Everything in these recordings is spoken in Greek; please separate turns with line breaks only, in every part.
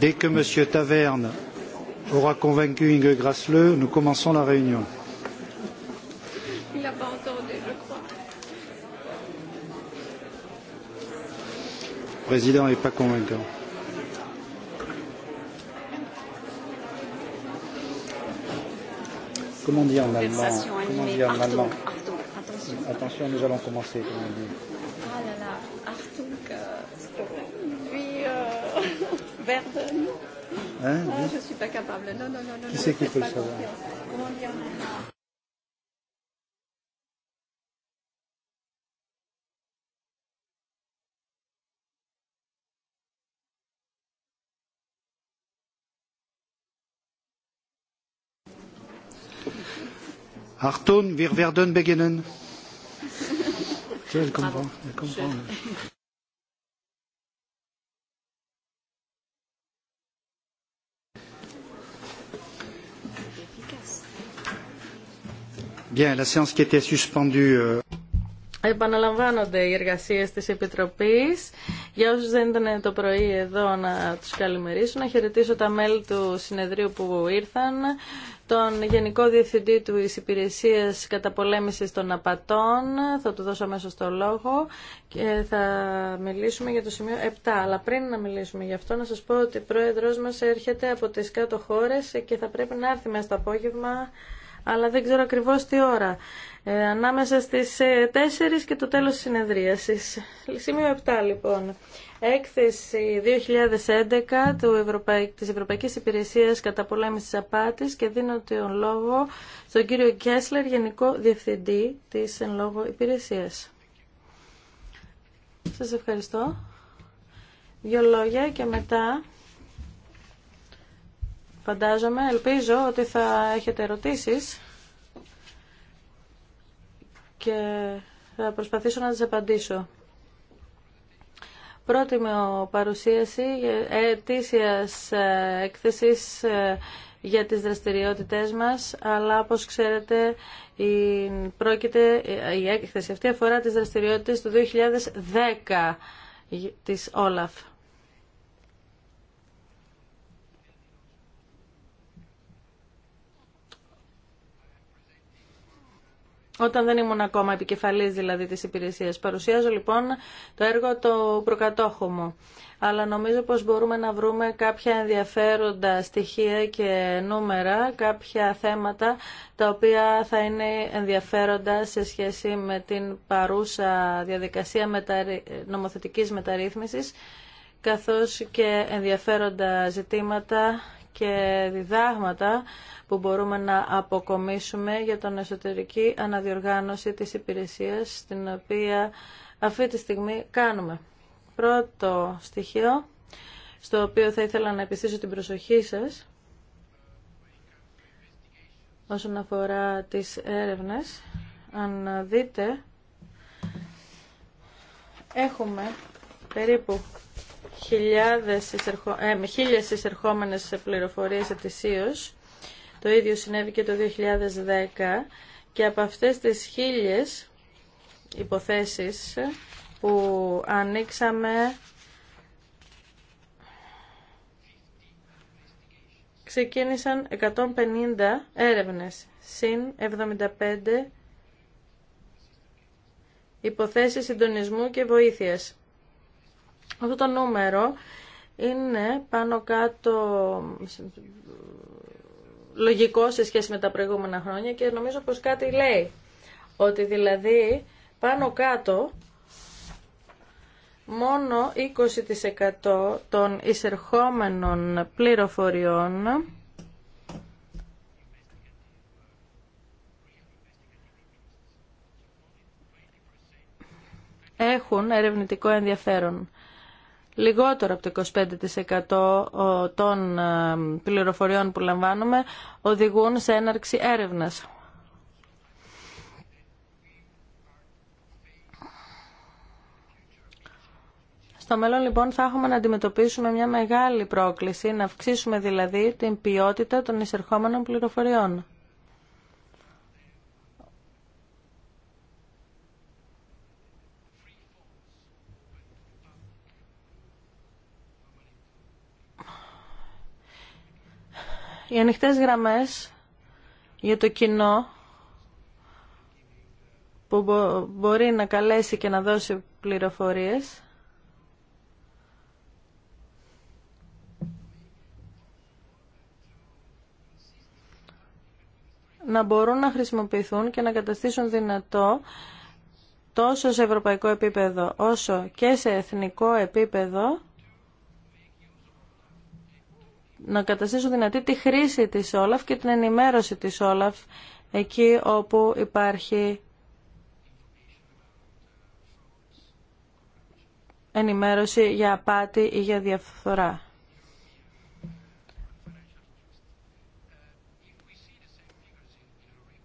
Dès que M. Taverne aura convaincu Inge Grassleux, nous commençons la réunion.
Il n'a pas entendu, je crois.
Le président n'est pas convaincant. Comment dire en allemand Comment dire en allemand Attention, nous allons commencer, comme on dit.
Non, je suis pas capable. Non, non, non, non. Qui c'est qui peut le savoir
Harton, wir werden beginnen. Je comprends, je Euh,
Επαναλαμβάνονται οι εργασίε της Επιτροπής. Για όσους δεν ήταν το πρωί εδώ να τους καλημερίσω, να χαιρετήσω τα μέλη του συνεδρίου που ήρθαν, τον Γενικό Διευθυντή του Υπηρεσία Καταπολέμησης των Απατών, θα του δώσω αμέσω το λόγο και θα μιλήσουμε για το σημείο 7. Αλλά πριν να μιλήσουμε γι' αυτό, να σας πω ότι ο πρόεδρο μα έρχεται από τι κάτω χώρε και θα πρέπει να έρθει μέσα στο απόγευμα αλλά δεν ξέρω ακριβώς τι ώρα. Ε, ανάμεσα στις 4 ε, και το τέλος της συνεδρίασης. Σημείο 7 λοιπόν. Έκθεση 2011 του Ευρωπαϊ... της Ευρωπαϊκής Υπηρεσίας της Απάτης και δίνω τον λόγο στον κύριο Κέσλερ, Γενικό Διευθυντή της εν λόγω υπηρεσίας. Σας ευχαριστώ. Δύο λόγια και μετά φαντάζομαι. Ελπίζω ότι θα έχετε ερωτήσεις και θα προσπαθήσω να τις απαντήσω. Πρώτη μου παρουσίαση ετήσιας ε, έκθεσης ε, για τις δραστηριότητές μας, αλλά όπως ξέρετε η, πρόκειται, η έκθεση αυτή αφορά τις δραστηριότητες του 2010 της Όλαφ. όταν δεν ήμουν ακόμα επικεφαλή δηλαδή της υπηρεσίας. Παρουσιάζω λοιπόν το έργο το προκατόχου μου. Αλλά νομίζω πως μπορούμε να βρούμε κάποια ενδιαφέροντα στοιχεία και νούμερα, κάποια θέματα τα οποία θα είναι ενδιαφέροντα σε σχέση με την παρούσα διαδικασία μεταρρυ... νομοθετικής μεταρρύθμισης καθώς και ενδιαφέροντα ζητήματα και διδάγματα που μπορούμε να αποκομίσουμε για τον εσωτερική αναδιοργάνωση της υπηρεσίας την οποία αυτή τη στιγμή κάνουμε. Πρώτο στοιχείο στο οποίο θα ήθελα να επιστήσω την προσοχή σας όσον αφορά τις έρευνες. Αν δείτε, έχουμε περίπου χιλιάδες εισερχο... ε, χίλιες εισερχόμενες πληροφορίες ετησίως. Το ίδιο συνέβη και το 2010 και από αυτές τις χίλιες υποθέσεις που ανοίξαμε ξεκίνησαν 150 έρευνες συν 75 υποθέσεις συντονισμού και βοήθειας. Αυτό το νούμερο είναι πάνω κάτω λογικό σε σχέση με τα προηγούμενα χρόνια και νομίζω πως κάτι λέει. Ότι δηλαδή πάνω κάτω μόνο 20% των εισερχόμενων πληροφοριών έχουν ερευνητικό ενδιαφέρον λιγότερο από το 25% των ε, πληροφοριών που λαμβάνουμε οδηγούν σε έναρξη έρευνας. Στο μέλλον λοιπόν θα έχουμε να αντιμετωπίσουμε μια μεγάλη πρόκληση, να αυξήσουμε δηλαδή την ποιότητα των εισερχόμενων πληροφοριών. οι ανοιχτέ γραμμές για το κοινό που μπορεί να καλέσει και να δώσει πληροφορίες να μπορούν να χρησιμοποιηθούν και να καταστήσουν δυνατό τόσο σε ευρωπαϊκό επίπεδο όσο και σε εθνικό επίπεδο να καταστήσουν δυνατή τη χρήση της Όλαφ και την ενημέρωση της Όλαφ εκεί όπου υπάρχει ενημέρωση για απάτη ή για διαφθορά.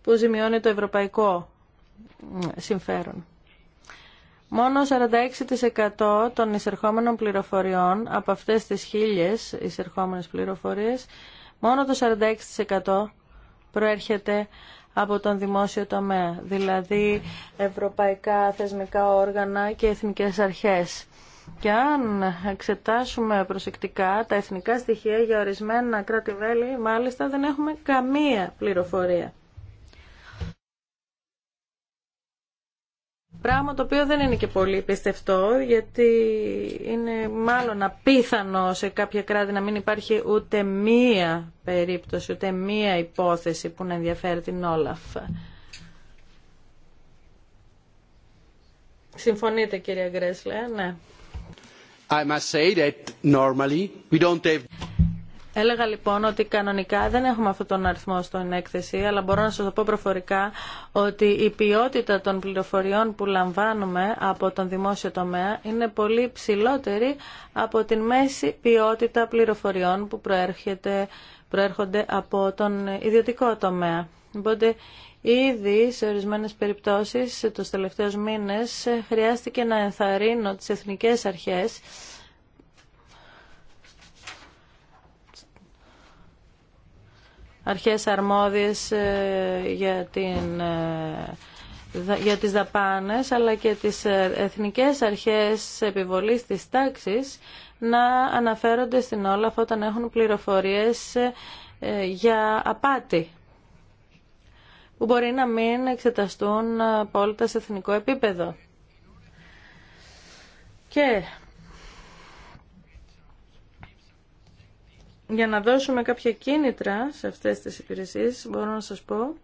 που ζημιώνει το ευρωπαϊκό συμφέρον. Μόνο 46% των εισερχόμενων πληροφοριών, από αυτές τις χίλιες εισερχόμενες πληροφορίες, μόνο το 46% προέρχεται από τον δημόσιο τομέα, δηλαδή ευρωπαϊκά θεσμικά όργανα και εθνικές αρχές. Και αν εξετάσουμε προσεκτικά τα εθνικά στοιχεία για ορισμένα κράτη-βέλη, μάλιστα δεν έχουμε καμία πληροφορία. Πράγμα το οποίο δεν είναι και πολύ πιστευτό, γιατί είναι μάλλον απίθανο σε κάποια κράτη να μην υπάρχει ούτε μία περίπτωση, ούτε μία υπόθεση που να ενδιαφέρει την Όλαφ. Συμφωνείτε κυρία Γκρέσλε, ναι.
I must say that
Έλεγα λοιπόν ότι κανονικά δεν έχουμε αυτόν τον αριθμό στην έκθεση, αλλά μπορώ να σας το πω προφορικά ότι η ποιότητα των πληροφοριών που λαμβάνουμε από τον δημόσιο τομέα είναι πολύ ψηλότερη από την μέση ποιότητα πληροφοριών που προέρχονται από τον ιδιωτικό τομέα. Οπότε Ήδη σε ορισμένες περιπτώσεις τους τελευταίους μήνες χρειάστηκε να ενθαρρύνω τις εθνικές αρχές αρχές αρμόδιες ε, για, την, ε, για τις δαπάνες αλλά και τις ε, εθνικές αρχές επιβολής της τάξης να αναφέρονται στην όλα όταν έχουν πληροφορίες για απάτη που μπορεί να μην εξεταστούν απόλυτα σε εθνικό επίπεδο. Και για να δώσουμε κάποια κίνητρα σε αυτές τις υπηρεσίες, μπορώ να σας πω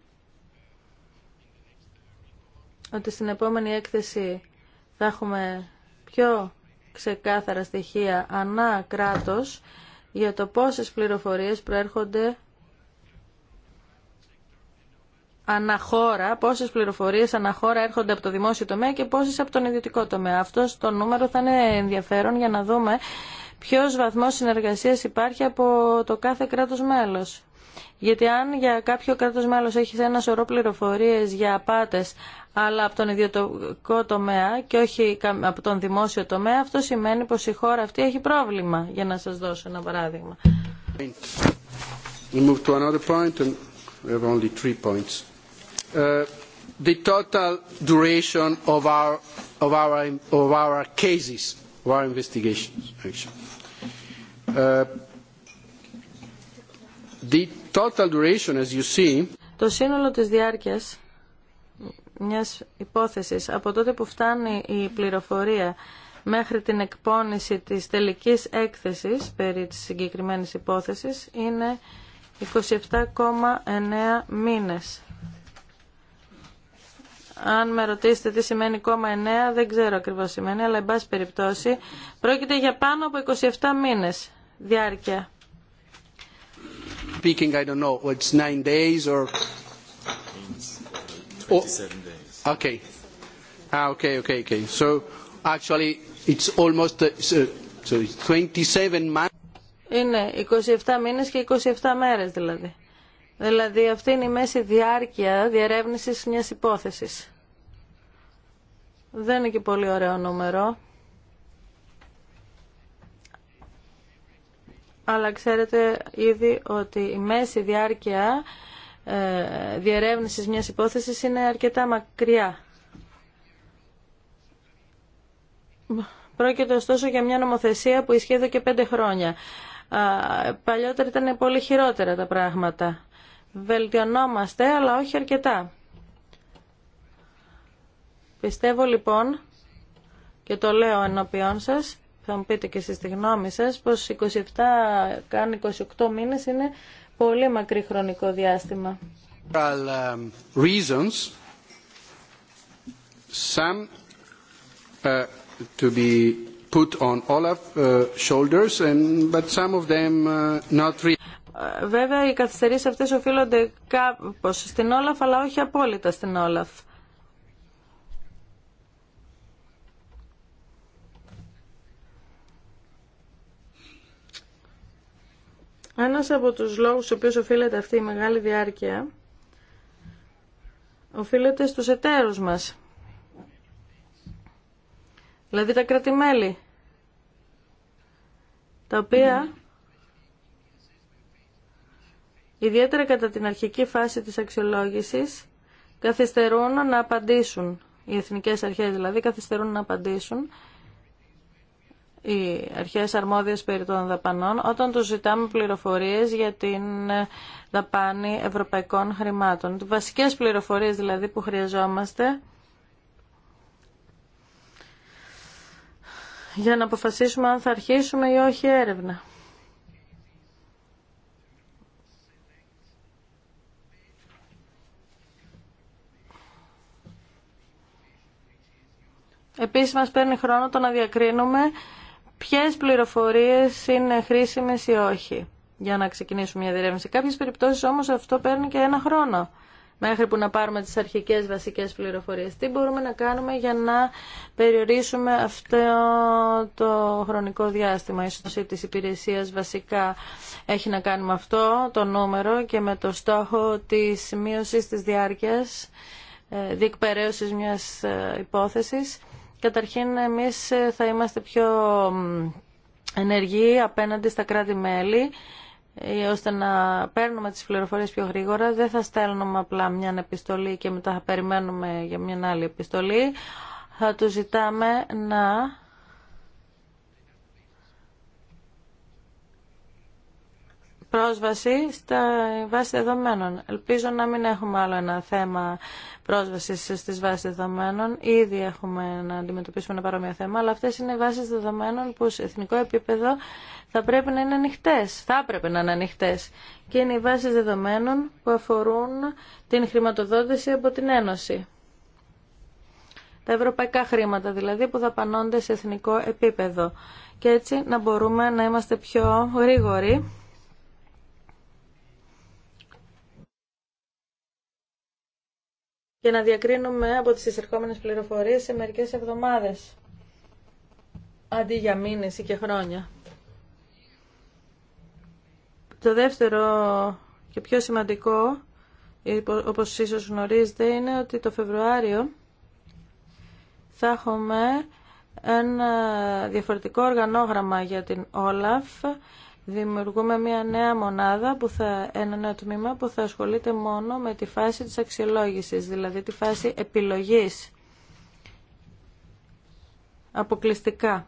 ότι στην επόμενη έκθεση θα έχουμε πιο ξεκάθαρα στοιχεία ανά κράτος για το πόσες πληροφορίες προέρχονται αναχώρα, πόσες πληροφορίες αναχώρα έρχονται από το δημόσιο τομέα και πόσες από τον ιδιωτικό τομέα. Αυτό το νούμερο θα είναι ενδιαφέρον για να δούμε ποιος βαθμός συνεργασίας υπάρχει από το κάθε κράτος μέλος. Γιατί αν για κάποιο κράτος μέλος έχει ένα σωρό πληροφορίες για απάτες, αλλά από τον ιδιωτικό τομέα και όχι από τον δημόσιο τομέα, αυτό σημαίνει πως η χώρα αυτή έχει πρόβλημα, για να σας δώσω ένα παράδειγμα.
We move to another point we of our cases, of our investigations, actually. Uh,
Το σύνολο της διάρκειας μιας υπόθεσης από τότε που φτάνει η πληροφορία μέχρι την εκπόνηση της τελικής έκθεσης περί της συγκεκριμένης υπόθεσης είναι 27,9 μήνες. Αν με ρωτήσετε τι σημαίνει κόμμα 9, δεν ξέρω ακριβώς σημαίνει, αλλά εν πάση περιπτώσει πρόκειται για πάνω από 27 μήνες διάρκεια.
Speaking, I don't know, nine days or...
Oh,
okay. Ah, okay, okay, okay. So actually it's almost uh, so it's 27 months.
Είναι 27 μήνες και 27 μέρες δηλαδή. Δηλαδή αυτή είναι η μέση διάρκεια διερεύνησης μιας υπόθεσης. Δεν είναι και πολύ ωραίο νούμερο. Αλλά ξέρετε ήδη ότι η μέση διάρκεια ε, διερεύνησης μιας υπόθεσης είναι αρκετά μακριά. Πρόκειται ωστόσο για μια νομοθεσία που ισχύει εδώ και πέντε χρόνια. Παλιότερα ήταν πολύ χειρότερα τα πράγματα. Βελτιωνόμαστε, αλλά όχι αρκετά. Πιστεύω λοιπόν, και το λέω ενώπιόν σας, θα μου πείτε και εσείς τη γνώμη σας, πως 27, καν 28 μήνες είναι πολύ μακρύ χρονικό διάστημα. Βέβαια, οι καθυστερήσεις αυτές οφείλονται κάπως στην Όλαφ, αλλά όχι απόλυτα στην Όλαφ. Ένας από τους λόγους στους οποίους οφείλεται αυτή η μεγάλη διάρκεια οφείλεται στους εταίρους μας. Δηλαδή τα κρατημέλη, τα οποία ιδιαίτερα κατά την αρχική φάση της αξιολόγησης καθυστερούν να απαντήσουν, οι εθνικές αρχές δηλαδή καθυστερούν να απαντήσουν οι αρχές αρμόδιες περί των δαπανών όταν τους ζητάμε πληροφορίες για την ε, δαπάνη ευρωπαϊκών χρημάτων. Τι βασικές πληροφορίες δηλαδή που χρειαζόμαστε για να αποφασίσουμε αν θα αρχίσουμε ή όχι έρευνα. Επίσης μας παίρνει χρόνο το να διακρίνουμε ποιες πληροφορίες είναι χρήσιμες ή όχι για να ξεκινήσουμε μια διερεύνηση. Σε κάποιες περιπτώσεις όμως αυτό παίρνει και ένα χρόνο μέχρι που να πάρουμε τις αρχικές βασικές πληροφορίες. Τι μπορούμε να κάνουμε για να περιορίσουμε αυτό το χρονικό διάστημα. Ίσως η της υπηρεσίας βασικά έχει να κάνει με αυτό το νούμερο και με το στόχο της μείωσης της διάρκειας ε, διεκπαιρέωσης μιας ε, υπόθεσης. Καταρχήν εμείς ε, θα είμαστε πιο ενεργοί απέναντι στα κράτη-μέλη ε, ώστε να παίρνουμε τις πληροφορίες πιο γρήγορα. Δεν θα στέλνουμε απλά μια επιστολή και μετά θα περιμένουμε για μια άλλη επιστολή. Θα τους ζητάμε να πρόσβαση στα βάση δεδομένων. Ελπίζω να μην έχουμε άλλο ένα θέμα πρόσβαση στις βάσεις δεδομένων. Ήδη έχουμε να αντιμετωπίσουμε ένα παρόμοιο θέμα, αλλά αυτές είναι βάσεις δεδομένων που σε εθνικό επίπεδο θα πρέπει να είναι ανοιχτέ. Θα πρέπει να είναι ανοιχτέ. Και είναι οι βάσεις δεδομένων που αφορούν την χρηματοδότηση από την Ένωση. Τα ευρωπαϊκά χρήματα δηλαδή που δαπανώνται σε εθνικό επίπεδο. Και έτσι να μπορούμε να είμαστε πιο γρήγοροι για να διακρίνουμε από τις εισερχόμενες πληροφορίες σε μερικές εβδομάδες, αντί για μήνες ή και χρόνια. Το δεύτερο και πιο σημαντικό, όπως ίσως γνωρίζετε, είναι ότι το Φεβρουάριο θα έχουμε ένα διαφορετικό οργανόγραμμα για την Όλαφ Δημιουργούμε μια νέα μονάδα, που θα, ένα νέο τμήμα που θα ασχολείται μόνο με τη φάση της αξιολόγησης, δηλαδή τη φάση επιλογής αποκλειστικά.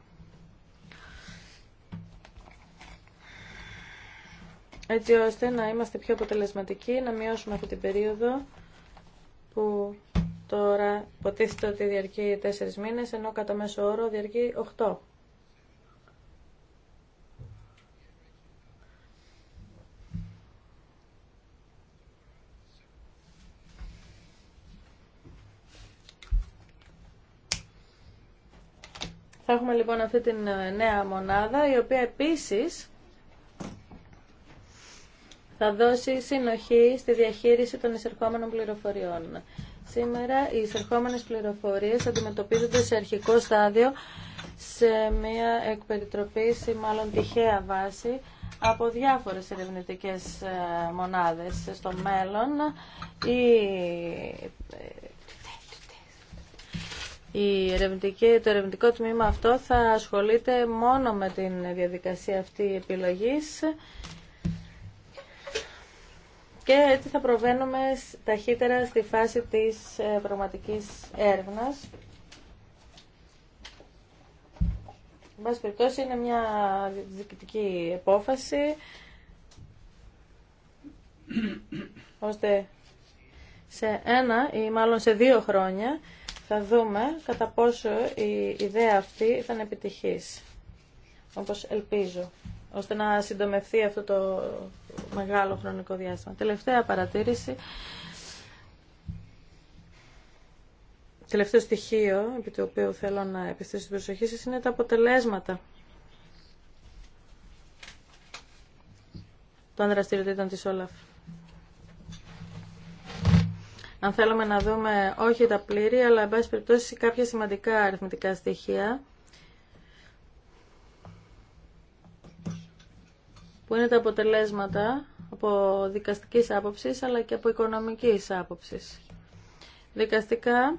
Έτσι ώστε να είμαστε πιο αποτελεσματικοί, να μειώσουμε αυτή την περίοδο που τώρα υποτίθεται ότι διαρκεί 4 μήνες, ενώ κατά μέσο όρο διαρκεί 8. Θα έχουμε λοιπόν αυτή την ε, νέα μονάδα, η οποία επίσης θα δώσει συνοχή στη διαχείριση των εισερχόμενων πληροφοριών. Σήμερα οι εισερχόμενες πληροφορίες αντιμετωπίζονται σε αρχικό στάδιο σε μια εκπεριτροπήση, μαλλον τυχαια βαση απο διαφορες ερευνητικες μοναδες στο μελλον η το ερευνητικό τμήμα αυτό θα ασχολείται μόνο με την διαδικασία αυτή επιλογής και έτσι θα προβαίνουμε ταχύτερα στη φάση της ε, πραγματικής έρευνας. Εν πάση περιπτώσει είναι μια διοικητική επόφαση ώστε σε ένα ή μάλλον σε δύο χρόνια θα δούμε κατά πόσο η ιδέα αυτή ήταν επιτυχής, όπως ελπίζω, ώστε να συντομευθεί αυτό το μεγάλο χρονικό διάστημα. Τελευταία παρατήρηση, τελευταίο στοιχείο, επί το οποίο θέλω να επιστήσω την προσοχή σας, είναι τα αποτελέσματα των δραστηριοτήτων της Όλαφ αν θέλουμε να δούμε όχι τα πλήρη, αλλά εν πάση περιπτώσει κάποια σημαντικά αριθμητικά στοιχεία, που είναι τα αποτελέσματα από δικαστικής άποψης, αλλά και από οικονομικής άποψης. Δικαστικά,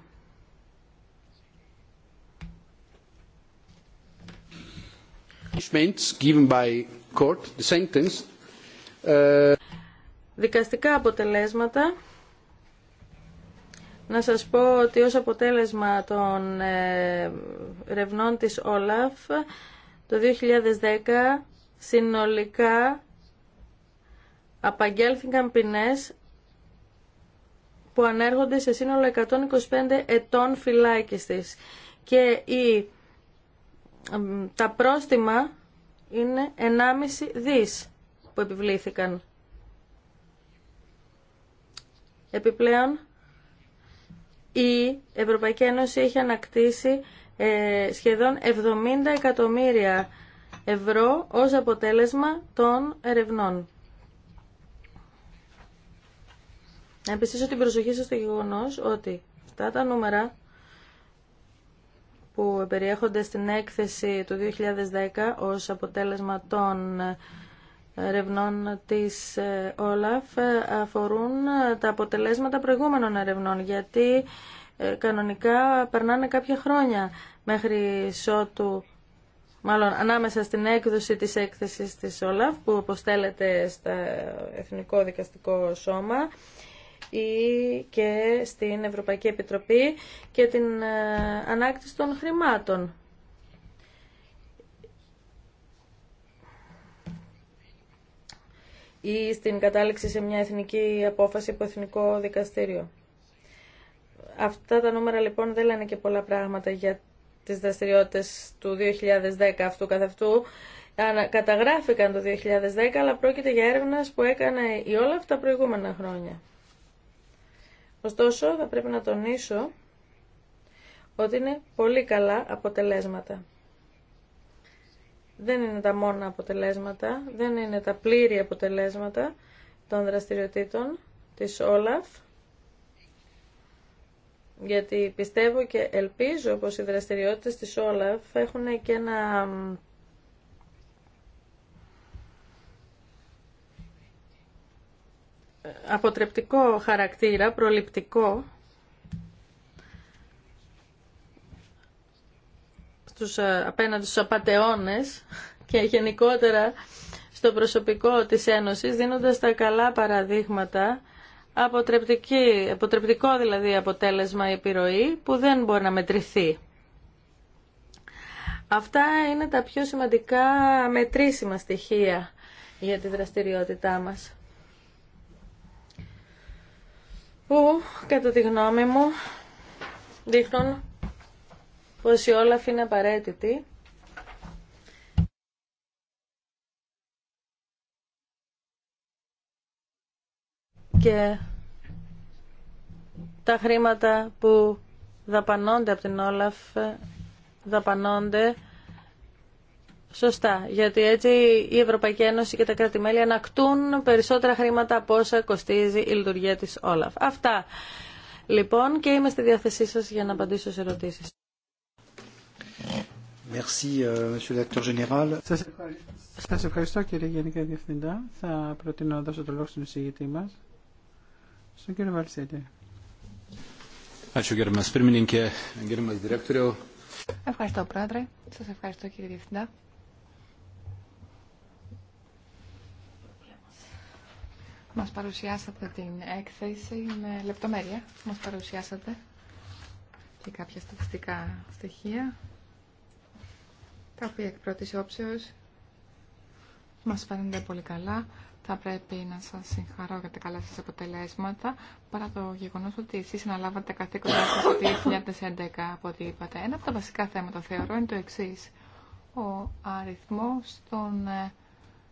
uh, Δικαστικά αποτελέσματα να σας πω ότι ως αποτέλεσμα των ε, ρευνών της Όλαφ το 2010 συνολικά απαγγέλθηκαν ποινές που ανέρχονται σε σύνολο 125 ετών φυλάκιστης και η, τα πρόστιμα είναι 1,5 δις που επιβλήθηκαν. Επιπλέον, η Ευρωπαϊκή Ένωση έχει ανακτήσει ε, σχεδόν 70 εκατομμύρια ευρώ ως αποτέλεσμα των ερευνών. Να επιστήσω την προσοχή σας στο γεγονός ότι αυτά τα νούμερα που περιέχονται στην έκθεση του 2010 ως αποτέλεσμα των ερευνών της ΟΛΑΦ ε, ε, αφορούν ε, τα αποτελέσματα προηγούμενων ερευνών γιατί κανονικά περνάνε κάποια χρόνια μέχρι σότου μάλλον ανάμεσα στην έκδοση της έκθεσης της ΟΛΑΦ που αποστέλλεται στο Εθνικό Δικαστικό Σώμα ή και στην Ευρωπαϊκή Επιτροπή και την ανάκτηση των χρημάτων. ή στην κατάληξη σε μια εθνική απόφαση από εθνικό δικαστήριο. Αυτά τα νούμερα λοιπόν δεν λένε και πολλά πράγματα για τις δραστηριότητες του 2010 αυτού καθ' αυτού. Καταγράφηκαν το 2010, αλλά πρόκειται για έρευνας που έκανε η όλα αυτά τα προηγούμενα χρόνια. Ωστόσο, θα πρέπει να τονίσω ότι είναι πολύ καλά αποτελέσματα δεν είναι τα μόνα αποτελέσματα, δεν είναι τα πλήρη αποτελέσματα των δραστηριοτήτων της Όλαφ γιατί πιστεύω και ελπίζω πως οι δραστηριότητες της Όλαφ έχουν και ένα ε, αποτρεπτικό χαρακτήρα, προληπτικό Ε, απέναντι στους απατεώνες και γενικότερα στο προσωπικό της Ένωσης, δίνοντας τα καλά παραδείγματα, αποτρεπτική, αποτρεπτικό δηλαδή αποτέλεσμα επιρροή που δεν μπορεί να μετρηθεί. Αυτά είναι τα πιο σημαντικά μετρήσιμα στοιχεία για τη δραστηριότητά μας. Που, κατά τη γνώμη μου, δείχνουν πως η Όλαφ είναι απαραίτητη και τα χρήματα που δαπανώνται από την Όλαφ ε, δαπανώνται Σωστά, γιατί έτσι η Ευρωπαϊκή Ένωση και τα κράτη-μέλη ανακτούν περισσότερα χρήματα από όσα κοστίζει η λειτουργία της Όλαφ. Αυτά λοιπόν και είμαι στη διάθεσή σας για να απαντήσω σε ερωτήσεις.
Merci, euh,
Σας, ευχαριστώ. κύριε Γενικά Διευθυντά. Θα προτείνω να δώσω το λόγο στον εισηγητή μας, στον κύριο Βαλσέτη.
Ευχαριστώ πρόεδρε. Σας ευχαριστώ κύριε Διευθυντά. Μας παρουσιάσατε την έκθεση με λεπτομέρεια. Μας παρουσιάσατε και κάποια στατιστικά στοιχεία τα οποία εκ πρώτης όψεως μας φαίνονται πολύ καλά. Θα πρέπει να σας συγχαρώ για τα καλά σας αποτελέσματα, παρά το γεγονός ότι εσείς αναλάβατε καθήκοντα σας το 2011, από ό,τι είπατε. Ένα από τα βασικά θέματα, θεωρώ, είναι το εξή. Ο αριθμός των ε,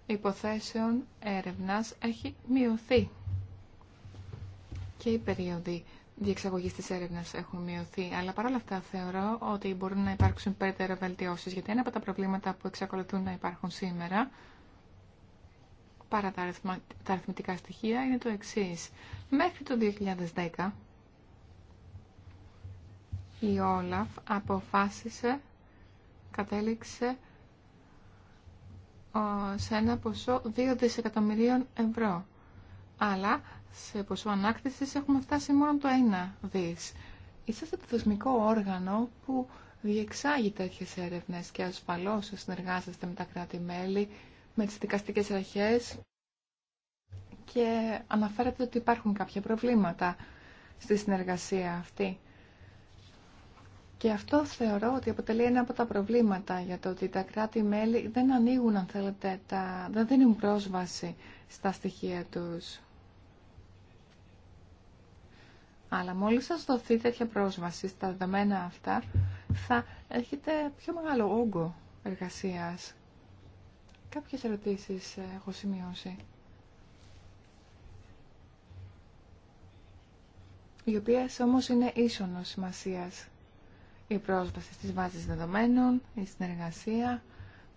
υποθέσεων έρευνας έχει μειωθεί και η περίοδη διεξαγωγή τη έρευνα έχουν μειωθεί. Αλλά παρόλα αυτά θεωρώ ότι μπορούν να υπάρξουν περαιτέρω βελτιώσει. Γιατί ένα από τα προβλήματα που εξακολουθούν να υπάρχουν σήμερα, παρά τα, αριθμητικά στοιχεία, είναι το εξή. Μέχρι το 2010, η Όλαφ αποφάσισε, κατέληξε σε ένα ποσό 2 δισεκατομμυρίων ευρώ. Αλλά σε ποσό ανάκτησης έχουμε φτάσει μόνο το 1 δις. Είσαστε το θεσμικό όργανο που διεξάγει τέτοιες έρευνες και ασφαλώς συνεργάζεστε με τα κράτη-μέλη, με τις δικαστικές αρχές και αναφέρατε ότι υπάρχουν κάποια προβλήματα στη συνεργασία αυτή. Και αυτό θεωρώ ότι αποτελεί ένα από τα προβλήματα για το ότι τα κράτη-μέλη δεν ανοίγουν, αν θέλετε, τα... δεν δίνουν πρόσβαση στα στοιχεία τους. Αλλά μόλις σας δοθεί τέτοια πρόσβαση στα δεδομένα αυτά, θα έχετε πιο μεγάλο όγκο εργασίας. Κάποιες ερωτήσεις έχω σημειώσει. Οι οποίες όμως είναι ίσονος σημασίας. Η πρόσβαση στις βάσεις δεδομένων, η συνεργασία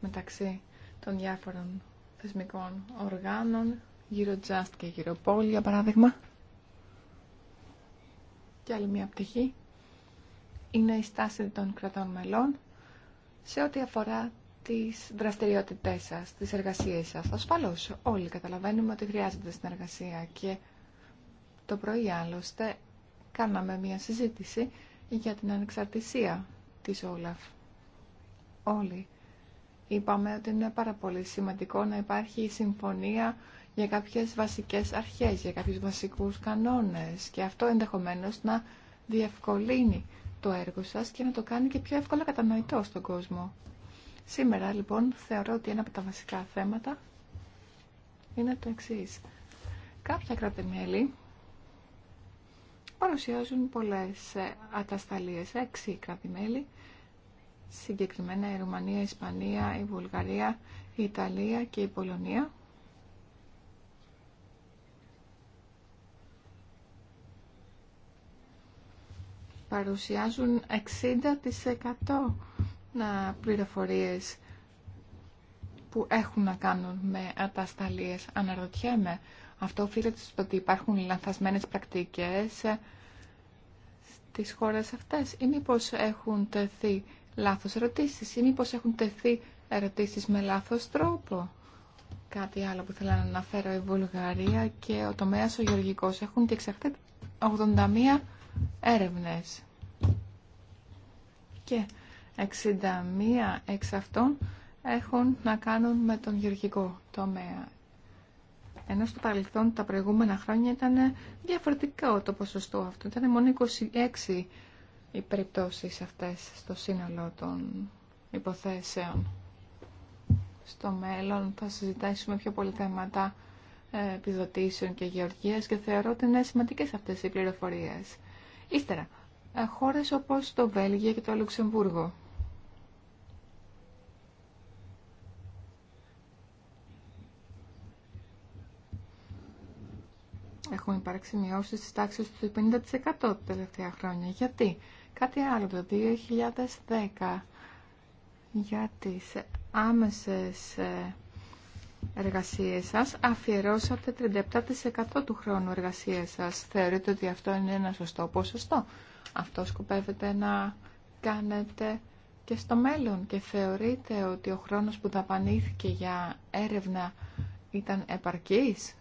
μεταξύ των διάφορων θεσμικών οργάνων, γύρω τζάστ και γύρω για παράδειγμα και άλλη μια πτυχή είναι η στάση των κρατών μελών σε ό,τι αφορά τις δραστηριότητές σας, τις εργασίες σας. Ασφαλώς όλοι καταλαβαίνουμε ότι χρειάζεται συνεργασία και το πρωί άλλωστε κάναμε μια συζήτηση για την ανεξαρτησία της Όλαφ. Όλοι είπαμε ότι είναι πάρα πολύ σημαντικό να υπάρχει συμφωνία για κάποιες βασικές αρχές, για κάποιους βασικούς κανόνες και αυτό ενδεχομένως να διευκολύνει το έργο σας και να το κάνει και πιο εύκολα κατανοητό στον κόσμο. Σήμερα λοιπόν θεωρώ ότι ένα από τα βασικά θέματα είναι το εξή. κρατεμέλη παρουσιάζουν πολλές ε, ατασταλίες, κρατημέλη, συγκεκριμένα η Ρουμανία, η Ισπανία, η Βουλγαρία, η Ιταλία και η Πολωνία παρουσιάζουν 60% να πληροφορίες που έχουν να κάνουν με ατασταλίες. Αναρωτιέμαι, αυτό οφείλεται στο ότι υπάρχουν λανθασμένες πρακτικές στις χώρες αυτές ή μήπως έχουν τεθεί λάθος ερωτήσεις ή μήπως έχουν τεθεί ερωτήσεις με λάθος τρόπο. Κάτι άλλο που θέλω να αναφέρω, η Βουλγαρία και ο τομέας ο γεωργικός έχουν διεξαχθεί 81 έρευνες. Και 61 εξ αυτών έχουν να κάνουν με τον γεωργικό τομέα. Ενώ στο παρελθόν τα προηγούμενα χρόνια ήταν διαφορετικό το ποσοστό αυτό. Ήταν μόνο 26 οι περιπτώσεις αυτές στο σύνολο των υποθέσεων. Στο μέλλον θα συζητάσουμε πιο πολύ θέματα ε, επιδοτήσεων και γεωργίας και θεωρώ ότι είναι σημαντικές αυτές οι πληροφορίες. Ύστερα, ε, χώρες όπως το Βέλγιο και το Λουξεμβούργο. Έχουν υπάρξει μειώσεις της τάξης του 50% τα τελευταία χρόνια. Γιατί? Κάτι άλλο το 2010 για τις άμεσες ε, εργασίες σας αφιερώσατε 37% του χρόνου εργασίες σας. Θεωρείτε ότι αυτό είναι ένα σωστό ποσοστό. Αυτό σκοπεύετε να κάνετε και στο μέλλον και θεωρείτε ότι ο χρόνος που δαπανήθηκε για έρευνα ήταν επαρκής.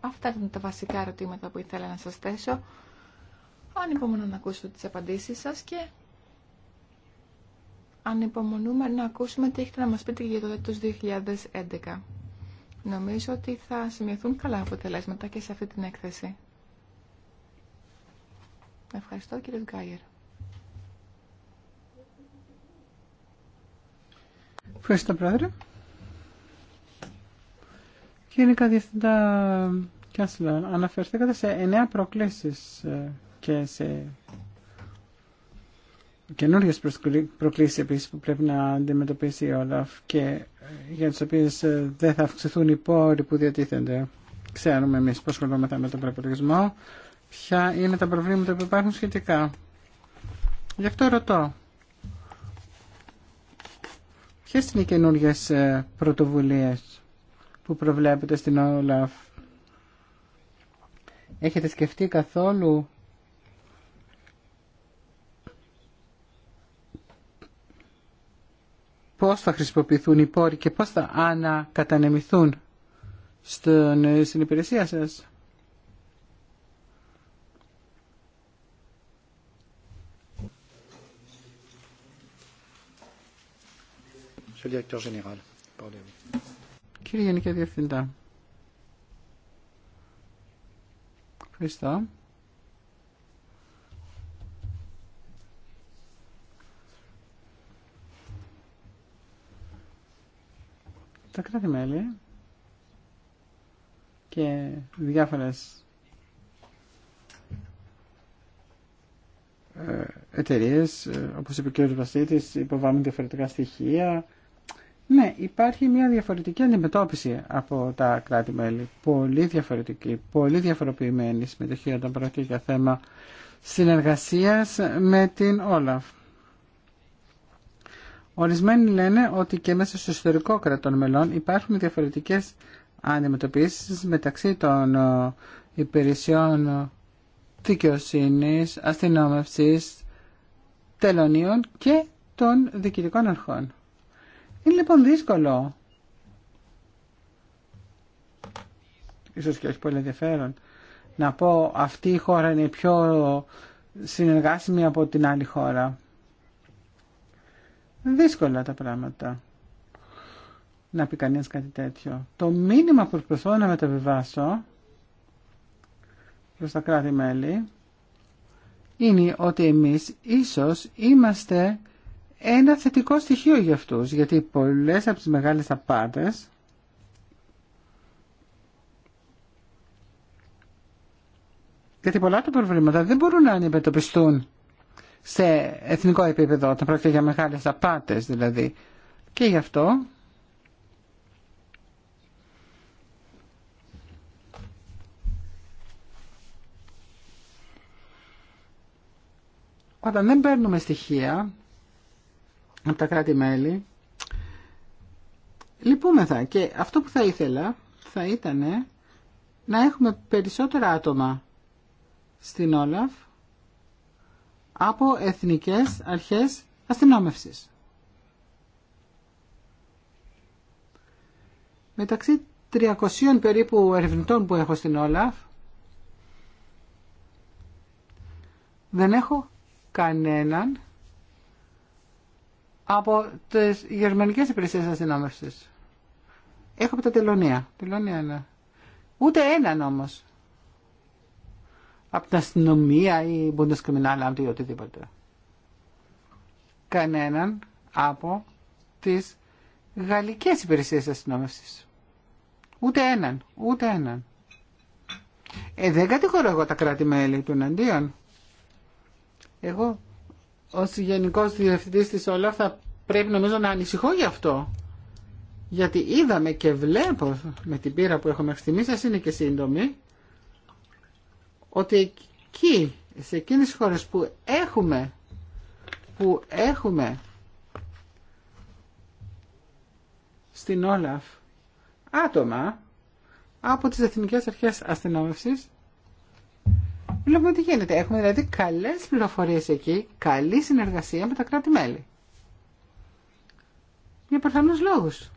Αυτά ήταν τα βασικά ερωτήματα που ήθελα να σας θέσω. Ανυπομονώ να ακούσω τις απαντήσεις σας και ανυπομονούμε να ακούσουμε τι έχετε να μας πείτε για το 2011. Νομίζω ότι θα σημειωθούν καλά αποτελέσματα και σε αυτή την έκθεση. Ευχαριστώ κύριε Γκάιερ.
Ευχαριστώ πρόεδρε. Κύριε Καδιευθυντά Κιάσλα, αναφερθήκατε σε εννέα προκλήσεις ε, και σε καινούριε προκλήσει επίση που πρέπει να αντιμετωπίσει η Όλαφ και ε, για τι οποίε ε, δεν θα αυξηθούν οι πόροι που διατίθενται. Ξέρουμε εμεί που ασχολούμαστε με τον προπολογισμό ποια είναι τα προβλήματα που υπάρχουν σχετικά. Γι' αυτό ρωτώ. Ποιε είναι οι καινούριε πρωτοβουλίε που προβλέπετε στην Όλαφ. Έχετε σκεφτεί καθόλου πώς θα χρησιμοποιηθούν οι πόροι και πώς θα ανακατανεμηθούν στον, στην υπηρεσία σας. Κύριε Γενική Διευθυντά, ευχαριστώ. Τα κράτη-μέλη και διάφορες ε, εταιρείε, ε, όπως είπε ο κ. Βασίτης, υποβάλλουν διαφορετικά στοιχεία. Ναι, υπάρχει μια διαφορετική αντιμετώπιση από τα κράτη-μέλη. Πολύ διαφορετική, πολύ διαφοροποιημένη συμμετοχή όταν πρόκειται για θέμα συνεργασίας με την Όλαφ. Ορισμένοι λένε ότι και μέσα στο ιστορικό κρατών μελών υπάρχουν διαφορετικές αντιμετωπίσεις μεταξύ των ε, υπηρεσιών ε, δικαιοσύνη, αστυνόμευσης, τελωνίων και των διοικητικών αρχών. Είναι λοιπόν δύσκολο, ίσως και όχι πολύ ενδιαφέρον, να πω αυτή η χώρα είναι πιο συνεργάσιμη από την άλλη χώρα δύσκολα τα πράγματα να πει κανείς κάτι τέτοιο. Το μήνυμα που προσπαθώ να μεταβιβάσω προ τα κράτη-μέλη είναι ότι εμείς ίσως είμαστε ένα θετικό στοιχείο για αυτούς, γιατί πολλές από τις μεγάλες απάτες γιατί πολλά τα προβλήματα δεν μπορούν να αντιμετωπιστούν σε εθνικό επίπεδο, όταν πρόκειται για μεγάλες απάτες δηλαδή. Και γι' αυτό όταν δεν παίρνουμε στοιχεία από τα κράτη-μέλη, λυπούμεθα. Και αυτό που θα ήθελα θα ήταν να έχουμε περισσότερα άτομα στην Όλαφ από εθνικές αρχές αστυνόμευσης. Μεταξύ 300 περίπου ερευνητών που έχω στην Όλαφ, δεν έχω κανέναν από τις γερμανικές υπηρεσίες αστυνόμευσης. Έχω από τα τελωνία. τελωνία ναι. Ούτε έναν όμως από την αστυνομία ή Bundeskriminalamt ή οτιδήποτε. Κανέναν από τις γαλλικές υπηρεσίες αστυνόμευσης. Ούτε έναν, ούτε έναν. Ε, δεν κατηγορώ εγώ τα κράτη-μέλη του εναντίον. Εγώ ως γενικός διευθυντής της όλα, θα πρέπει νομίζω να ανησυχώ γι' αυτό. Γιατί είδαμε και βλέπω με την πείρα που έχω μέχρι στιγμής, σας είναι και σύντομη, ότι εκεί, σε εκείνες τις χώρες που έχουμε, που έχουμε στην Όλαφ άτομα από τις Εθνικές Αρχές Αστυνόμευσης, βλέπουμε τι γίνεται. Έχουμε δηλαδή καλές πληροφορίες εκεί, καλή συνεργασία με τα κράτη-μέλη. Για προφανούς λόγους.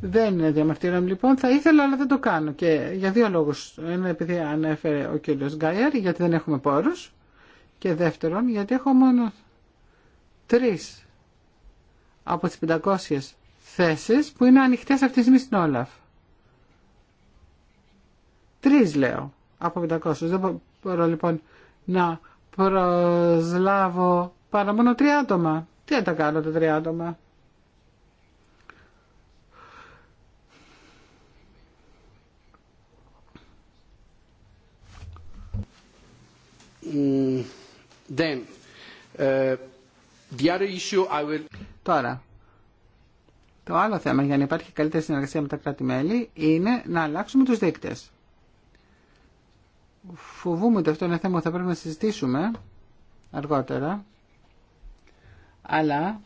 Δεν διαμαρτύρομαι λοιπόν, θα ήθελα αλλά δεν το κάνω και για δύο λόγους. Ένα επειδή ανέφερε ο κύριος Γκάιερ γιατί δεν έχουμε πόρους και δεύτερον γιατί έχω μόνο τρεις από τις 500 θέσεις που είναι ανοιχτές αυτή τη στιγμή στην Όλαφ. Τρεις λέω από 500. Δεν μπορώ λοιπόν να προσλάβω παρά μόνο τρία άτομα. Τι θα τα κάνω τα τρία άτομα. Uh, Τώρα, το άλλο θέμα για να υπάρχει καλύτερη συνεργασία με τα κράτη-μέλη είναι να αλλάξουμε τους δείκτες. Φοβούμαι ότι αυτό είναι ένα θέμα που θα πρέπει να συζητήσουμε αργότερα, αλλά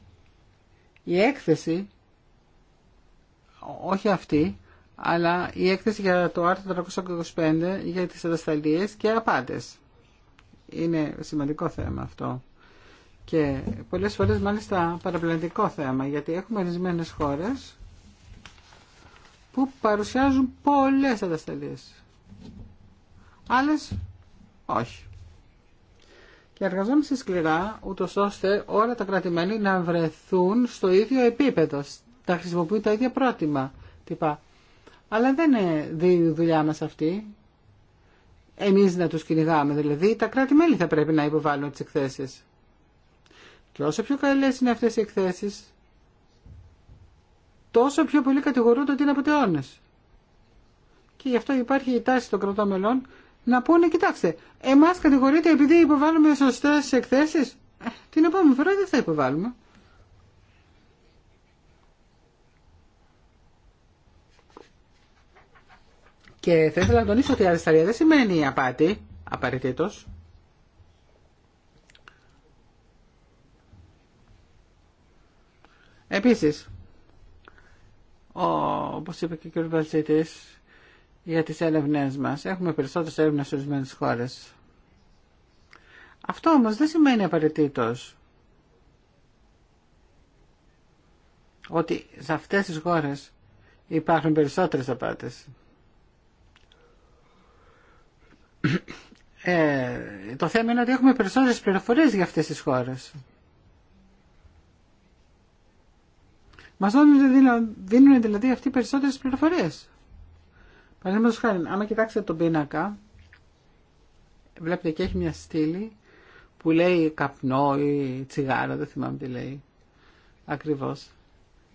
η έκθεση, όχι αυτή, αλλά η έκθεση για το άρθρο 325 για τις αντασταλίες και απάντες είναι σημαντικό θέμα αυτό. Και πολλές φορές μάλιστα παραπλανητικό θέμα, γιατί έχουμε ορισμένε χώρες που παρουσιάζουν πολλές ατασταλίες. Άλλες όχι. Και εργαζόμαστε σκληρά, ούτω ώστε όλα τα κρατημένη να βρεθούν στο ίδιο επίπεδο, τα χρησιμοποιούν τα ίδια πρότυπα. Αλλά δεν είναι η δουλειά μας αυτή εμείς να τους κυνηγάμε. Δηλαδή τα κράτη-μέλη θα πρέπει να υποβάλουν τις εκθέσεις. Και όσο πιο καλές είναι αυτές οι εκθέσεις, τόσο πιο πολύ κατηγορούνται ότι είναι απαταιώνες. Και γι' αυτό υπάρχει η τάση των κρατών μελών να πούνε, κοιτάξτε, εμάς κατηγορείται επειδή υποβάλλουμε σωστές εκθέσεις. Ε, την επόμενη φορά δεν θα υποβάλλουμε. Και θα ήθελα να τονίσω ότι η αριστερία δεν σημαίνει απάτη, απαραίτητο. Επίση, όπω είπε και ο κ. Βαλτσίτη, για τι έρευνε μα Έχουμε περισσότερε έρευνε σε ορισμένε χώρε. Αυτό όμως δεν σημαίνει απαραίτητο ότι σε αυτές τις χώρες υπάρχουν περισσότερες απάτες. Ε, το θέμα είναι ότι έχουμε περισσότερες πληροφορίες για αυτές τις χώρες. Μας δίνουν, δίνουν δηλαδή αυτοί περισσότερες πληροφορίες. Παραδείγματος χάρη, άμα κοιτάξετε τον πίνακα, βλέπετε και έχει μια στήλη που λέει καπνό ή τσιγάρα, δεν θυμάμαι τι λέει ακριβώς.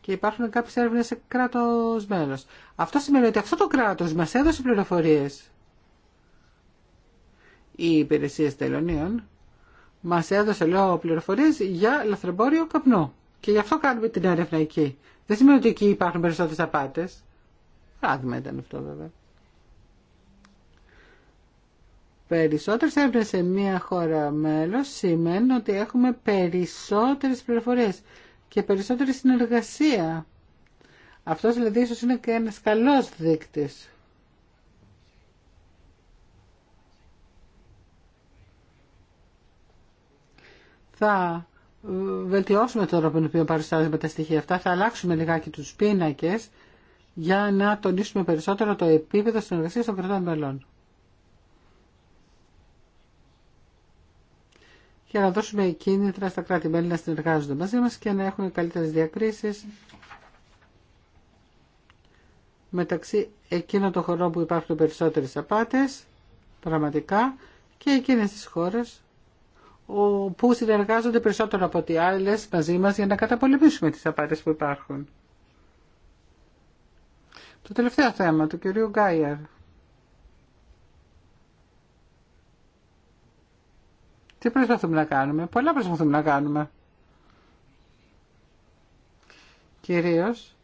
Και υπάρχουν κάποιες έρευνες σε κράτος μέλος. Αυτό σημαίνει ότι αυτό το κράτος μας έδωσε πληροφορίες οι υπηρεσίες τελωνίων μας έδωσε λέω πληροφορίες για λαθρεμπόριο καπνό. Και γι' αυτό κάνουμε την έρευνα εκεί. Δεν σημαίνει ότι εκεί υπάρχουν περισσότερες απάτες. Πράγμα ήταν αυτό βέβαια. Περισσότερες έρευνε σε μία χώρα μέλος σημαίνει ότι έχουμε περισσότερες πληροφορίες και περισσότερη συνεργασία. Αυτός δηλαδή ίσως είναι και ένας καλός δείκτης. θα ε, βελτιώσουμε τον τρόπο τον οποίο παρουσιάζουμε τα στοιχεία αυτά, θα αλλάξουμε λιγάκι τους πίνακες για να τονίσουμε περισσότερο το επίπεδο συνεργασίας των κρατών μελών. για να δώσουμε κίνητρα στα κράτη-μέλη να συνεργάζονται μαζί μας και να έχουν καλύτερες διακρίσεις μεταξύ εκείνων των χωρών που υπάρχουν περισσότερες απάτες, πραγματικά, και εκείνες τις χώρες που συνεργάζονται περισσότερο από ό,τι άλλε μαζί μα για να καταπολεμήσουμε τις απάτες που υπάρχουν. Το τελευταίο θέμα του κυρίου Γκάιερ. Τι προσπαθούμε να κάνουμε. Πολλά προσπαθούμε να κάνουμε. Κυρίως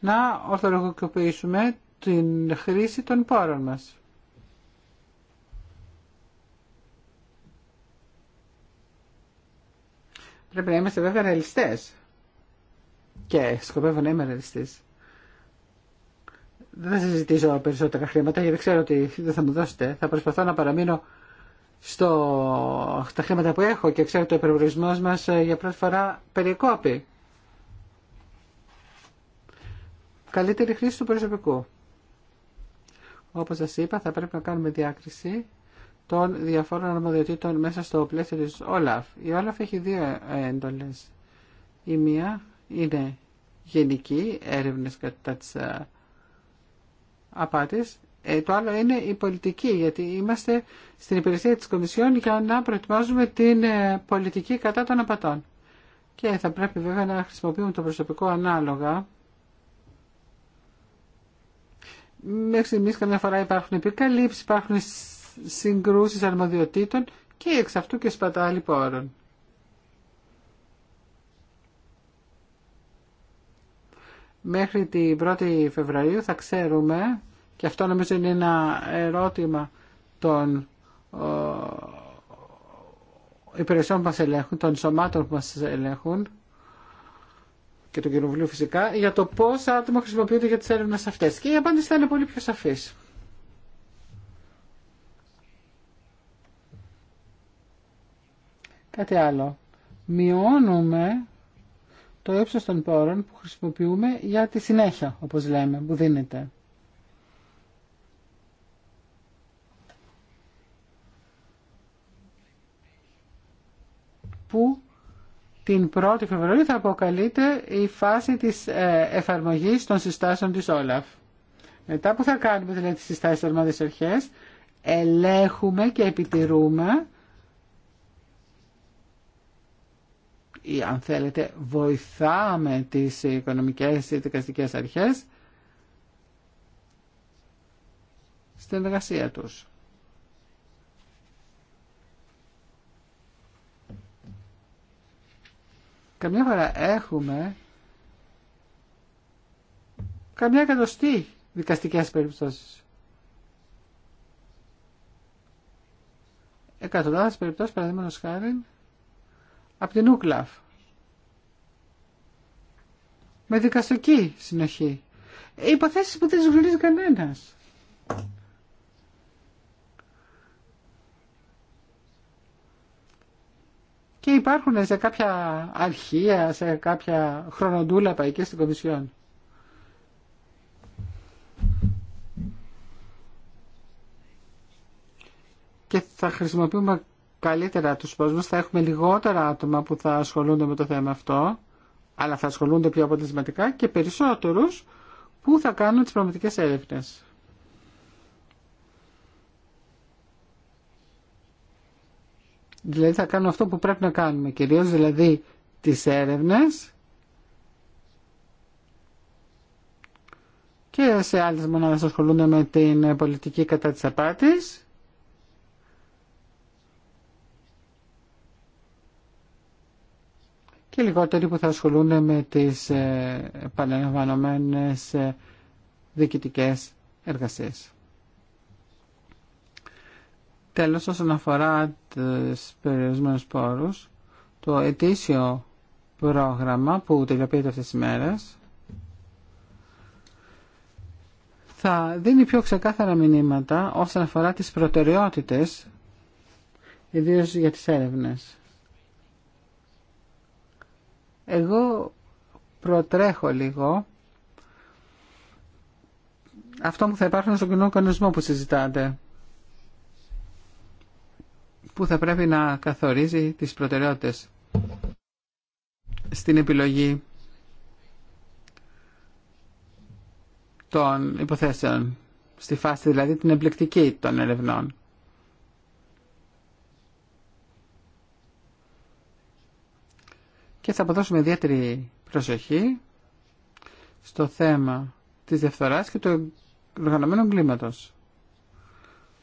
να ορθολογικοποιήσουμε την χρήση των πόρων μας. Πρέπει να είμαστε βέβαια ρεαλιστέ. Και σκοπεύω να είμαι ρεαλιστή. Δεν θα συζητήσω περισσότερα χρήματα γιατί ξέρω ότι δεν θα μου δώσετε. Θα προσπαθώ να παραμείνω στο... στα χρήματα που έχω και ξέρω ότι ο υπερβολισμό μα ε, για πρώτη φορά περικόπη. Καλύτερη χρήση του προσωπικού. Όπως σας είπα θα πρέπει να κάνουμε διάκριση των διαφόρων αρμοδιοτήτων μέσα στο πλαίσιο της Όλαφ. Η Όλαφ έχει δύο έντολες. Η μία είναι γενική, έρευνες κατά της ε, απάτης. Ε, το άλλο είναι η πολιτική, γιατί είμαστε στην υπηρεσία της Κομισιόν για να προετοιμάζουμε την ε, πολιτική κατά των απατών. Και θα πρέπει βέβαια να χρησιμοποιούμε το προσωπικό ανάλογα. Μέχρι στιγμής καμιά φορά υπάρχουν επικαλύψεις, υπάρχουν συγκρούσεις αρμοδιοτήτων και εξ αυτού και σπατάλη πόρων. Μέχρι την 1η Φεβρουαρίου θα ξέρουμε, και αυτό νομίζω είναι ένα ερώτημα των υπηρεσιών που μας ελέγχουν, των σωμάτων που μας ελέγχουν και του κοινοβουλίου φυσικά, για το πόσα άτομα χρησιμοποιούνται για τις έρευνες αυτές. Και η απάντηση θα είναι πολύ πιο σαφής. Κάτι άλλο. Μειώνουμε το ύψος των πόρων που χρησιμοποιούμε για τη συνέχεια, όπως λέμε, που δίνεται. Που την 1η Φεβρουαρίου θα αποκαλείται η φάση της ε, εφαρμογής των συστάσεων της Όλαφ. Μετά που θα κάνουμε δηλαδή τις συστάσεις των Αρχές, ελέγχουμε και επιτηρούμε ή αν θέλετε βοηθάμε τις οικονομικές ή δικαστικές αρχές στην εργασία τους. Καμιά φορά έχουμε καμιά εκατοστή δικαστικές περιπτώσεις. Εκατοντάδες περιπτώσεις, παραδείγματος χάρη, από την Ούκλαφ. Με δικαστική συνοχή. Υποθέσεις που δεν τις γνωρίζει κανένας. Και υπάρχουν σε κάποια αρχεία, σε κάποια χρονοτούλαπα εκεί στην Κομισιόν. Και θα χρησιμοποιούμε καλύτερα τους κόσμους, θα έχουμε λιγότερα άτομα που θα ασχολούνται με το θέμα αυτό, αλλά θα ασχολούνται πιο αποτελεσματικά και περισσότερους που θα κάνουν τις πραγματικές έρευνες. Δηλαδή θα κάνουν αυτό που πρέπει να κάνουμε, κυρίως δηλαδή τις έρευνες και σε άλλες μονάδες ασχολούνται με την πολιτική κατά της απάτης και λιγότεροι που θα ασχολούνται με τις επαναλαμβανωμένες επαναλαμβανομένες ε, διοικητικές εργασίες. Τέλος, όσον αφορά τους περιορισμένους πόρους, το ετήσιο πρόγραμμα που τελειοποιείται αυτές τις μέρες θα δίνει πιο ξεκάθαρα μηνύματα όσον αφορά τις προτεραιότητες, ιδίως για τις έρευνες. Εγώ προτρέχω λίγο αυτό που θα υπάρχουν στον κοινό κανονισμό που συζητάτε που θα πρέπει να καθορίζει τις προτεραιότητες στην επιλογή των υποθέσεων στη φάση δηλαδή την εμπλεκτική των ερευνών και θα αποδώσουμε ιδιαίτερη προσοχή στο θέμα της διαφθοράς και του οργανωμένου κλίματος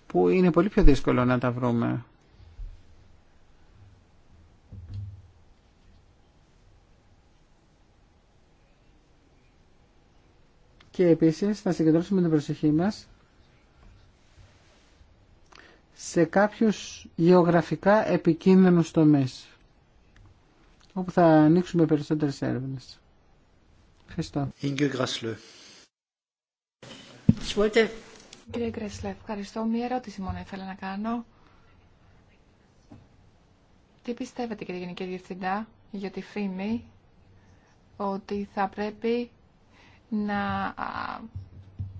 που είναι πολύ πιο δύσκολο να τα βρούμε. Και επίσης θα συγκεντρώσουμε την προσοχή μας σε κάποιους γεωγραφικά επικίνδυνους τομείς όπου θα ανοίξουμε περισσότερε έρευνε. Ευχαριστώ.
Κύριε Γκρέσλε, ευχαριστώ. Μία ερώτηση μόνο ήθελα να κάνω. Τι πιστεύετε κύριε Γενική Διευθυντά για τη φήμη ότι θα πρέπει να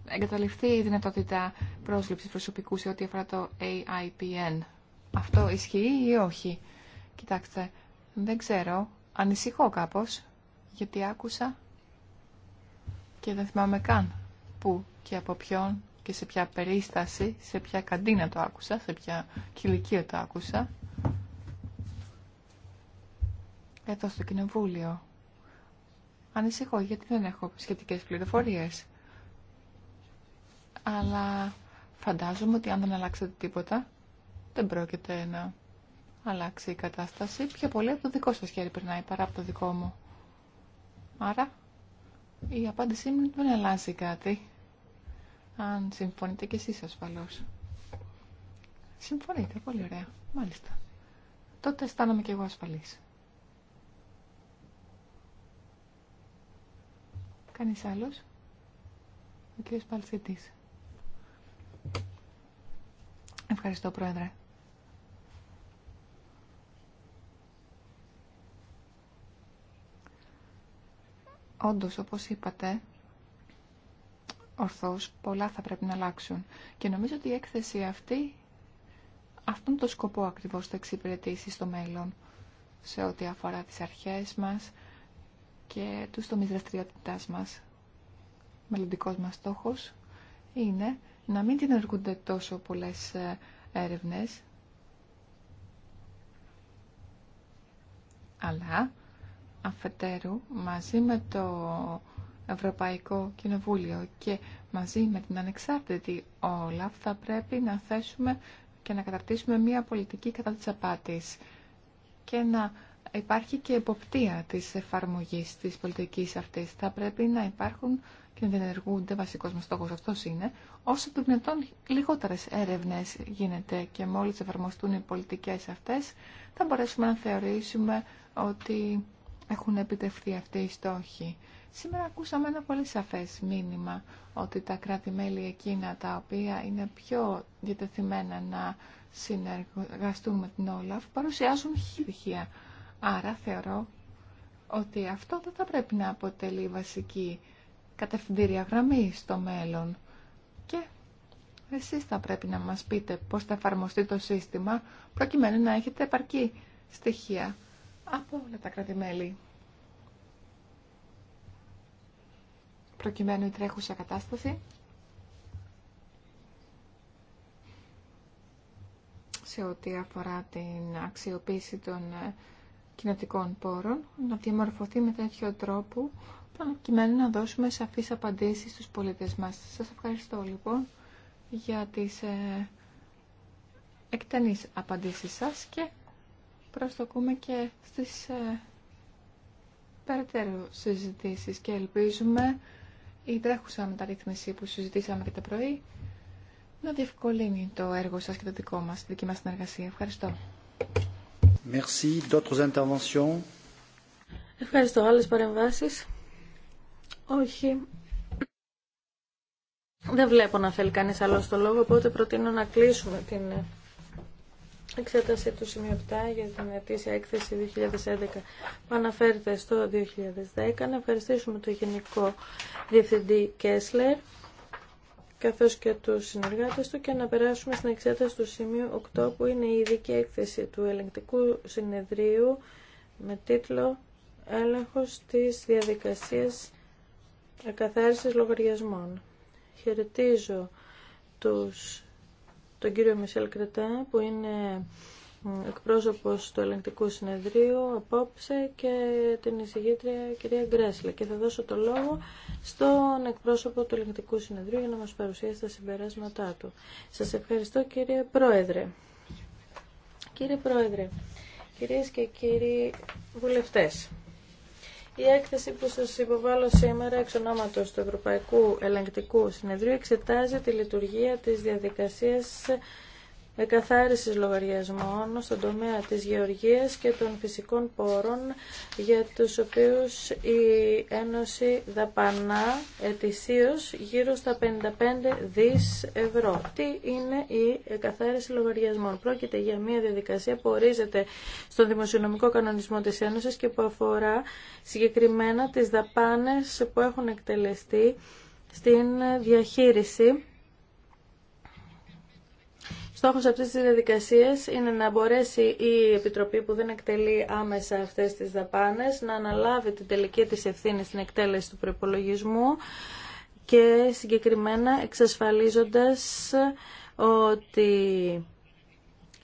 εγκαταλειφθεί η δυνατότητα πρόσληψη προσωπικού σε ό,τι αφορά το AIPN. Αυτό ισχύει ή όχι. Κοιτάξτε, δεν ξέρω. Ανησυχώ κάπως, γιατί άκουσα και δεν θυμάμαι καν πού και από ποιον και σε ποια περίσταση, σε ποια καντίνα το άκουσα, σε ποια κηλικία το άκουσα. Εδώ στο κοινοβούλιο. Ανησυχώ γιατί δεν έχω σχετικές πληροφορίες. Αλλά φαντάζομαι ότι αν δεν αλλάξετε τίποτα, δεν πρόκειται να αλλάξει η κατάσταση. Πιο πολύ από το δικό σας χέρι περνάει παρά από το δικό μου. Άρα η απάντησή μου δεν αλλάζει κάτι. Αν συμφωνείτε και εσείς ασφαλώς. Συμφωνείτε, πολύ ωραία. Μάλιστα. Τότε αισθάνομαι και εγώ ασφαλής. Κανείς άλλος. Ο κύριος Παλσίτης. Ευχαριστώ, Πρόεδρε. Όντως, όπως είπατε, ορθώς πολλά θα πρέπει να αλλάξουν. Και νομίζω ότι η έκθεση αυτή, αυτόν τον σκοπό ακριβώς θα εξυπηρετήσει στο μέλλον, σε ό,τι αφορά τις αρχές μας και τους τομείς δραστηριότητά μας. Μελλοντικός μας στόχος είναι να μην δημιουργούνται τόσο πολλές ε, έρευνες, αλλά αφετέρου μαζί με το Ευρωπαϊκό Κοινοβούλιο και μαζί με την ανεξάρτητη όλα θα πρέπει να θέσουμε και να καταρτήσουμε μια πολιτική κατά της απάτης και να υπάρχει και εποπτεία της εφαρμογής της πολιτικής αυτής. Θα πρέπει να υπάρχουν και να διενεργούνται, βασικός μας στόχος αυτός είναι, όσο το δυνατόν λιγότερες έρευνες γίνεται και μόλις εφαρμοστούν οι πολιτικές αυτές, θα μπορέσουμε να θεωρήσουμε ότι έχουν επιτευχθεί αυτοί οι στόχοι. Σήμερα ακούσαμε ένα πολύ σαφές μήνυμα ότι τα κράτη-μέλη εκείνα τα οποία είναι πιο διατεθειμένα να συνεργαστούν με την Όλαφ παρουσιάζουν χειριχεία. Άρα θεωρώ ότι αυτό δεν θα πρέπει να αποτελεί βασική κατευθυντήρια γραμμή στο μέλλον. Και εσείς θα πρέπει να μας πείτε πώς θα εφαρμοστεί το σύστημα προκειμένου να έχετε επαρκή στοιχεία από όλα τα κράτη-μέλη. Προκειμένου η τρέχουσα κατάσταση σε ό,τι αφορά την αξιοποίηση των ε, κοινοτικών πόρων, να διαμορφωθεί με τέτοιο τρόπο, προκειμένου να δώσουμε σαφείς απαντήσεις στους πολίτες μας. Σας ευχαριστώ λοιπόν για τις ε, εκτενείς απαντήσεις σας και προστοκούμε και στις ε, περαιτέρω συζητήσεις και ελπίζουμε η τρέχουσα μεταρρύθμιση που συζητήσαμε και το πρωί να διευκολύνει το έργο σας και το δικό μας, τη δική μας συνεργασία.
Ευχαριστώ.
Merci. Interventions?
Ευχαριστώ. Άλλες παρεμβάσεις. Όχι. Δεν βλέπω να θέλει κανείς άλλο το λόγο, οπότε προτείνω να κλείσουμε την Εξέταση του σημείου 7 για την ετήσια έκθεση 2011 που αναφέρεται στο 2010. Να ευχαριστήσουμε τον Γενικό Διευθυντή Κέσλερ καθώς και τους συνεργάτες του και να περάσουμε στην εξέταση του σημείου 8 που είναι η ειδική έκθεση του ελεγκτικού συνεδρίου με τίτλο «Έλεγχος της διαδικασίας ακαθάρισης λογαριασμών». Χαιρετίζω τους τον κύριο Μισελ Κρετά που είναι εκπρόσωπος του ελεγκτικού συνεδρίου απόψε και την εισηγήτρια κυρία Γκρέσλε και θα δώσω το λόγο στον εκπρόσωπο του ελεγκτικού συνεδρίου για να μας παρουσιάσει τα συμπεράσματά του. Σας ευχαριστώ κύριε Πρόεδρε. Κύριε Πρόεδρε, κυρίες και κύριοι βουλευτές, η έκθεση που σας υποβάλλω σήμερα εξ ονόματος του Ευρωπαϊκού Ελεγκτικού Συνεδρίου εξετάζει τη λειτουργία της διαδικασίας εκαθάρισης λογαριασμών στον τομέα της γεωργίας και των φυσικών πόρων για τους οποίους η Ένωση δαπανά ετησίως γύρω στα 55 δις ευρώ. Τι είναι η εκαθάριση λογαριασμών. Πρόκειται για μια διαδικασία που ορίζεται στον δημοσιονομικό κανονισμό της Ένωσης και που αφορά συγκεκριμένα τις δαπάνες που έχουν εκτελεστεί στην διαχείριση Στόχος αυτής της διαδικασίας είναι να μπορέσει η Επιτροπή που δεν εκτελεί άμεσα αυτές τις δαπάνες να αναλάβει την τελική της ευθύνη στην εκτέλεση του προπολογισμού και συγκεκριμένα εξασφαλίζοντας ότι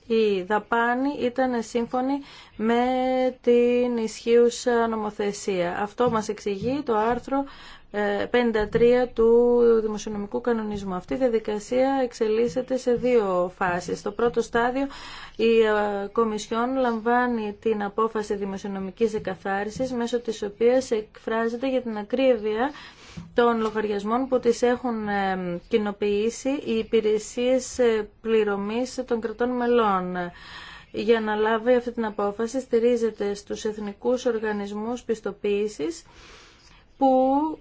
η δαπάνη ήταν σύμφωνη με την ισχύουσα νομοθεσία. Αυτό μας εξηγεί το άρθρο 53 ε, του Δημοσιονομικού Κανονισμού. Αυτή η διαδικασία εξελίσσεται σε δύο φάσεις. Στο πρώτο στάδιο η ε, Κομισιόν λαμβάνει την απόφαση δημοσιονομικής εκαθάρισης μέσω της οποίας εκφράζεται για την ακρίβεια των λογαριασμών που τις έχουν ε, κοινοποιήσει οι υπηρεσίες ε, πληρωμής των κρατών μελών. Για να λάβει αυτή την απόφαση στηρίζεται στους εθνικούς οργανισμούς πιστοποίησης που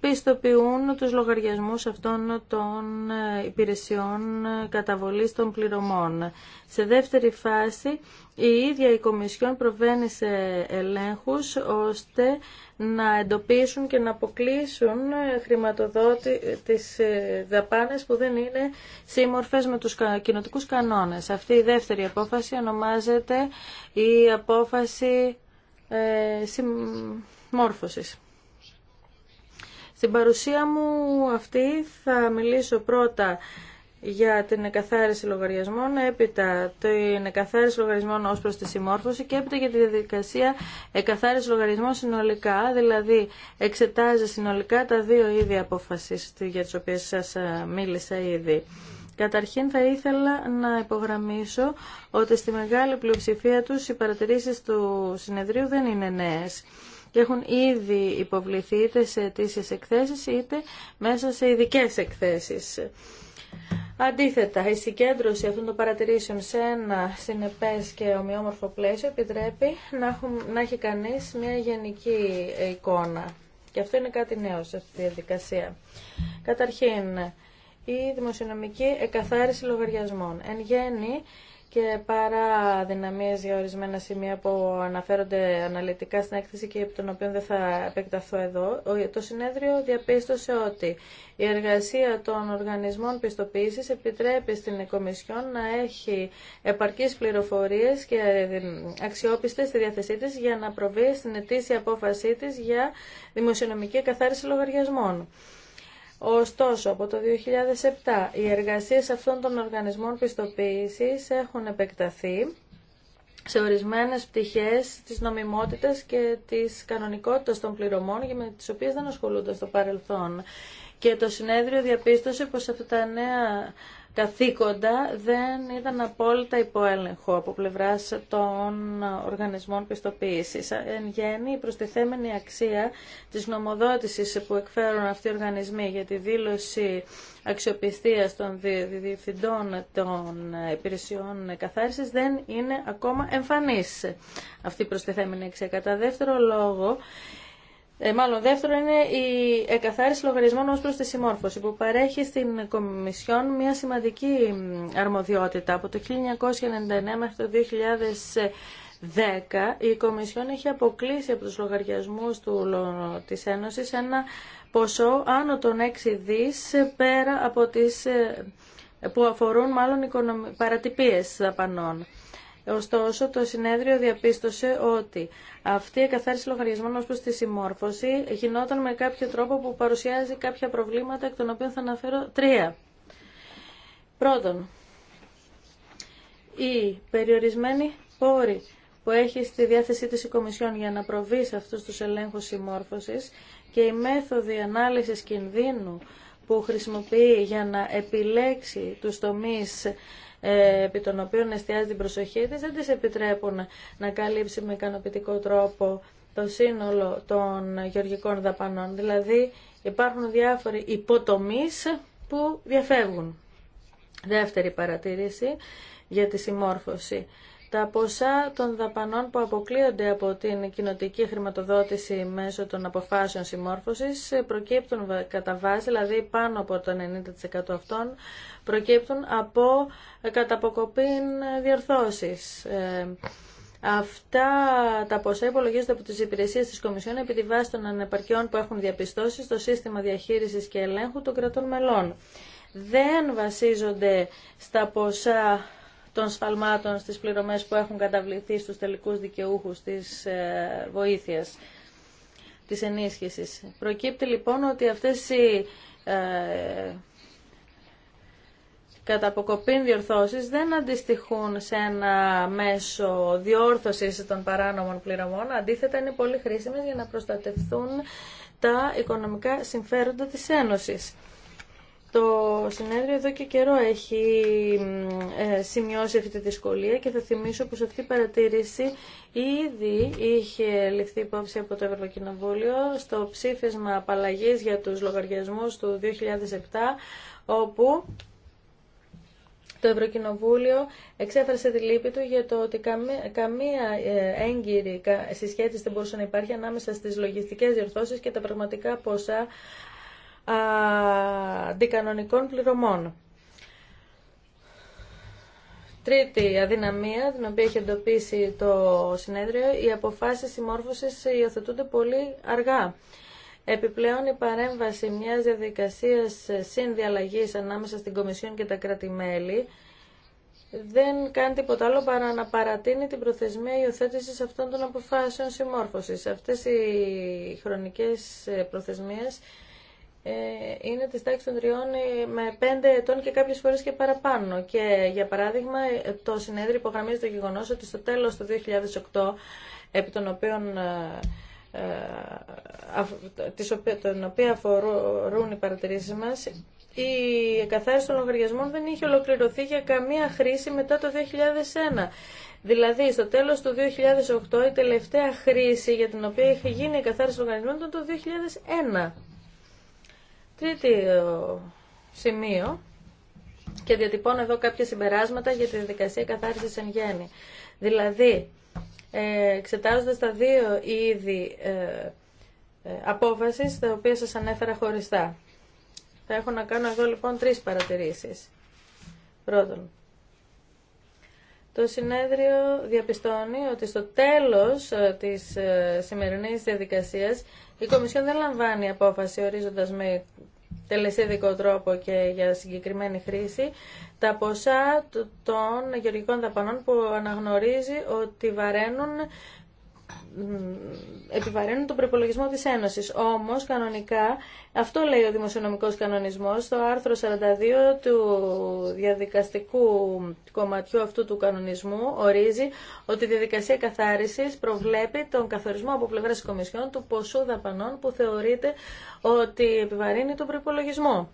πιστοποιούν τους λογαριασμούς αυτών των ε, υπηρεσιών καταβολής των πληρωμών. Σε δεύτερη φάση, η ίδια η Κομισιόν προβαίνει σε ελέγχους ώστε να εντοπίσουν και να αποκλείσουν ε, χρηματοδότη τις ε, δαπάνες που δεν είναι σύμμορφες με τους κοινοτικούς κανόνες. Αυτή η δεύτερη απόφαση ονομάζεται η απόφαση ε, συμμόρφωσης. Στην παρουσία μου αυτή θα μιλήσω πρώτα για την εκαθάριση λογαριασμών, έπειτα την εκαθάριση λογαριασμών ως προς τη συμμόρφωση και έπειτα για τη διαδικασία εκαθάριση λογαριασμών συνολικά, δηλαδή εξετάζει συνολικά τα δύο είδη απόφασης για τις οποίες σας ε, μίλησα ήδη. Καταρχήν θα ήθελα να υπογραμμίσω ότι στη μεγάλη πλειοψηφία τους οι παρατηρήσεις του συνεδρίου δεν είναι νέες και έχουν ήδη υποβληθεί είτε σε αιτήσεις εκθέσεις είτε μέσα σε ειδικέ εκθέσεις. Αντίθετα, η συγκέντρωση αυτών των παρατηρήσεων σε ένα συνεπές και ομοιόμορφο πλαίσιο επιτρέπει να έχει κανείς μια γενική εικόνα. Και αυτό είναι κάτι νέο σε αυτή τη διαδικασία. Καταρχήν, η δημοσιονομική εκαθάριση λογαριασμών. Εν γέννη, και παρά δυναμίες για ορισμένα σημεία που αναφέρονται αναλυτικά στην έκθεση και από τον οποίο δεν θα επεκταθώ εδώ, το συνέδριο διαπίστωσε ότι η εργασία των οργανισμών πιστοποίησης επιτρέπει στην Κομισιόν να έχει επαρκείς πληροφορίες και ε, αξιόπιστες στη διάθεσή της για να προβεί στην ετήσια απόφασή της για δημοσιονομική καθάριση λογαριασμών. Ωστόσο, από το 2007 οι εργασίες αυτών των οργανισμών πιστοποίησης έχουν επεκταθεί σε ορισμένες πτυχές της νομιμότητας και της κανονικότητας των πληρωμών για με τις οποίες δεν ασχολούνται στο παρελθόν. Και το συνέδριο διαπίστωσε πως αυτά τα νέα καθήκοντα δεν ήταν απόλυτα υποέλεγχο από πλευράς των οργανισμών πιστοποίησης. Εν γέννη, η προστιθέμενη αξία της νομοδότησης που εκφέρουν αυτοί οι οργανισμοί για τη δήλωση αξιοπιστίας των διευθυντών των υπηρεσιών καθάρισης δεν είναι ακόμα εμφανής αυτή η προστιθέμενη αξία. Κατά δεύτερο λόγο, ε, μάλλον δεύτερο είναι η εκαθάριση λογαριασμών ως προς τη συμμόρφωση που παρέχει στην Κομισιόν μια σημαντική αρμοδιότητα. Από το 1999 μέχρι το 2010 η Κομισιόν έχει αποκλείσει από τους λογαριασμούς του, της Ένωσης ένα ποσό άνω των 6 δις ε, πέρα από τις, ε, που αφορούν μάλλον παρατυπίες δαπανών. Ωστόσο, το συνέδριο διαπίστωσε ότι αυτή η εκαθάριση λογαριασμών ως προς τη συμμόρφωση γινόταν με κάποιο τρόπο που παρουσιάζει κάποια προβλήματα, εκ των οποίων θα αναφέρω τρία. Πρώτον, η περιορισμένη πόροι που έχει στη διάθεσή της η Κομισιόν για να προβεί σε αυτούς τους ελέγχους συμμόρφωσης και η μέθοδοι ανάλυσης κινδύνου που χρησιμοποιεί για να επιλέξει τους τομείς ε, επί των οποίων εστιάζει την προσοχή της δεν της επιτρέπουν να καλύψει με ικανοποιητικό τρόπο το σύνολο των γεωργικών δαπανών. Δηλαδή υπάρχουν διάφοροι υποτομείς που διαφεύγουν. Δεύτερη παρατήρηση για τη συμμόρφωση τα ποσά των δαπανών που αποκλείονται από την κοινοτική χρηματοδότηση μέσω των αποφάσεων συμμόρφωσης προκύπτουν κατά βάση, δηλαδή πάνω από το 90% αυτών, προκύπτουν από ε, καταποκοπήν ε, διορθώσεις. Ε, αυτά τα ποσά υπολογίζονται από τις υπηρεσίες της Κομισιόν επί τη βάση των ανεπαρκειών που έχουν διαπιστώσει στο σύστημα διαχείρισης και ελέγχου των κρατών μελών. Δεν βασίζονται στα ποσά των σφαλμάτων στις πληρωμές που έχουν καταβληθεί στους τελικούς δικαιούχους της ε, βοήθειας, της ενίσχυσης. Προκύπτει λοιπόν ότι αυτές οι ε, κατά αποκοπήν διορθώσεις δεν αντιστοιχούν σε ένα μέσο διόρθωσης των παράνομων πληρωμών. Αντίθετα, είναι πολύ χρήσιμες για να προστατευτούν τα οικονομικά συμφέροντα της Ένωσης. Το συνέδριο εδώ και καιρό έχει ε, σημειώσει αυτή τη δυσκολία και θα θυμίσω πως αυτή η παρατήρηση ήδη είχε ληφθεί υπόψη από το Ευρωκοινοβούλιο στο ψήφισμα απαλλαγής για τους λογαριασμούς του 2007 όπου το Ευρωκοινοβούλιο εξέφρασε τη λύπη του για το ότι καμία ε, έγκυρη συσχέτιση δεν μπορούσε να υπάρχει ανάμεσα στις λογιστικές διορθώσεις και τα πραγματικά ποσά αντικανονικών πληρωμών. Τρίτη αδυναμία, την οποία έχει εντοπίσει το συνέδριο, οι αποφάσεις συμμόρφωσης υιοθετούνται πολύ αργά. Επιπλέον, η παρέμβαση μιας διαδικασίας συνδιαλλαγής ανάμεσα στην Κομισιόν και τα κρατη δεν κάνει τίποτα άλλο παρά να παρατείνει την προθεσμία υιοθέτηση αυτών των αποφάσεων συμμόρφωσης. Αυτές οι χρονικές ε, προθεσμίες ε, είναι της τάξης των τριών ε, με πέντε ετών και κάποιες φορές και παραπάνω. Και για παράδειγμα ε, το συνέδριο υπογραμμίζει το γεγονός ότι στο τέλος του 2008, επί των οποίων τον οποίο αφορούν οι παρατηρήσεις μας, η καθάριση των λογαριασμών δεν είχε ολοκληρωθεί για καμία χρήση μετά το 2001. Δηλαδή, στο τέλος του 2008, η τελευταία χρήση για την οποία είχε γίνει η εκαθάριση των λογαριασμών ήταν το 2001. Τρίτο σημείο και διατυπώνω εδώ κάποια συμπεράσματα για τη διαδικασία καθάρισης εν γέννη. Δηλαδή, ε, εξετάζοντας τα δύο είδη ε, ε, απόφασης, τα οποία σας ανέφερα χωριστά. Θα έχω να κάνω εδώ λοιπόν τρεις παρατηρήσεις. Πρώτον, το συνέδριο διαπιστώνει ότι στο τέλος της σημερινής διαδικασίας η Κομισιόν δεν λαμβάνει απόφαση ορίζοντας με τελεσίδικο τρόπο και για συγκεκριμένη χρήση τα ποσά των γεωργικών δαπανών που αναγνωρίζει ότι βαραίνουν επιβαρύνουν τον προπολογισμό της Ένωσης. Όμως, κανονικά, αυτό λέει ο δημοσιονομικός κανονισμός, στο άρθρο 42 του διαδικαστικού κομματιού αυτού του κανονισμού ορίζει ότι η διαδικασία καθάρισης προβλέπει τον καθορισμό από πλευράς Κομισιόν του ποσού δαπανών που θεωρείται ότι επιβαρύνει τον προπολογισμό.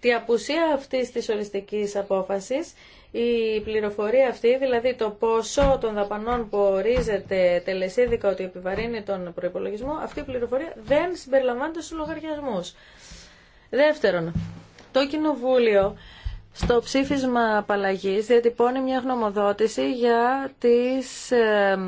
Τη απουσία αυτής της οριστικής απόφασης η πληροφορία αυτή, δηλαδή το ποσό των δαπανών που ορίζεται τελεσίδικα ότι επιβαρύνει τον προπολογισμό, αυτή η πληροφορία δεν συμπεριλαμβάνεται στους λογαριασμούς. Δεύτερον, το Κοινοβούλιο στο ψήφισμα απαλλαγή διατυπώνει μια γνωμοδότηση για τις... Ε,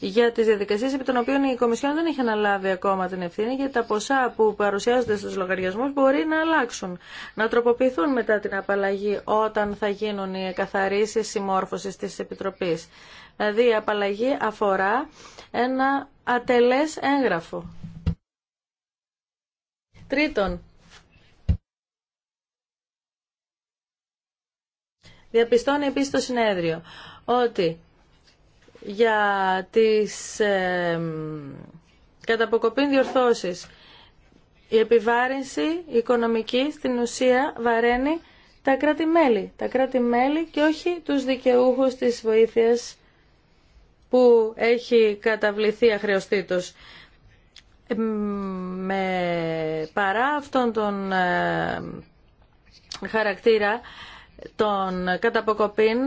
για τις διαδικασίες επί των οποίων η Κομισιόν δεν έχει αναλάβει ακόμα την ευθύνη για τα ποσά που παρουσιάζονται στους λογαριασμούς μπορεί να αλλάξουν, να τροποποιηθούν μετά την απαλλαγή όταν θα γίνουν οι καθαρίσεις συμμόρφωση τη επιτροπή. Δηλαδή η απαλλαγή αφορά ένα ατελές έγγραφο. Τρίτον, διαπιστώνει επίσης το συνέδριο ότι για τις ε, καταποκοπήν διορθώσεις. Η επιβάρυνση οικονομική στην ουσία βαραίνει τα κράτη-μέλη. Τα κρατη και όχι τους δικαιούχους της βοήθειας που έχει καταβληθεί αχρεωστήτως. Με, παρά αυτόν τον ε, χαρακτήρα των καταποκοπήν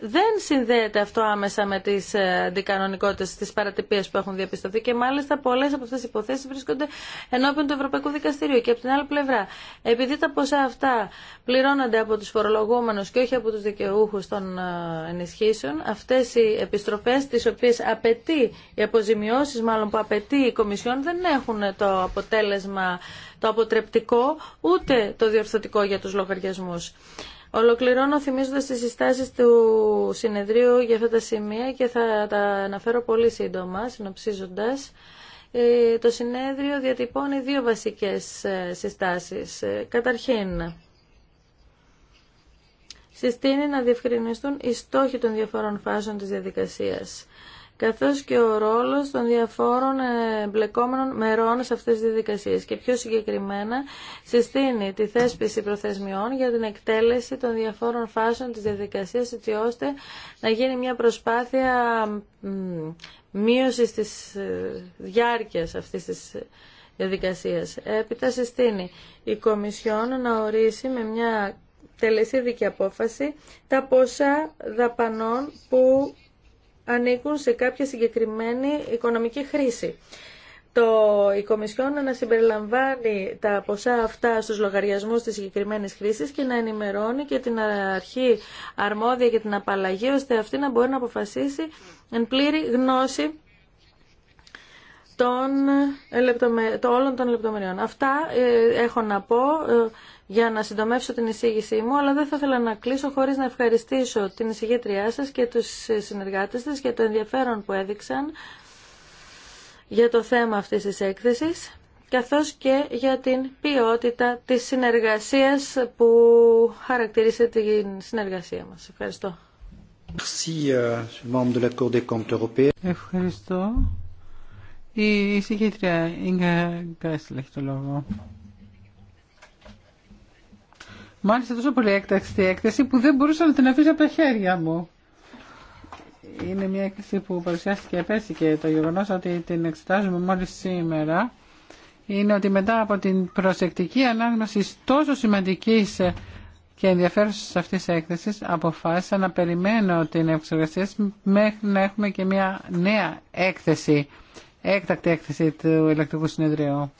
δεν συνδέεται αυτό άμεσα με τι ε, αντικανονικότητε, τι παρατυπίε που έχουν διαπιστωθεί και μάλιστα πολλέ από αυτέ τι υποθέσει βρίσκονται ενώπιον του Ευρωπαϊκού Δικαστηρίου. Και από την άλλη πλευρά, επειδή τα ποσά αυτά πληρώνονται από του φορολογούμενου και όχι από του δικαιούχου των ε, ενισχύσεων, αυτέ οι επιστροφέ τι οποίε απαιτεί, οι αποζημιώσει, μάλλον που απαιτεί η Κομισιόν δεν έχουν το αποτέλεσμα το αποτρεπτικό ούτε το διορθωτικό για του λογαριασμού. Ολοκληρώνω θυμίζοντας τις συστάσεις του συνεδρίου για αυτά τα σημεία και θα τα αναφέρω πολύ σύντομα, συνοψίζοντας. Ε, το συνέδριο διατυπώνει δύο βασικές ε, συστάσεις. Ε, καταρχήν, συστήνει να διευκρινιστούν οι στόχοι των διαφορών φάσεων της διαδικασίας καθώς και ο ρόλος των διαφόρων μπλεκόμενων μερών σε αυτές τις διαδικασίες και πιο συγκεκριμένα συστήνει τη θέσπιση προθεσμιών για την εκτέλεση των διαφόρων φάσεων της διαδικασίας έτσι ώστε να γίνει μια προσπάθεια μείωσης της ε, διάρκειας αυτής της διαδικασίας. Έπειτα συστήνει η Κομισιόν να ορίσει με μια τελεσίδικη απόφαση τα ποσά δαπανών που ανήκουν σε κάποια συγκεκριμένη οικονομική χρήση. Το, η Κομισιόν να συμπεριλαμβάνει τα ποσά αυτά στους λογαριασμούς της συγκεκριμένης χρήσης και να ενημερώνει και την αρχή αρμόδια για την απαλλαγή, ώστε αυτή να μπορεί να αποφασίσει εν πλήρη γνώση των, των όλων των λεπτομεριών. Αυτά ε, έχω να πω. Ε, για να συντομεύσω την εισήγησή μου, αλλά δεν θα ήθελα να κλείσω χωρίς να ευχαριστήσω την εισηγήτριά σας και τους συνεργάτες σας για το ενδιαφέρον που έδειξαν για το θέμα αυτής της έκθεσης, καθώς και για την ποιότητα της συνεργασίας που χαρακτήρισε την συνεργασία μας. Ευχαριστώ.
Euh,
Ευχαριστώ. Η εισηγήτρια Ίγκα έχει λόγο. Μάλιστα τόσο πολύ έκτακτη έκθεση που δεν μπορούσα να την αφήσω από τα χέρια μου. Είναι μια έκθεση που παρουσιάστηκε πέρσι και το γεγονό ότι την εξετάζουμε μόλι σήμερα είναι ότι μετά από την προσεκτική ανάγνωση τόσο σημαντική και ενδιαφέρουσα αυτή τη έκθεση, αποφάσισα να περιμένω την εξεργασία μέχρι να έχουμε και μια νέα έκθεση, έκτακτη έκθεση του ηλεκτρικού συνεδρίου,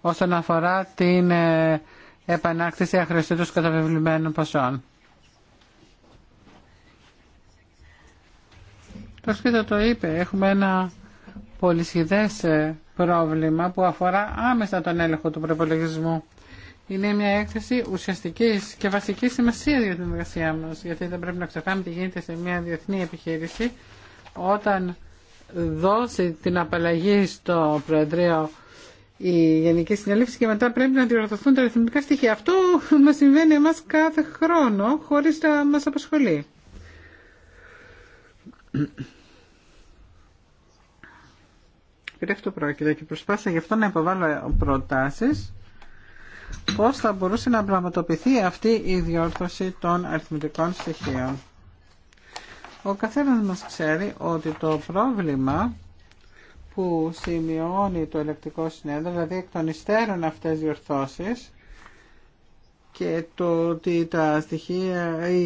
όσον αφορά την ε, επανάκτηση αχρηστήτως καταβεβλημένων ποσών. Το Σκύτο το είπε, έχουμε ένα πολυσχηδές ε, πρόβλημα που αφορά άμεσα τον έλεγχο του προπολογισμού. Είναι μια έκθεση ουσιαστική και βασική σημασία για την εργασία μα. Γιατί δεν πρέπει να ξεχνάμε τι γίνεται σε μια διεθνή επιχείρηση όταν δώσει την απαλλαγή στο Προεδρείο η Γενική Συνέλευση και μετά πρέπει να διορθωθούν τα αριθμητικά στοιχεία. Αυτό μα συμβαίνει εμά κάθε χρόνο χωρί να μα απασχολεί. Περί αυτό πρόκειται και προσπάθησα γι' αυτό να υποβάλω προτάσει πώ θα μπορούσε να πραγματοποιηθεί αυτή η διόρθωση των αριθμητικών στοιχείων. Ο καθένας μας ξέρει ότι το πρόβλημα που σημειώνει το ελεκτικό συνέδριο, δηλαδή εκ των υστέρων αυτές διορθώσεις και το ότι τα στοιχεία, η,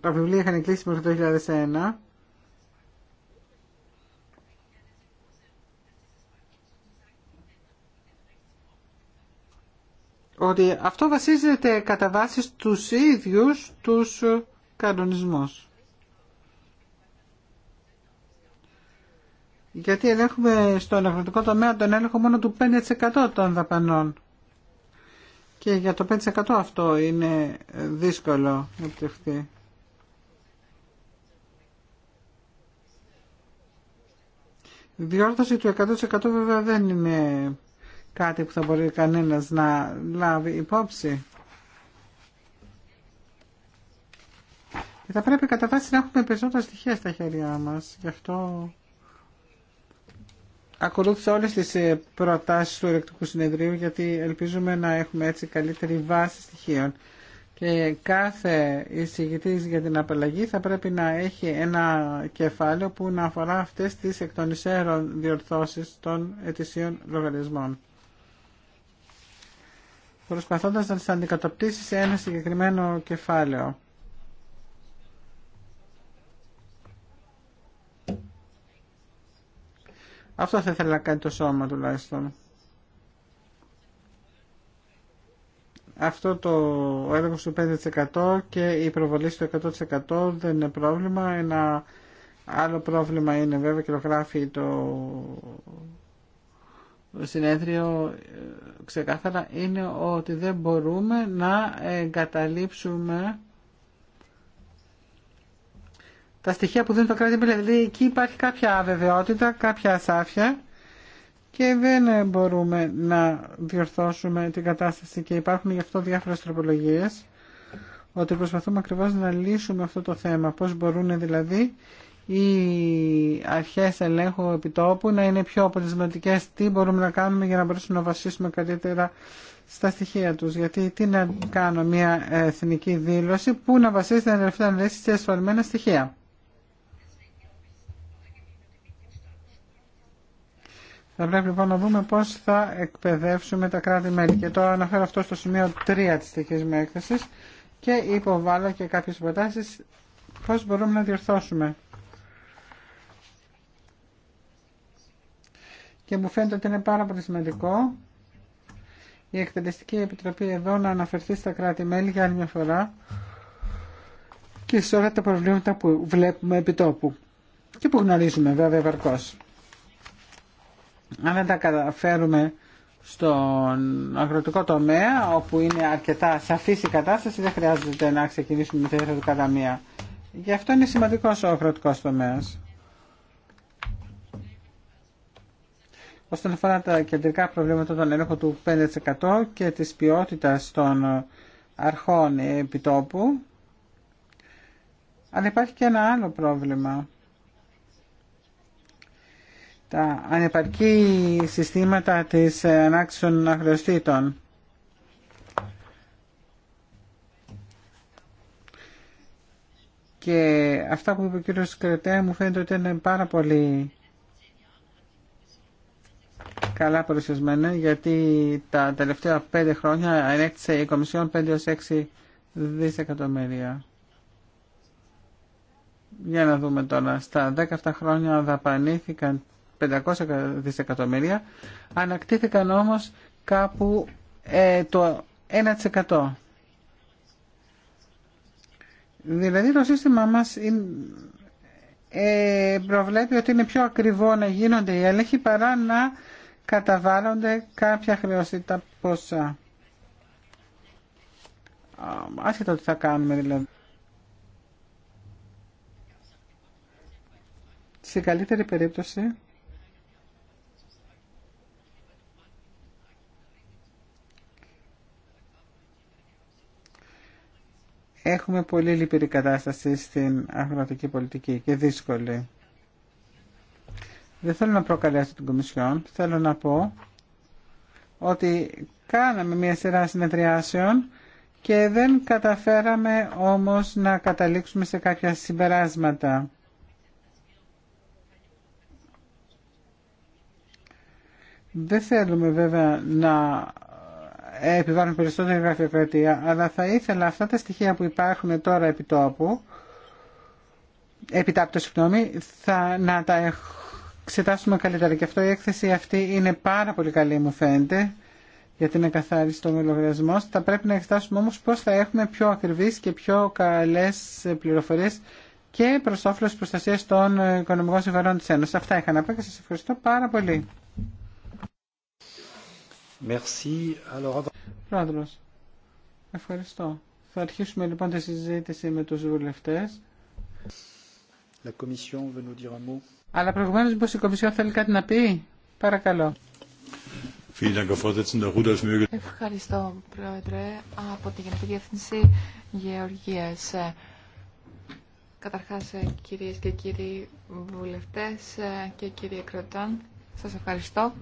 τα βιβλία είχαν κλείσει μέχρι το 2001, ότι αυτό βασίζεται κατά βάση στους ίδιους τους κανονισμούς. γιατί ελέγχουμε στον αγροτικό τομέα τον έλεγχο μόνο του 5% των δαπανών. Και για το 5% αυτό είναι δύσκολο να επιτευχθεί. Διόρθωση του 100% βέβαια δεν είναι κάτι που θα μπορεί κανένας να λάβει υπόψη. Και θα πρέπει κατά βάση να έχουμε περισσότερα στοιχεία στα χέρια μας. Γι' αυτό ακολούθησα όλες τις ε, προτάσεις του Ελεκτρικού Συνεδρίου γιατί ελπίζουμε να έχουμε έτσι καλύτερη βάση στοιχείων. Και κάθε εισηγητή για την απαλλαγή θα πρέπει να έχει ένα κεφάλαιο που να αφορά αυτές τις εκ των διορθώσεις των ετησίων λογαριασμών. Προσπαθώντας να τις αντικατοπτήσει σε ένα συγκεκριμένο κεφάλαιο. Αυτό θα ήθελα να κάνει το σώμα τουλάχιστον. Αυτό το έργο του 5% και η προβολή στο 100% δεν είναι πρόβλημα. Ένα άλλο πρόβλημα είναι βέβαια και το γράφει το συνέδριο ε, ξεκάθαρα είναι ότι δεν μπορούμε να εγκαταλείψουμε τα στοιχεία που δίνουν το κράτη Δηλαδή εκεί υπάρχει κάποια αβεβαιότητα, κάποια ασάφεια και δεν μπορούμε να διορθώσουμε την κατάσταση και υπάρχουν γι' αυτό διάφορες τροπολογίες ότι προσπαθούμε ακριβώς να λύσουμε αυτό το θέμα. Πώς μπορούν δηλαδή οι αρχές ελέγχου επιτόπου να είναι πιο αποτελεσματικέ τι μπορούμε να κάνουμε για να μπορέσουμε να βασίσουμε καλύτερα στα στοιχεία τους. Γιατί τι να κάνω μια εθνική δήλωση που να βασίζεται να ελευθερώνει σε ασφαλμένα στοιχεία. Θα πρέπει λοιπόν να δούμε πώς θα εκπαιδεύσουμε τα κράτη-μέλη. Και τώρα αναφέρω αυτό στο σημείο 3 της τυχής μου έκθεση και υποβάλλω και κάποιες προτάσεις πώς μπορούμε να διορθώσουμε. Και μου φαίνεται ότι είναι πάρα πολύ σημαντικό η Εκτελεστική Επιτροπή εδώ να αναφερθεί στα κράτη-μέλη για άλλη μια φορά και σε όλα τα προβλήματα που βλέπουμε επί τόπου και που γνωρίζουμε βέβαια βαρκώς αν δεν τα καταφέρουμε στον αγροτικό τομέα όπου είναι αρκετά σαφή η κατάσταση δεν χρειάζεται να ξεκινήσουμε με θέση μία. Γι' αυτό είναι σημαντικό ο αγροτικός τομέα. Όσον αφορά τα κεντρικά προβλήματα των έλεγχων του 5% και της ποιότητας των αρχών επιτόπου, αλλά υπάρχει και ένα άλλο πρόβλημα τα ανεπαρκή συστήματα της ε, ανάξιων των Και αυτά που είπε ο κύριος Κρετέ μου φαίνεται ότι είναι πάρα πολύ καλά παρουσιασμένα γιατί τα τελευταία πέντε χρόνια ανέκτησε η Κομισιόν 5-6 δισεκατομμύρια. Για να δούμε τώρα. Στα 17 χρόνια δαπανήθηκαν 500 δισεκατομμύρια, ανακτήθηκαν όμως κάπου ε, το 1%. Δηλαδή το σύστημα μας ε, προβλέπει ότι είναι πιο ακριβό να γίνονται οι έλεγχοι παρά να καταβάλλονται κάποια χρεωστήτα ποσά. Άσχετα τι θα κάνουμε δηλαδή. Σε καλύτερη περίπτωση Έχουμε πολύ λυπηρή κατάσταση στην αγροτική πολιτική και δύσκολη. Δεν θέλω να προκαλέσω την Κομισιόν. Θέλω να πω ότι κάναμε μια σειρά συνεδριάσεων και δεν καταφέραμε όμως να καταλήξουμε σε κάποια συμπεράσματα. Δεν θέλουμε βέβαια να επιβάλλουν περισσότερη γραφειοκρατία, αλλά θα ήθελα αυτά τα στοιχεία που υπάρχουν τώρα επί τόπου, τάπτω, συγγνώμη, θα να τα εξετάσουμε καλύτερα. Και αυτό η έκθεση αυτή είναι πάρα πολύ καλή μου φαίνεται, για την εκαθάριση των λογαριασμό. Θα πρέπει να εξετάσουμε όμω πώ θα έχουμε πιο ακριβεί και πιο καλέ πληροφορίε και προ όφελο προστασία των οικονομικών συμφερόντων τη Ένωση. Αυτά είχα να πω και σα ευχαριστώ πάρα πολύ. Πρόεδρος, ευχαριστώ. Θα αρχίσουμε λοιπόν τη συζήτηση με τους βουλευτές. Αλλά προηγουμένως μήπως η Κομισιόν θέλει κάτι να πει. Παρακαλώ.
Ευχαριστώ, Πρόεδρε, από τη Γενική Διεύθυνση Γεωργίας. Καταρχάς, κυρίες και κύριοι βουλευτές και κύριοι Κροτάν, σας ευχαριστώ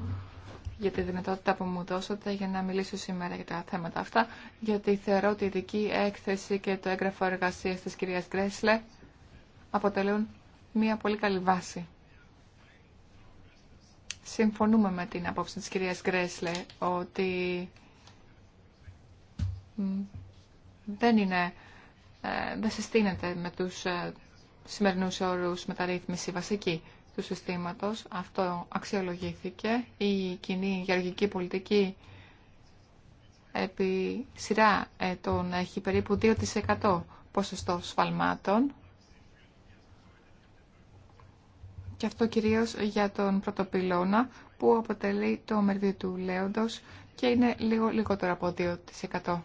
για τη δυνατότητα που μου δώσατε για να μιλήσω σήμερα για τα θέματα αυτά, γιατί θεωρώ ότι η δική έκθεση και το έγγραφο εργασία της κυρίας Γκρέσλε αποτελούν μια πολύ καλή βάση. Συμφωνούμε με την απόψη της κυρίας Γκρέσλε ότι δεν είναι, ε, δεν συστήνεται με τους ε, σημερινούς όρους μεταρρύθμιση βασική του συστήματος. Αυτό αξιολογήθηκε. Η κοινή γεωργική πολιτική επί σειρά ετών έχει περίπου 2% ποσοστό σφαλμάτων. Και αυτό κυρίως για τον πρωτοπυλώνα που αποτελεί το μερδί του λέοντος και είναι λίγο λιγότερο από 2%.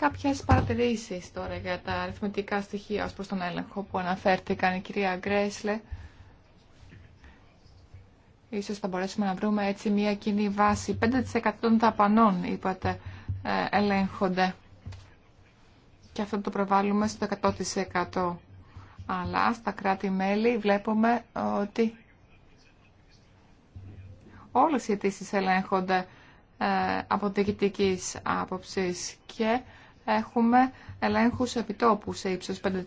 Κάποιες παρατηρήσεις τώρα για τα αριθμητικά στοιχεία ως προς τον έλεγχο που αναφέρθηκαν η κυρία Γκρέσλε. Ίσως θα μπορέσουμε να βρούμε έτσι μια κοινή βάση. 5% των ταπανών, είπατε, ε, ελέγχονται. Και αυτό το προβάλλουμε στο 100%. Αλλά στα κράτη-μέλη βλέπουμε ότι όλες οι αιτήσει ελέγχονται ε, από διοικητικής άποψης και έχουμε ελέγχου επιτόπου σε ύψο 5%.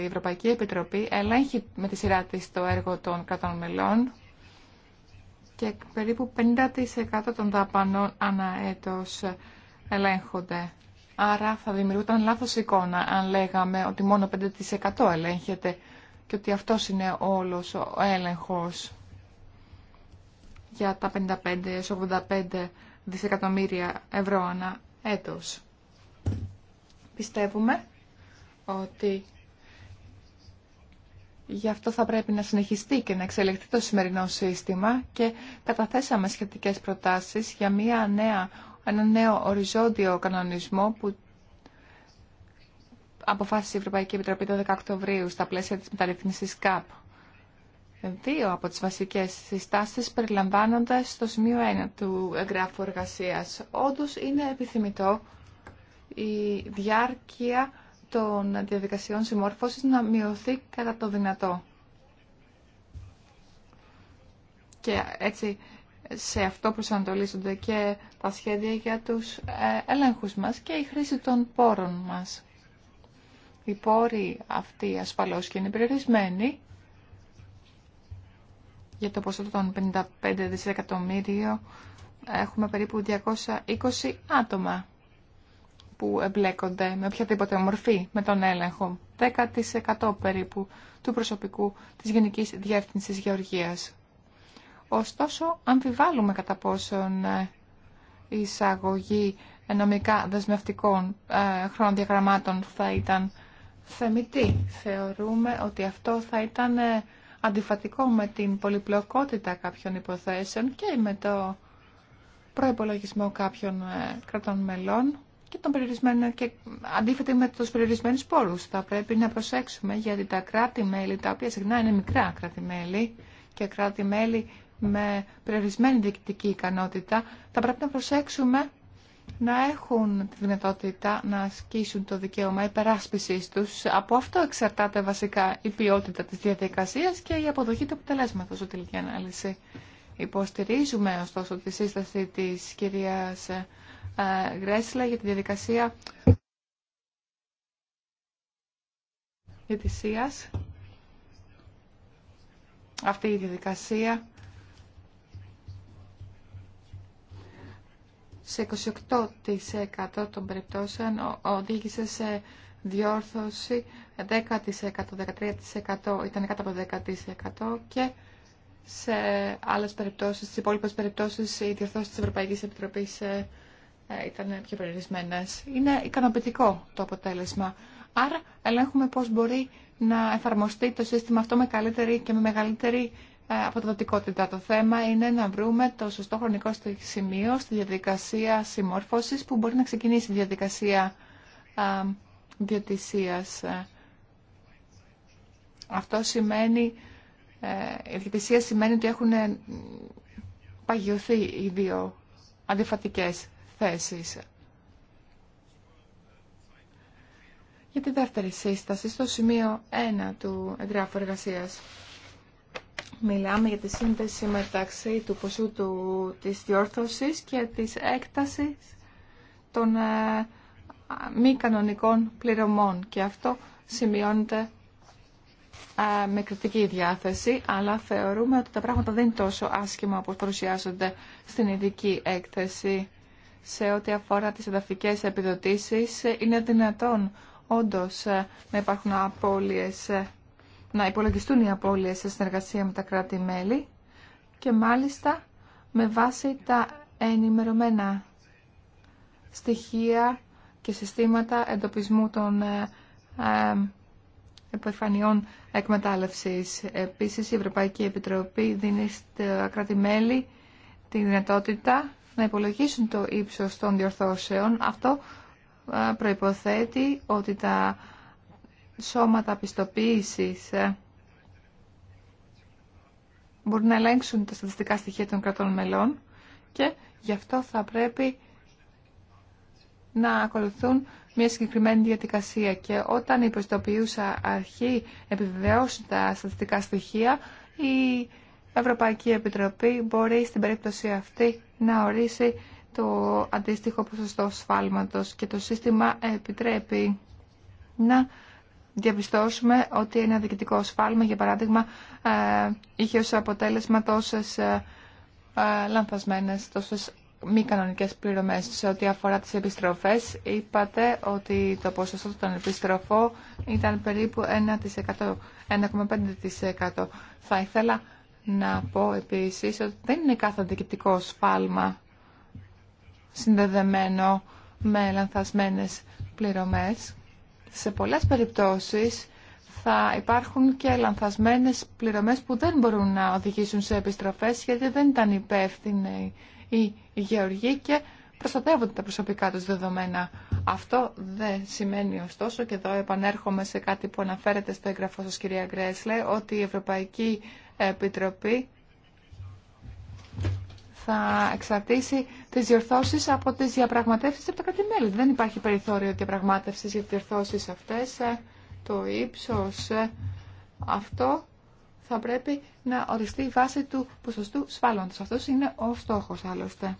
Η Ευρωπαϊκή Επιτροπή ελέγχει με τη σειρά της το έργο των κρατών μελών και περίπου 50% των δαπανών ανά έτος ελέγχονται. Άρα θα δημιουργούταν λάθος εικόνα αν λέγαμε ότι μόνο 5% ελέγχεται και ότι αυτός είναι όλος ο έλεγχος για τα 55-85 δισεκατομμύρια ευρώ ανά έτος. Πιστεύουμε ότι γι' αυτό θα πρέπει να συνεχιστεί και να εξελιχθεί το σημερινό σύστημα και καταθέσαμε σχετικές προτάσεις για μια νέα, ένα νέο οριζόντιο κανονισμό που αποφάσισε η Ευρωπαϊκή Επιτροπή το 10 Οκτωβρίου στα πλαίσια της μεταρρύθμισης ΚΑΠ. Δύο από τις βασικές συστάσεις περιλαμβάνονται στο σημείο 1 του εγγράφου εργασίας. Όντως είναι επιθυμητό η διάρκεια των διαδικασιών συμμόρφωσης να μειωθεί κατά το δυνατό. Και έτσι σε αυτό προσανατολίζονται και τα σχέδια για τους ε, ελέγχους μας και η χρήση των πόρων μας. Οι πόροι αυτοί ασφαλώς και είναι περιορισμένοι για το ποσό των 55 δισεκατομμύριο έχουμε περίπου 220 άτομα που εμπλέκονται με οποιαδήποτε μορφή με τον έλεγχο. 10% περίπου του προσωπικού της Γενικής Διεύθυνσης Γεωργίας. Ωστόσο, αμφιβάλλουμε κατά πόσον ε, η εισαγωγή νομικά δεσμευτικών ε, χρονοδιαγραμμάτων θα ήταν θεμητή. Θεωρούμε ότι αυτό θα ήταν ε, αντιφατικό με την πολυπλοκότητα κάποιων υποθέσεων και με το προϋπολογισμό κάποιων κρατών μελών και, τον και με τους περιορισμένους πόρους. Θα πρέπει να προσέξουμε γιατί τα κράτη-μέλη, τα οποία συχνά είναι μικρά κράτη-μέλη και κράτη-μέλη με περιορισμένη διοικητική ικανότητα, θα πρέπει να προσέξουμε να έχουν τη δυνατότητα να ασκήσουν το δικαίωμα υπεράσπιση του. Από αυτό εξαρτάται βασικά η ποιότητα τη διαδικασία και η αποδοχή του αποτελέσματος, τελική ανάλυση. Υποστηρίζουμε ωστόσο τη σύσταση τη κυρία. Ε, Γκρέσλε για τη διαδικασία ετησίας. Αυτή η διαδικασία σε 28% των περιπτώσεων οδήγησε σε διόρθωση 10%, 13% ήταν κάτω από 10% και σε άλλες περιπτώσεις, στις υπόλοιπες περιπτώσεις, οι διορθώσεις της Ευρωπαϊκής Επιτροπής ε, ε, ήταν πιο περιορισμένε. Είναι ικανοποιητικό το αποτέλεσμα. Άρα ελέγχουμε πώς μπορεί να εφαρμοστεί το σύστημα αυτό με καλύτερη και με μεγαλύτερη ε, αποδοτικότητα. Το θέμα είναι να βρούμε το σωστό χρονικό σημείο στη διαδικασία συμμόρφωσης που μπορεί να ξεκινήσει η διαδικασία διατησία. Ε, αυτό σημαίνει, η διατησία σημαίνει ότι έχουν παγιωθεί οι δύο αντιφατικές θέσεις. Για τη δεύτερη σύσταση, στο σημείο 1 του εγγράφου εργασία. Μιλάμε για τη σύνδεση μεταξύ του ποσού του, της διόρθωσης και της έκτασης των ε, μη κανονικών πληρωμών. Και αυτό σημειώνεται ε, με κριτική διάθεση, αλλά θεωρούμε ότι τα πράγματα δεν είναι τόσο άσχημα όπως παρουσιάζονται στην ειδική έκθεση σε ό,τι αφορά τις εδαφικές επιδοτήσεις είναι δυνατόν όντως ε, να υπάρχουν απώλειες, ε, να υπολογιστούν οι απώλειες σε συνεργασία με τα κράτη-μέλη και μάλιστα με βάση τα ενημερωμένα στοιχεία και συστήματα εντοπισμού των ε, επιφανειών εκμετάλλευσης. Επίσης, η Ευρωπαϊκή Επιτροπή δίνει στα κράτη-μέλη τη δυνατότητα να υπολογίσουν το ύψος των διορθώσεων. Αυτό ε, προϋποθέτει ότι τα σώματα πιστοποίησης ε, μπορούν να ελέγξουν τα στατιστικά στοιχεία των κρατών μελών και γι' αυτό θα πρέπει να ακολουθούν μια συγκεκριμένη διαδικασία και όταν η προστοποιούσα αρχή επιβεβαιώσει τα στατιστικά στοιχεία η Ευρωπαϊκή Επιτροπή μπορεί στην περίπτωση αυτή να ορίσει το αντίστοιχο ποσοστό σφάλματος και το σύστημα επιτρέπει να διαπιστώσουμε ότι ένα διοικητικό σφάλμα, για παράδειγμα, ε, είχε ως αποτέλεσμα τόσες ε, ε, λανθασμένες, τόσες μη κανονικές πληρωμές σε ό,τι αφορά τις επιστροφές. Είπατε ότι το ποσοστό των επιστροφών ήταν περίπου 1,5%. Θα ήθελα να πω επίσης ότι δεν είναι κάθε αντικειπτικό σφάλμα συνδεδεμένο με λανθασμένες πληρωμές. Σε πολλές περιπτώσεις θα υπάρχουν και λανθασμένες πληρωμές που δεν μπορούν να οδηγήσουν σε επιστροφές γιατί δεν ήταν υπεύθυνοι οι γεωργοί και προστατεύονται τα προσωπικά τους δεδομένα. Αυτό δεν σημαίνει ωστόσο, και εδώ επανέρχομαι σε κάτι που αναφέρεται στο έγγραφό σας κυρία Γκρέσλε, ότι η Ευρωπαϊκή Επιτροπή θα εξαρτήσει τις διορθώσεις από τις διαπραγματεύσεις από τα κράτη-μέλη. Δεν υπάρχει περιθώριο διαπραγμάτευσης για τις διορθώσεις αυτές, ε, το ύψος ε, αυτό θα πρέπει να οριστεί η βάση του ποσοστού σφάλοντος. Αυτός είναι ο στόχος άλλωστε.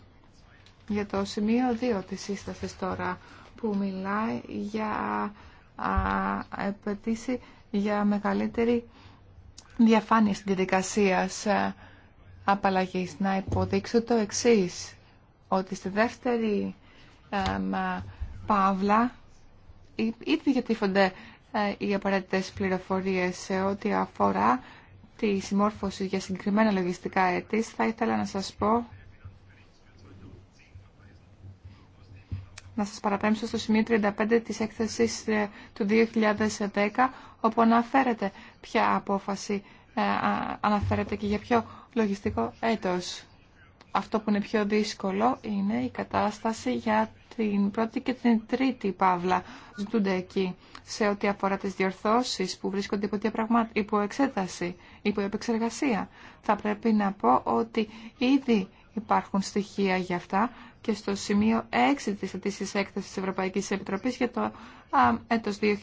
Για το σημείο 2 της σύστασης τώρα που μιλάει για απαιτήσει για μεγαλύτερη διαφάνεια στην διαδικασία απαλλαγής. Να υποδείξω το εξής, ότι στη δεύτερη παύλα ήδη διατύφονται ε, οι απαραίτητες πληροφορίες σε ό,τι αφορά τη συμμόρφωση για συγκεκριμένα λογιστικά έτη. Θα ήθελα να σας πω να σας παραπέμψω στο σημείο 35 της έκθεσης ε, του 2010, όπου αναφέρεται ποια απόφαση ε, αναφέρεται και για ποιο λογιστικό έτος. Αυτό που είναι πιο δύσκολο είναι η κατάσταση για την πρώτη και την τρίτη παύλα. Ζητούνται εκεί σε ό,τι αφορά τις διορθώσεις που βρίσκονται υπό, διαπραγμα... υπό εξέταση, υπό επεξεργασία. Θα πρέπει να πω ότι ήδη υπάρχουν στοιχεία για αυτά και στο σημείο 6 της αιτήσης έκθεσης της Ευρωπαϊκής Επιτροπής για το έτος 2010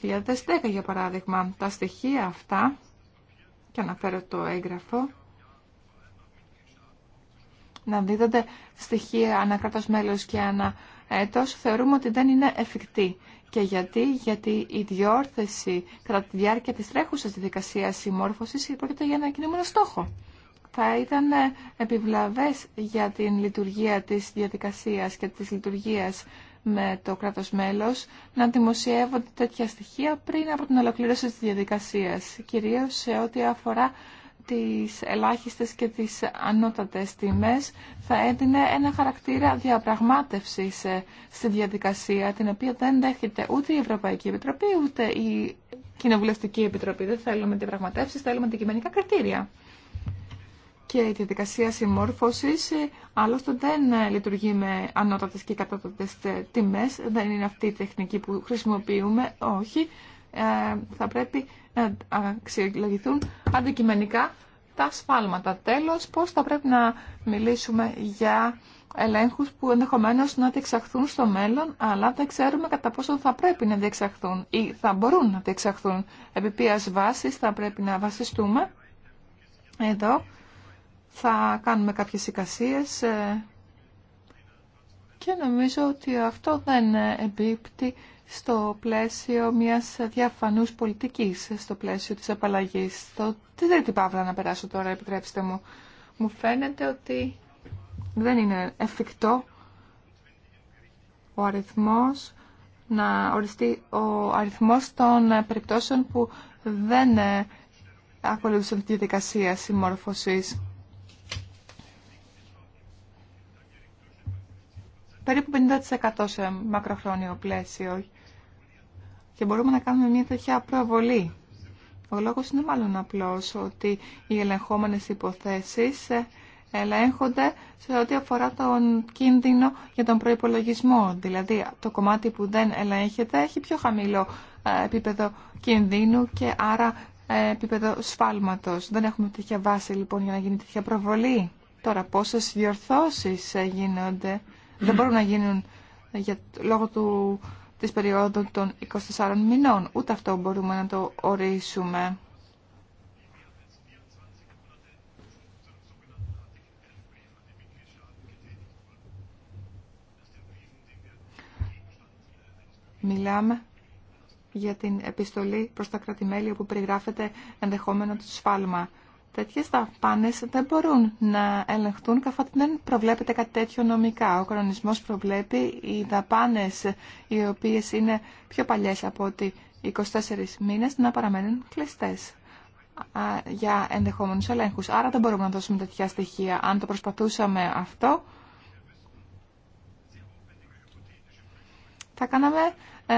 για παράδειγμα. Τα στοιχεία αυτά, και αναφέρω το έγγραφο, να δίδονται στοιχεία κράτος μέλος και ανα έτος, θεωρούμε ότι δεν είναι εφικτή. Και γιατί, γιατί η διόρθεση κατά τη διάρκεια της τρέχουσας διαδικασίας συμμόρφωσης πρόκειται για ένα κινούμενο στόχο θα ήταν επιβλαβές για την λειτουργία της διαδικασίας και της λειτουργίας με το κράτος μέλος να δημοσιεύονται τέτοια στοιχεία πριν από την ολοκλήρωση της διαδικασίας, κυρίως σε ό,τι αφορά τις ελάχιστες και τις ανώτατες τιμές θα έδινε ένα χαρακτήρα διαπραγμάτευσης ε, στη διαδικασία την οποία δεν δέχεται ούτε η Ευρωπαϊκή Επιτροπή ούτε η Κοινοβουλευτική Επιτροπή. Δεν θέλουμε διαπραγματεύσεις, θέλουμε αντικειμενικά κριτήρια και η διαδικασία συμμόρφωση. Ε, άλλωστε δεν ε, λειτουργεί με ανώτατε και κατώτατε ε, τιμέ. δεν είναι αυτή η τεχνική που χρησιμοποιούμε, όχι. Ε, θα πρέπει να αξιολογηθούν αντικειμενικά τα σφάλματα. Τέλος, πώς θα πρέπει να μιλήσουμε για ελέγχους που ενδεχομένως να διεξαχθούν στο μέλλον, αλλά δεν ξέρουμε κατά πόσο θα πρέπει να διεξαχθούν ή θα μπορούν να διεξαχθούν. Επί ποιας βάσης θα πρέπει να βασιστούμε εδώ θα κάνουμε κάποιες εικασίες ε, και νομίζω ότι αυτό δεν εμπίπτει στο πλαίσιο μιας διαφανούς πολιτικής, στο πλαίσιο της απαλλαγής. Το τι δεν την παύλα να περάσω τώρα, επιτρέψτε μου. Μου φαίνεται ότι δεν είναι εφικτό ο αριθμός να οριστεί ο αριθμός των περιπτώσεων που δεν ε, ακολούθησαν τη διαδικασία συμμόρφωσης. περίπου 50% σε μακροχρόνιο πλαίσιο και μπορούμε να κάνουμε μια τέτοια προβολή. Ο λόγος είναι μάλλον απλός ότι οι ελεγχόμενες υποθέσεις ε, ελέγχονται σε ό,τι αφορά τον κίνδυνο για τον προϋπολογισμό. Δηλαδή το κομμάτι που δεν ελέγχεται έχει πιο χαμηλό ε, επίπεδο κινδύνου και άρα ε, επίπεδο σφάλματος. Δεν έχουμε τέτοια βάση λοιπόν για να γίνει τέτοια προβολή. Τώρα πόσες διορθώσεις γίνονται δεν μπορούν να γίνουν για, λόγω του, της περίοδου των 24 μηνών. Ούτε αυτό μπορούμε να το ορίσουμε. Μιλάμε για την επιστολή προς τα κρατημέλια που περιγράφεται ενδεχόμενο του σφάλμα τέτοιες δαπάνες δεν μπορούν να ελεγχθούν καθότι δεν προβλέπεται κάτι τέτοιο νομικά. Ο κανονισμός προβλέπει οι δαπάνες οι οποίες είναι πιο παλιές από ότι 24 μήνες να παραμένουν κλειστές για ενδεχόμενους ελέγχους. Άρα δεν μπορούμε να δώσουμε τέτοια στοιχεία. Αν το προσπαθούσαμε αυτό, θα κάναμε ε,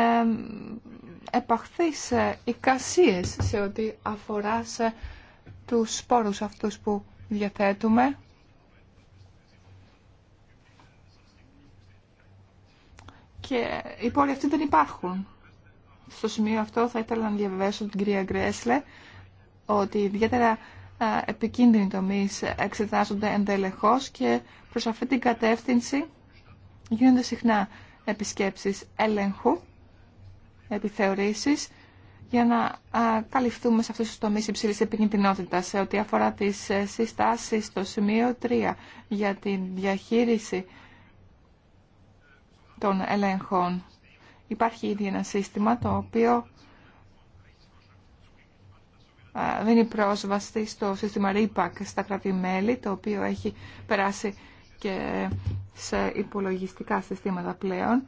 επαχθείς εικασίες σε ό,τι αφορά σε τους σπόρους αυτούς που διαθέτουμε και οι πόροι αυτοί δεν υπάρχουν. Στο σημείο αυτό θα ήθελα να διαβεβαίσω την κυρία Γκρέσλε ότι ιδιαίτερα επικίνδυνοι τομείς εξετάζονται εντελεχώς και προς αυτή την κατεύθυνση γίνονται συχνά επισκέψεις έλεγχου, επιθεωρήσεις για να καλυφθούμε σε αυτούς τους τομείς υψηλής επικινδυνότητας σε ό,τι αφορά τις ε, συστάσεις στο σημείο 3 για την διαχείριση των ελέγχων. Υπάρχει ήδη ένα σύστημα το οποίο δίνει πρόσβαση στο σύστημα RIPAC στα κρατη το οποίο έχει περάσει και σε υπολογιστικά συστήματα πλέον,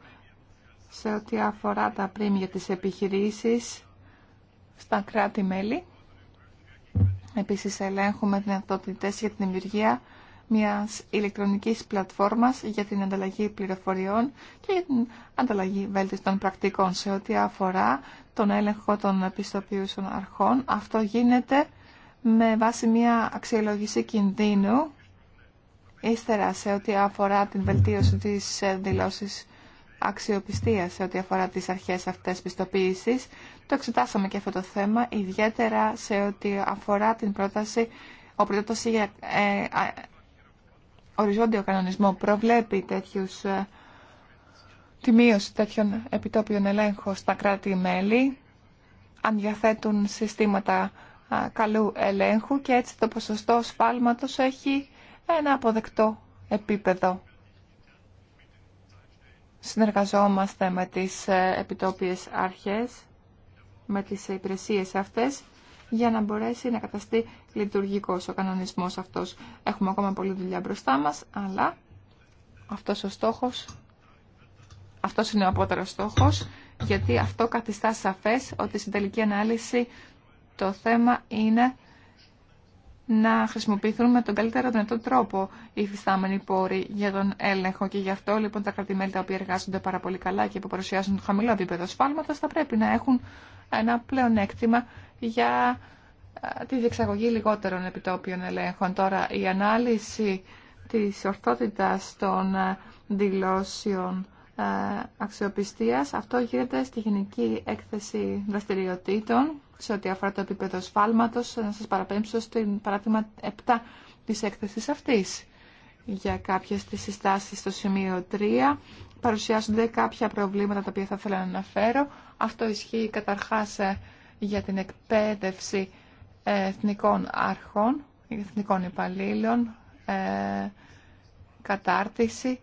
σε ό,τι αφορά τα πρίμια της επιχειρήσης στα κράτη-μέλη. Επίσης ελέγχουμε δυνατότητες για την δημιουργία μιας ηλεκτρονικής πλατφόρμας για την ανταλλαγή πληροφοριών και για την ανταλλαγή βέλτιστων πρακτικών σε ό,τι αφορά τον έλεγχο των επιστοποιούσεων αρχών. Αυτό γίνεται με βάση μια αξιολόγηση κινδύνου ύστερα σε ό,τι αφορά την βελτίωση της ε, δηλώσης αξιοπιστία σε ό,τι αφορά τις αρχές αυτές πιστοποίησης. Το εξετάσαμε και αυτό το θέμα, ιδιαίτερα σε ό,τι αφορά την πρόταση, ο πρόταση για ε, οριζόντιο κανονισμό προβλέπει τέτοιους, ε, τη μείωση τέτοιων επιτόπιων ελέγχων στα κράτη-μέλη, αν διαθέτουν συστήματα καλού ελέγχου και έτσι το ποσοστό σφάλματος έχει ένα αποδεκτό επίπεδο συνεργαζόμαστε με τις ε, επιτόπιες αρχές, με τις υπηρεσίες αυτές, για να μπορέσει να καταστεί λειτουργικός ο κανονισμός αυτός. Έχουμε ακόμα πολλή δουλειά μπροστά μας, αλλά αυτός ο στόχος, αυτός είναι ο απότερος στόχος, γιατί αυτό καθιστά σαφές ότι στην τελική ανάλυση το θέμα είναι να χρησιμοποιηθούν με τον καλύτερο δυνατό τρόπο οι φυστάμενοι πόροι για τον έλεγχο. Και γι' αυτό λοιπόν τα κρατημέλη τα οποία εργάζονται πάρα πολύ καλά και που παρουσιάζουν χαμηλό επίπεδο σφάλματος θα πρέπει να έχουν ένα πλεονέκτημα για τη διεξαγωγή λιγότερων επιτόπιων ελέγχων. Τώρα η ανάλυση της ορθότητας των δηλώσεων αξιοπιστίας. Αυτό γίνεται στη Γενική Έκθεση Δραστηριοτήτων σε ό,τι αφορά το επίπεδο σφάλματος, να σας παραπέμψω στην παράδειγμα 7 της έκθεσης αυτής. Για κάποιες τις συστάσεις στο σημείο 3 παρουσιάζονται κάποια προβλήματα τα οποία θα ήθελα να αναφέρω. Αυτό ισχύει καταρχάς ε, για την εκπαίδευση εθνικών αρχών, εθνικών υπαλλήλων, ε, κατάρτιση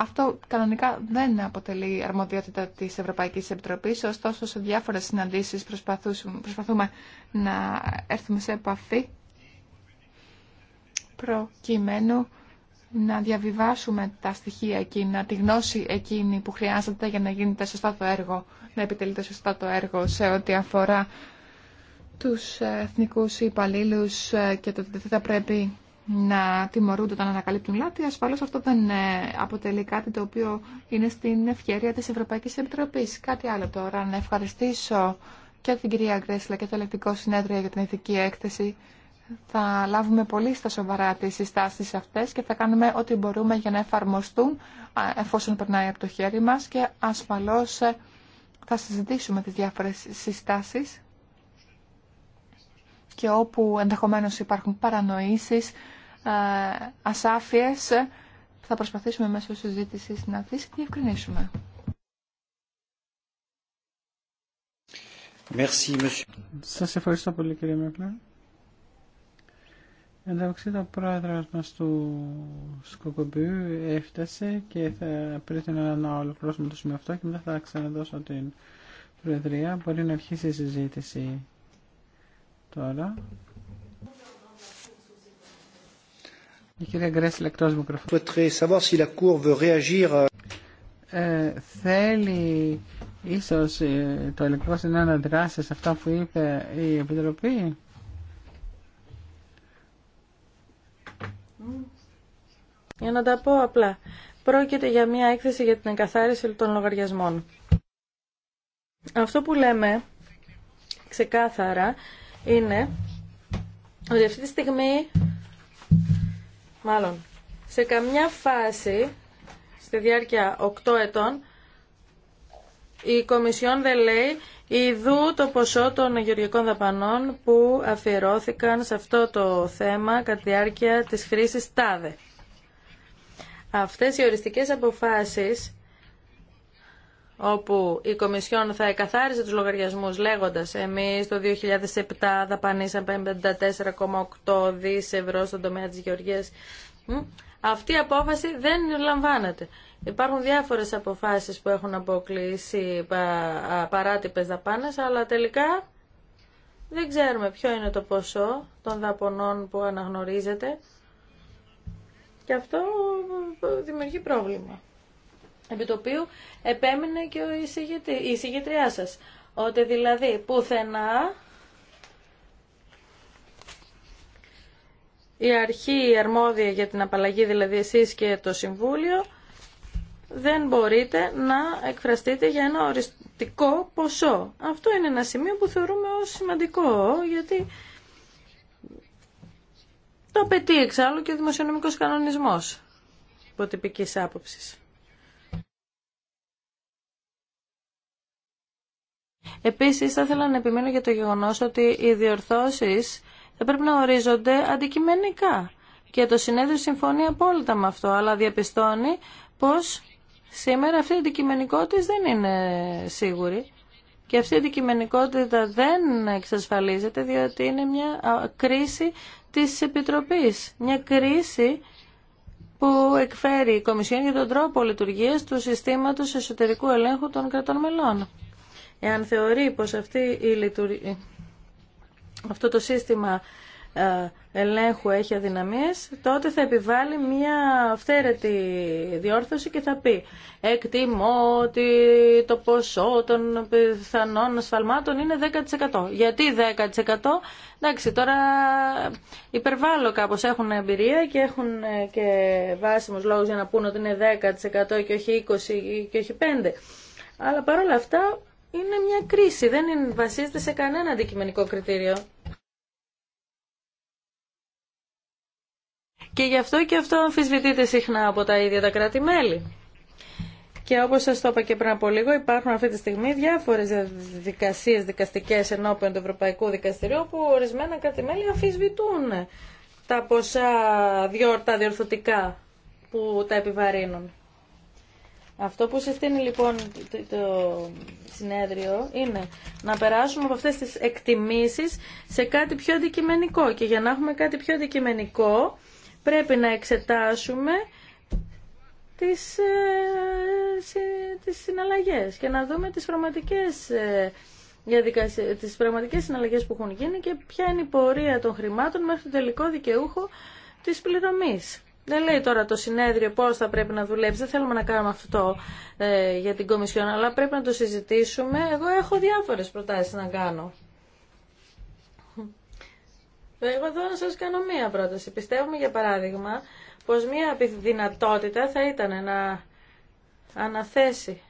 αυτό κανονικά δεν αποτελεί αρμοδιότητα της Ευρωπαϊκής Επιτροπής, ωστόσο σε διάφορες συναντήσει προσπαθούμε να έρθουμε σε επαφή προκειμένου να διαβιβάσουμε τα στοιχεία εκείνα, τη γνώση εκείνη που χρειάζεται για να γίνεται σωστά το έργο, να επιτελείται σωστά το έργο σε ό,τι αφορά τους ε, εθνικούς υπαλλήλους ε, και το δεν θα πρέπει να τιμωρούνται όταν ανακαλύπτουν λάθη, ασφαλώ αυτό δεν ε, αποτελεί κάτι το οποίο είναι στην ευκαιρία τη Ευρωπαϊκή Επιτροπή. Κάτι άλλο τώρα, να ευχαριστήσω και την κυρία Γκρέσλα και το Ελεκτικό Συνέδριο για την Ηθική Έκθεση. Θα λάβουμε πολύ στα σοβαρά τι συστάσει αυτέ και θα κάνουμε ό,τι μπορούμε για να εφαρμοστούν εφόσον περνάει από το χέρι μα και ασφαλώ ε, θα συζητήσουμε τι διάφορε συστάσει. και όπου ενδεχομένως υπάρχουν παρανοήσεις ε, ασάφειες θα προσπαθήσουμε μέσω συζήτησης να και διευκρινίσουμε.
Merci, Σας ευχαριστώ πολύ κύριε Μέπλε. Εντάξει, το πρόεδρο μα του Σκοκομπιού έφτασε και θα πρέπει να ολοκληρώσουμε το σημείο αυτό και μετά θα ξαναδώσω την Προεδρία. Μπορεί να αρχίσει η συζήτηση τώρα. Η κυρία euh, ε, θέλει ίσως ε, το ηλεκτρικό συνέδριο να δράσει σε αυτά που είπε η Επιτροπή.
Για να τα πω απλά. Πρόκειται για μια έκθεση για την εγκαθάριση των λογαριασμών. Αυτό που λέμε ξεκάθαρα είναι ότι αυτή τη στιγμή μάλλον, σε καμιά φάση, στη διάρκεια 8 ετών, η Κομισιόν δεν λέει Ιδού το ποσό των γεωργικών δαπανών που αφιερώθηκαν σε αυτό το θέμα κατά τη διάρκεια της χρήσης ΤΑΔΕ. Αυτές οι οριστικές αποφάσεις όπου η Κομισιόν θα εκαθάρισε τους λογαριασμούς λέγοντας εμείς το 2007 δαπανήσαμε 54,8 δις ευρώ στον τομέα της γεωργίας. Αυτή η απόφαση δεν λαμβάνεται. Υπάρχουν διάφορες αποφάσεις που έχουν αποκλείσει παράτυπες δαπάνες, αλλά τελικά δεν ξέρουμε ποιο είναι το ποσό των δαπωνών που αναγνωρίζεται και αυτό δημιουργεί πρόβλημα επί το οποίο επέμεινε και η εισηγητριά σας. Ότι δηλαδή πουθενά η αρχή η αρμόδια για την απαλλαγή, δηλαδή εσείς και το Συμβούλιο, δεν μπορείτε να εκφραστείτε για ένα οριστικό ποσό. Αυτό είναι ένα σημείο που θεωρούμε ως σημαντικό, γιατί το απαιτεί εξάλλου και ο δημοσιονομικός κανονισμός, υποτυπικής τυπικής άποψης. Επίσης, θα ήθελα να επιμείνω για το γεγονός ότι οι διορθώσεις θα πρέπει να ορίζονται αντικειμενικά. Και το συνέδριο συμφωνεί απόλυτα με αυτό, αλλά διαπιστώνει πως σήμερα αυτή η αντικειμενικότητα δεν είναι σίγουρη. Και αυτή η αντικειμενικότητα δεν εξασφαλίζεται διότι είναι μια κρίση της Επιτροπής. Μια κρίση που εκφέρει η Κομισιόν για τον τρόπο λειτουργίας του συστήματος εσωτερικού ελέγχου των κρατών μελών. Εάν θεωρεί πως αυτή η αυτό το σύστημα ε, ελέγχου έχει αδυναμίες, τότε θα επιβάλλει μια αυθαίρετη διόρθωση και θα πει «Εκτιμώ ότι το ποσό των πιθανών ασφαλμάτων είναι 10%». Γιατί 10%? Εντάξει, τώρα υπερβάλλω κάπως, έχουν εμπειρία και έχουν ε, και βάσιμους λόγους για να πούνε ότι είναι 10% και όχι 20% και όχι 5%. Αλλά παρόλα αυτά είναι μια κρίση, δεν βασίζεται σε κανένα αντικειμενικό κριτήριο. Και γι' αυτό και αυτό αμφισβητείται συχνά από τα ίδια τα κράτη-μέλη. Και όπως σας το είπα και πριν από λίγο, υπάρχουν αυτή τη στιγμή διάφορες δικασίες δικαστικές ενώπιον του Ευρωπαϊκού Δικαστηρίου που ορισμένα κράτη-μέλη αμφισβητούν τα ποσά διορθωτικά που τα επιβαρύνουν. Αυτό που συστήνει λοιπόν το συνέδριο είναι να περάσουμε από αυτές τις εκτιμήσεις σε κάτι πιο αντικειμενικό και για να έχουμε κάτι πιο αντικειμενικό πρέπει να εξετάσουμε τις, ε, τις συναλλαγές και να δούμε τις πραγματικές ε, διαδικασίες, τις πραγματικές συναλλαγές που έχουν γίνει και ποια είναι η πορεία των χρημάτων μέχρι το τελικό δικαιούχο της πληρωμής. Δεν λέει τώρα το συνέδριο πώς θα πρέπει να δουλέψει. Δεν θέλουμε να κάνουμε αυτό ε, για την Κομισιόν, αλλά πρέπει να το συζητήσουμε. Εγώ έχω διάφορες προτάσεις να κάνω. Εγώ εδώ να σας κάνω μία πρόταση. Πιστεύουμε, για παράδειγμα, πως μία δυνατότητα θα ήταν να αναθέσει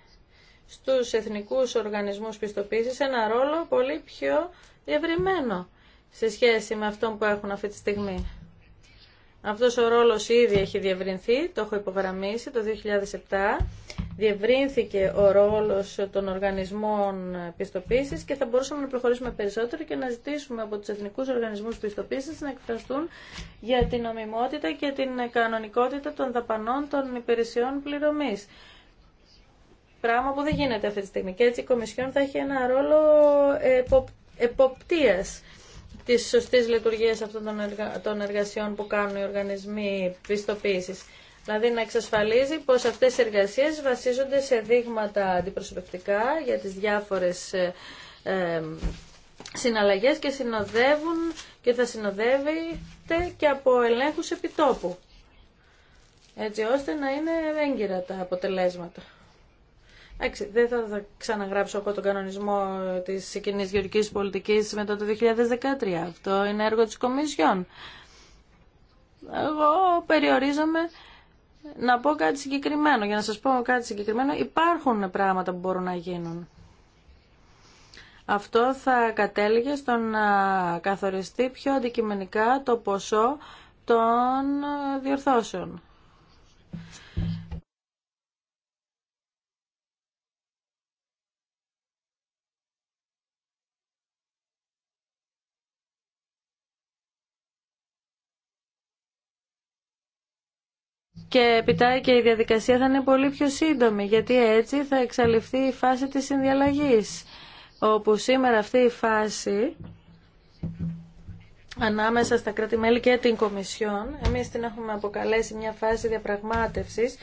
στους εθνικούς οργανισμούς πιστοποίησης ένα ρόλο πολύ πιο διευρυμένο σε σχέση με αυτό που έχουν αυτή τη στιγμή. Αυτό ο ρόλο ήδη έχει διευρυνθεί, το έχω υπογραμμίσει το 2007. Διευρύνθηκε ο ρόλος των οργανισμών πιστοποίησης και θα μπορούσαμε να προχωρήσουμε περισσότερο και να ζητήσουμε από τους εθνικούς οργανισμούς πιστοποίησης να εκφραστούν για την νομιμότητα και την κανονικότητα των δαπανών των υπηρεσιών πληρωμής. Πράγμα που δεν γίνεται αυτή τη στιγμή. Και έτσι η Κομισιόν θα έχει ένα ρόλο εποπτείας τις σωστές λειτουργίες αυτών των εργασιών που κάνουν οι οργανισμοί πιστοποίησης. Δηλαδή να εξασφαλίζει πως αυτές οι εργασίες βασίζονται σε δείγματα αντιπροσωπευτικά για τις διάφορες ε, ε, συναλλαγές και συνοδεύουν και θα συνοδεύεται και από ελέγχους επιτόπου. Έτσι ώστε να είναι έγκυρα τα αποτελέσματα. Εντάξει, δεν θα ξαναγράψω εγώ τον κανονισμό της κοινή γεωργική πολιτικής μετά το 2013. Αυτό είναι έργο της Κομισιόν. Εγώ περιορίζομαι να πω κάτι συγκεκριμένο. Για να σας πω κάτι συγκεκριμένο, υπάρχουν πράγματα που μπορούν να γίνουν. Αυτό θα κατέληγε στο να καθοριστεί πιο αντικειμενικά το ποσό των διορθώσεων. και επιτάει και η διαδικασία θα είναι πολύ πιο σύντομη γιατί έτσι θα εξαλειφθεί η φάση της συνδιαλλαγής όπου σήμερα αυτή η φάση ανάμεσα στα κράτη-μέλη και την Κομισιόν εμείς την έχουμε αποκαλέσει μια φάση διαπραγμάτευσης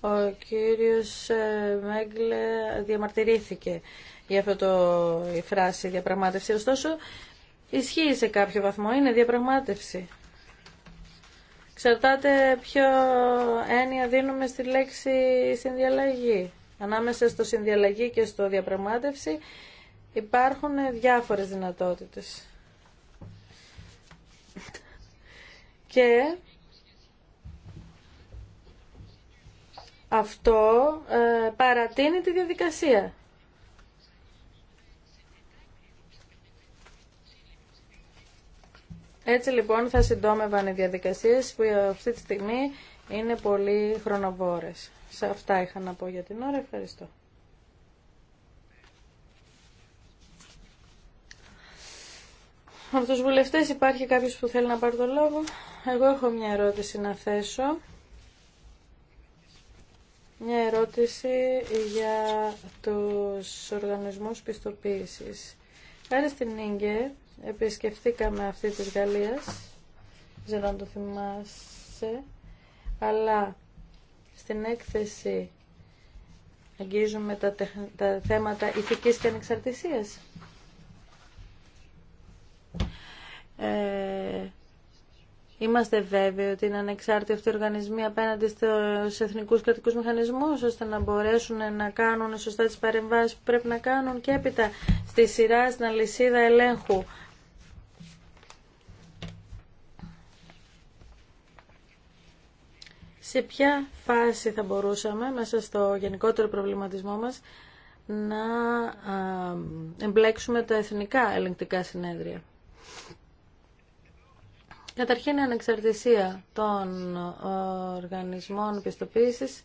ο κύριος ε, Μέγκλε διαμαρτυρήθηκε για αυτό το, φράση διαπραγμάτευση ωστόσο ισχύει σε κάποιο βαθμό, είναι διαπραγμάτευση Εξαρτάται ποιο έννοια δίνουμε στη λέξη συνδιαλλαγή. Ανάμεσα στο συνδιαλλαγή και στο διαπραγμάτευση υπάρχουν διάφορες δυνατότητες. Και αυτό ε, παρατείνει τη διαδικασία. Έτσι λοιπόν θα συντόμευαν οι διαδικασίες που αυτή τη στιγμή είναι πολύ χρονοβόρες. Σε αυτά είχα να πω για την ώρα. Ευχαριστώ. Από τους βουλευτές υπάρχει κάποιος που θέλει να πάρει το λόγο. Εγώ έχω μια ερώτηση να θέσω. Μια ερώτηση για τους οργανισμούς πιστοποίησης. Χάρη στην Ίγκε, επισκεφθήκαμε αυτή της Γαλλίας, δεν αν το θυμάσαι, αλλά στην έκθεση αγγίζουμε τα, τα θέματα ηθικής και ανεξαρτησίας. Ε... Είμαστε βέβαιοι ότι είναι ανεξάρτητοι αυτοί οι οργανισμοί απέναντι στους εθνικούς κρατικούς μηχανισμούς ώστε να μπορέσουν να κάνουν σωστά τις παρεμβάσεις που πρέπει να κάνουν και έπειτα στη σειρά στην αλυσίδα ελέγχου σε ποια φάση θα μπορούσαμε μέσα στο γενικότερο προβληματισμό μας να εμπλέξουμε τα εθνικά ελεγκτικά συνέδρια. Καταρχήν, η ανεξαρτησία των οργανισμών πιστοποίησης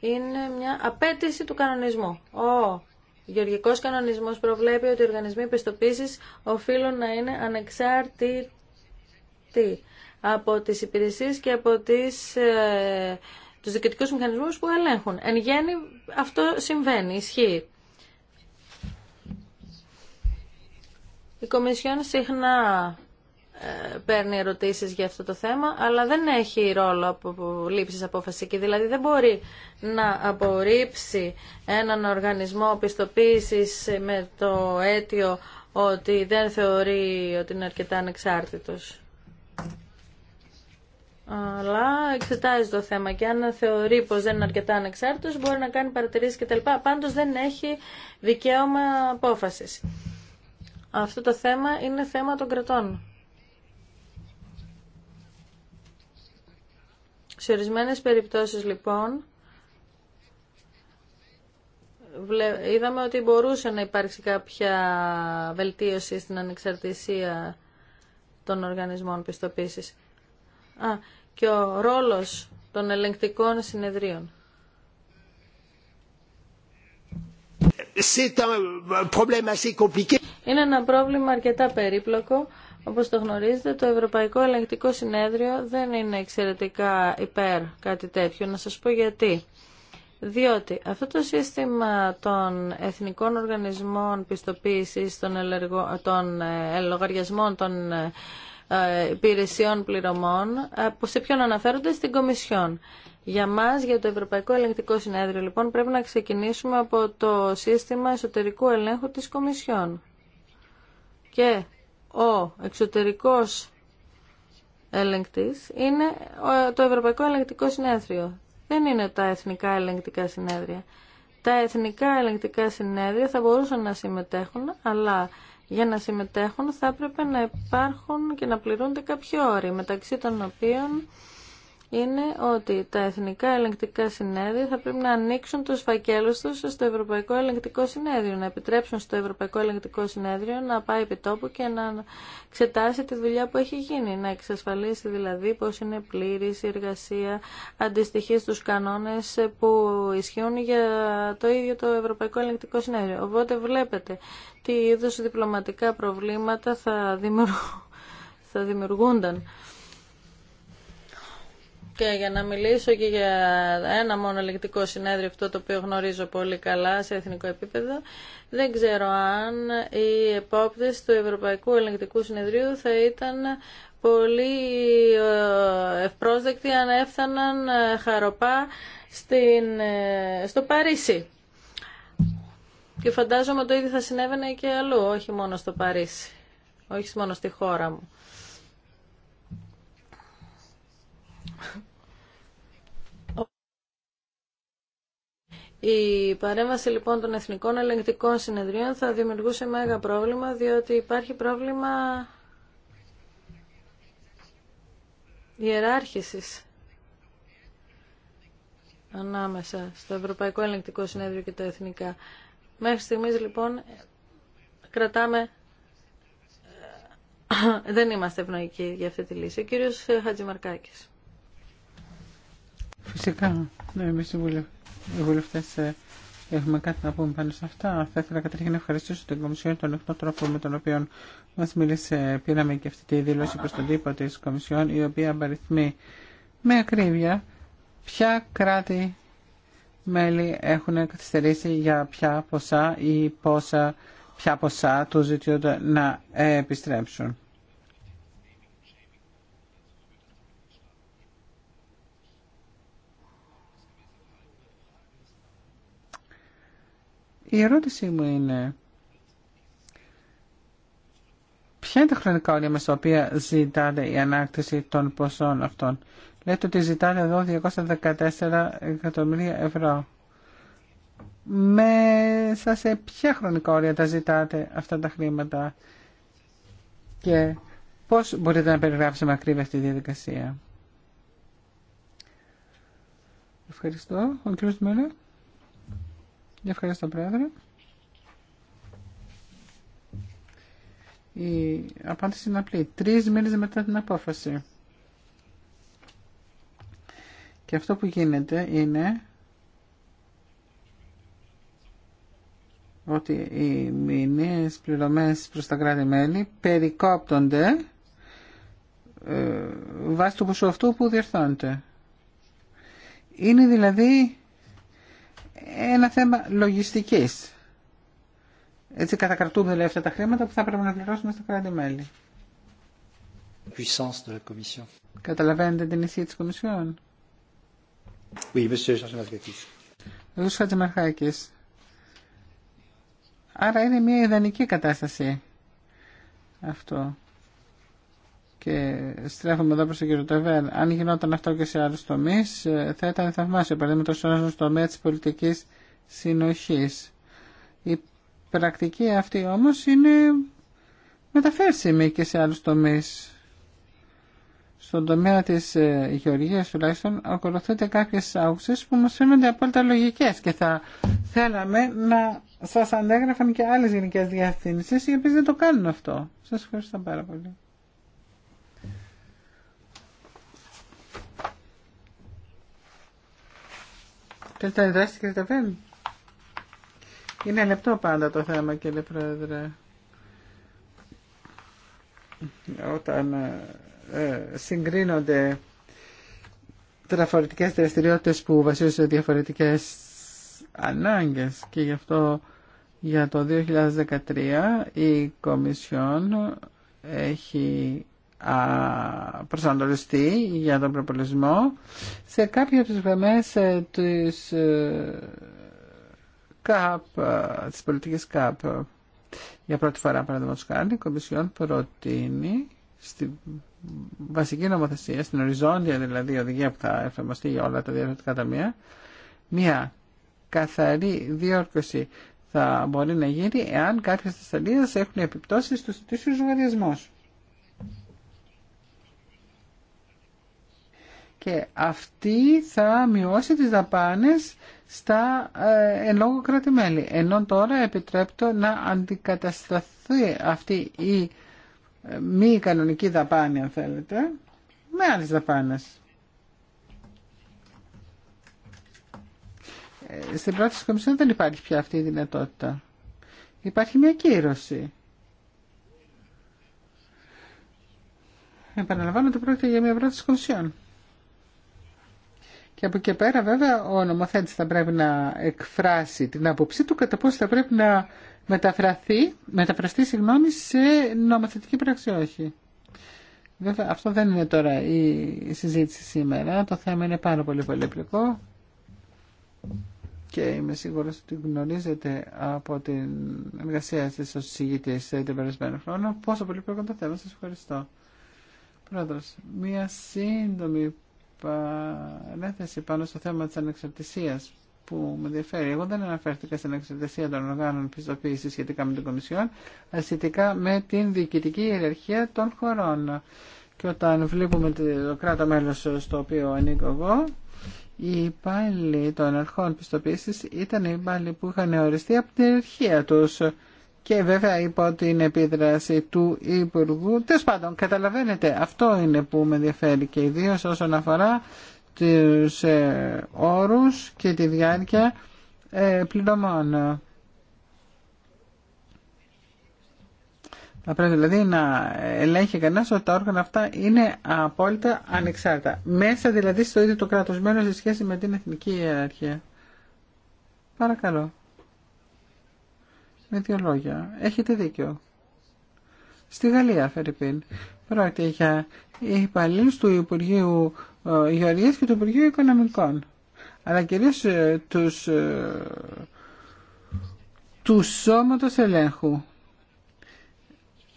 είναι μια απέτηση του κανονισμού. Ο γεωργικός κανονισμός προβλέπει ότι οι οργανισμοί πιστοποίησης οφείλουν να είναι ανεξάρτητοι από τις υπηρεσίες και από τις, ε, τους διοικητικούς μηχανισμούς που ελέγχουν. Εν γέννη αυτό συμβαίνει, ισχύει. Η Κομισιόν συχνά ε, παίρνει ερωτήσεις για αυτό το θέμα, αλλά δεν έχει ρόλο από λήψης απόφαση Δηλαδή δεν μπορεί να απορρίψει έναν οργανισμό πιστοποίησης με το αίτιο ότι δεν θεωρεί ότι είναι αρκετά ανεξάρτητος αλλά εξετάζει το θέμα και αν θεωρεί πως δεν είναι αρκετά ανεξάρτητος μπορεί να κάνει παρατηρήσεις κτλ. Πάντως δεν έχει δικαίωμα απόφασης. Αυτό το θέμα είναι θέμα των κρατών. Σε ορισμένε περιπτώσεις λοιπόν είδαμε ότι μπορούσε να υπάρξει κάποια βελτίωση στην ανεξαρτησία των οργανισμών πιστοποίησης. Α, και ο ρόλος των ελεγκτικών συνεδρίων. Είναι ένα πρόβλημα αρκετά περίπλοκο. Όπως το γνωρίζετε, το Ευρωπαϊκό Ελεγκτικό Συνέδριο δεν είναι εξαιρετικά υπέρ κάτι τέτοιο. Να σας πω γιατί. Διότι αυτό το σύστημα των εθνικών οργανισμών πιστοποίησης των, ελεργο... των ε, λογαριασμών των ε, ε, υπηρεσιών πληρωμών, ε, σε ποιον αναφέρονται στην Κομισιόν. Για μας, για το Ευρωπαϊκό Ελεγκτικό Συνέδριο, λοιπόν, πρέπει να ξεκινήσουμε από το σύστημα εσωτερικού ελέγχου της Κομισιόν. Και ο εξωτερικός ελεγκτής είναι το Ευρωπαϊκό Ελεγκτικό Συνέδριο. Δεν είναι τα εθνικά ελεγκτικά συνέδρια. Τα εθνικά ελεγκτικά συνέδρια θα μπορούσαν να συμμετέχουν, αλλά για να συμμετέχουν θα έπρεπε να υπάρχουν και να πληρούνται κάποιοι όροι, μεταξύ των οποίων είναι ότι τα εθνικά ελεγκτικά συνέδρια θα πρέπει να ανοίξουν τους φακέλους τους στο Ευρωπαϊκό Ελεγκτικό Συνέδριο, να επιτρέψουν στο Ευρωπαϊκό Ελεγκτικό Συνέδριο να πάει επί τόπου και να εξετάσει τη δουλειά που έχει γίνει, να εξασφαλίσει δηλαδή πώς είναι πλήρης η εργασία, αντιστοιχεί στους κανόνες που ισχύουν για το ίδιο το Ευρωπαϊκό Ελεγκτικό Συνέδριο. Οπότε βλέπετε τι είδους διπλωματικά προβλήματα θα, θα δημιουργούνταν. Και για να μιλήσω και για ένα μόνο ελεγκτικό συνέδριο, αυτό το οποίο γνωρίζω πολύ καλά σε εθνικό επίπεδο, δεν ξέρω αν οι επόπτες του Ευρωπαϊκού Ελεγκτικού Συνεδρίου θα ήταν πολύ ε, ευπρόσδεκτοι αν έφταναν ε, χαροπά ε, στο Παρίσι. Και φαντάζομαι το ίδιο θα συνέβαινε και αλλού, όχι μόνο στο Παρίσι, όχι μόνο στη χώρα μου. Η παρέμβαση λοιπόν των εθνικών ελεγκτικών συνεδρίων θα δημιουργούσε μέγα πρόβλημα διότι υπάρχει πρόβλημα ιεράρχησης ανάμεσα στο Ευρωπαϊκό Ελεγκτικό Συνέδριο και τα Εθνικά. Μέχρι στιγμής λοιπόν κρατάμε ε, δεν είμαστε ευνοϊκοί για αυτή τη λύση. Ο κύριος Χατζημαρκάκης.
Φυσικά, ναι, εμείς συμβουλεύουμε βουλευτέ ε, έχουμε κάτι να πούμε πάνω σε αυτά. Θα ήθελα καταρχήν να ευχαριστήσω την Κομισιόν τον ανοιχτό τρόπο με τον οποίο μα μίλησε. Πήραμε και αυτή τη δήλωση προ τον τύπο τη Κομισιόν, η οποία απαριθμεί με ακρίβεια ποια κράτη μέλη έχουν καθυστερήσει για ποια ποσά ή πόσα, ποια ποσά του ζητιούνται να επιστρέψουν. Η ερώτησή μου είναι ποια είναι τα χρονικά όρια με τα οποία ζητάτε η ανάκτηση των ποσών αυτών. Λέτε ότι ζητάτε εδώ 214 εκατομμύρια ευρώ. Μέσα σε ποια χρονικά όρια τα ζητάτε αυτά τα χρήματα και πώς μπορείτε να περιγράψετε με ακρίβεια αυτή τη διαδικασία. Ευχαριστώ. Ο κύριος Ευχαριστώ, Πρόεδρε. Η απάντηση είναι απλή. Τρεις μήνες μετά την απόφαση. Και αυτό που γίνεται είναι ότι οι μηνύες πληρωμές προς τα κράτη-μέλη περικόπτονται ε, βάσει του ποσού αυτού που διερθώνεται. Είναι δηλαδή ένα θέμα λογιστικής. Έτσι κατακρατούμε δηλαδή, αυτά τα χρήματα που θα πρέπει να πληρώσουμε στα κράτη-μέλη. Καταλαβαίνετε την ισχύ της Κομισιόν. Oui, monsieur Άρα είναι μια ιδανική κατάσταση αυτό και στρέφουμε εδώ προς τον κύριο Τεβέρ. αν γινόταν αυτό και σε άλλους τομείς, ε, θα ήταν θαυμάσιο, παραδείγματος στον τομέα της πολιτικής συνοχής. Η πρακτική αυτή όμως είναι μεταφέρσιμη και σε άλλους τομείς. Στον τομέα της ε, γεωργίας τουλάχιστον ακολουθούνται κάποιες άουξες που μας φαίνονται απόλυτα λογικές και θα θέλαμε να σας αντέγραφαν και άλλες γενικές διευθύνσει οι οποίε δεν το κάνουν αυτό. Σας ευχαριστώ πάρα πολύ. Θέλετε να δράσετε κύριε Είναι λεπτό πάντα το θέμα κύριε Πρόεδρε. Όταν ε, ε συγκρίνονται διαφορετικές δραστηριότητε που βασίζονται σε διαφορετικές ανάγκες και γι' αυτό για το 2013 η Κομισιόν έχει προσανατολιστεί για τον προπολισμό σε κάποιες από τις γραμμές ε, της, ε, ΚΑΠ, ε, της πολιτικής ΚΑΠ. Για πρώτη φορά, παραδείγματος χάρη, η Κομισιόν προτείνει στη βασική νομοθεσία, στην οριζόντια δηλαδή οδηγία που θα εφαρμοστεί για όλα τα διαφορετικά ταμεία, μια καθαρή διόρκωση θα μπορεί να γίνει εάν κάποιες τεσταλίδες έχουν επιπτώσεις στους τίσιους λογαριασμούς. και αυτή θα μειώσει τις δαπάνες στα ε, εν λόγω κράτη-μέλη. Ενώ τώρα επιτρέπεται να αντικατασταθεί αυτή η ε, μη κανονική δαπάνη, αν θέλετε, με άλλες δαπάνες. Ε, στην πρώτη της Κομισιόν δεν υπάρχει πια αυτή η δυνατότητα. Υπάρχει μια κύρωση. Επαναλαμβάνω ότι πρόκειται για μια πρόταση Κομισιόν. Και από εκεί πέρα βέβαια ο νομοθέτης θα πρέπει να εκφράσει την άποψή του κατά πώς θα πρέπει να μεταφραθεί, μεταφραστεί συγγνώμη, σε νομοθετική πράξη όχι. Βέβαια αυτό δεν είναι τώρα η συζήτηση σήμερα. Το θέμα είναι πάρα πολύ πολύ πολύπλοκο και είμαι σίγουρος ότι γνωρίζετε από την εργασία σας ως συγγητής την περασμένο χρόνο πόσο πολύ είναι το θέμα. Σας ευχαριστώ. Πρόεδρος, μία σύντομη ανέθεση πάνω στο θέμα της ανεξαρτησίας που με ενδιαφέρει. Εγώ δεν αναφέρθηκα στην ανεξαρτησία των οργάνων πιστοποίηση σχετικά με την Κομισιόν, αλλά σχετικά με την διοικητική ιεραρχία των χωρών. Και όταν βλέπουμε το κράτο μέλο στο οποίο ανήκω εγώ, οι υπάλληλοι των αρχών πιστοποίηση ήταν οι υπάλληλοι που είχαν οριστεί από την ιεραρχία του και βέβαια υπό την επίδραση του Υπουργού. Τέλο πάντων, καταλαβαίνετε, αυτό είναι που με ενδιαφέρει και ιδίω όσον αφορά τους ε, όρους και τη διάρκεια ε, πληρωμών. Θα πρέπει δηλαδή να ελέγχει κανένα ότι τα όργανα αυτά είναι απόλυτα ανεξάρτητα. Μέσα δηλαδή στο ίδιο το κράτος μέλος σε σχέση με την εθνική ιεραρχία. Παρακαλώ με δύο λόγια. Έχετε δίκιο. Στη Γαλλία, Φερρυπίν, πρόκειται για υπαλλήλου του Υπουργείου ε, Γεωργίας και του Υπουργείου Οικονομικών. Αλλά κυρίως ε, τους, ε, του σώματος ελέγχου.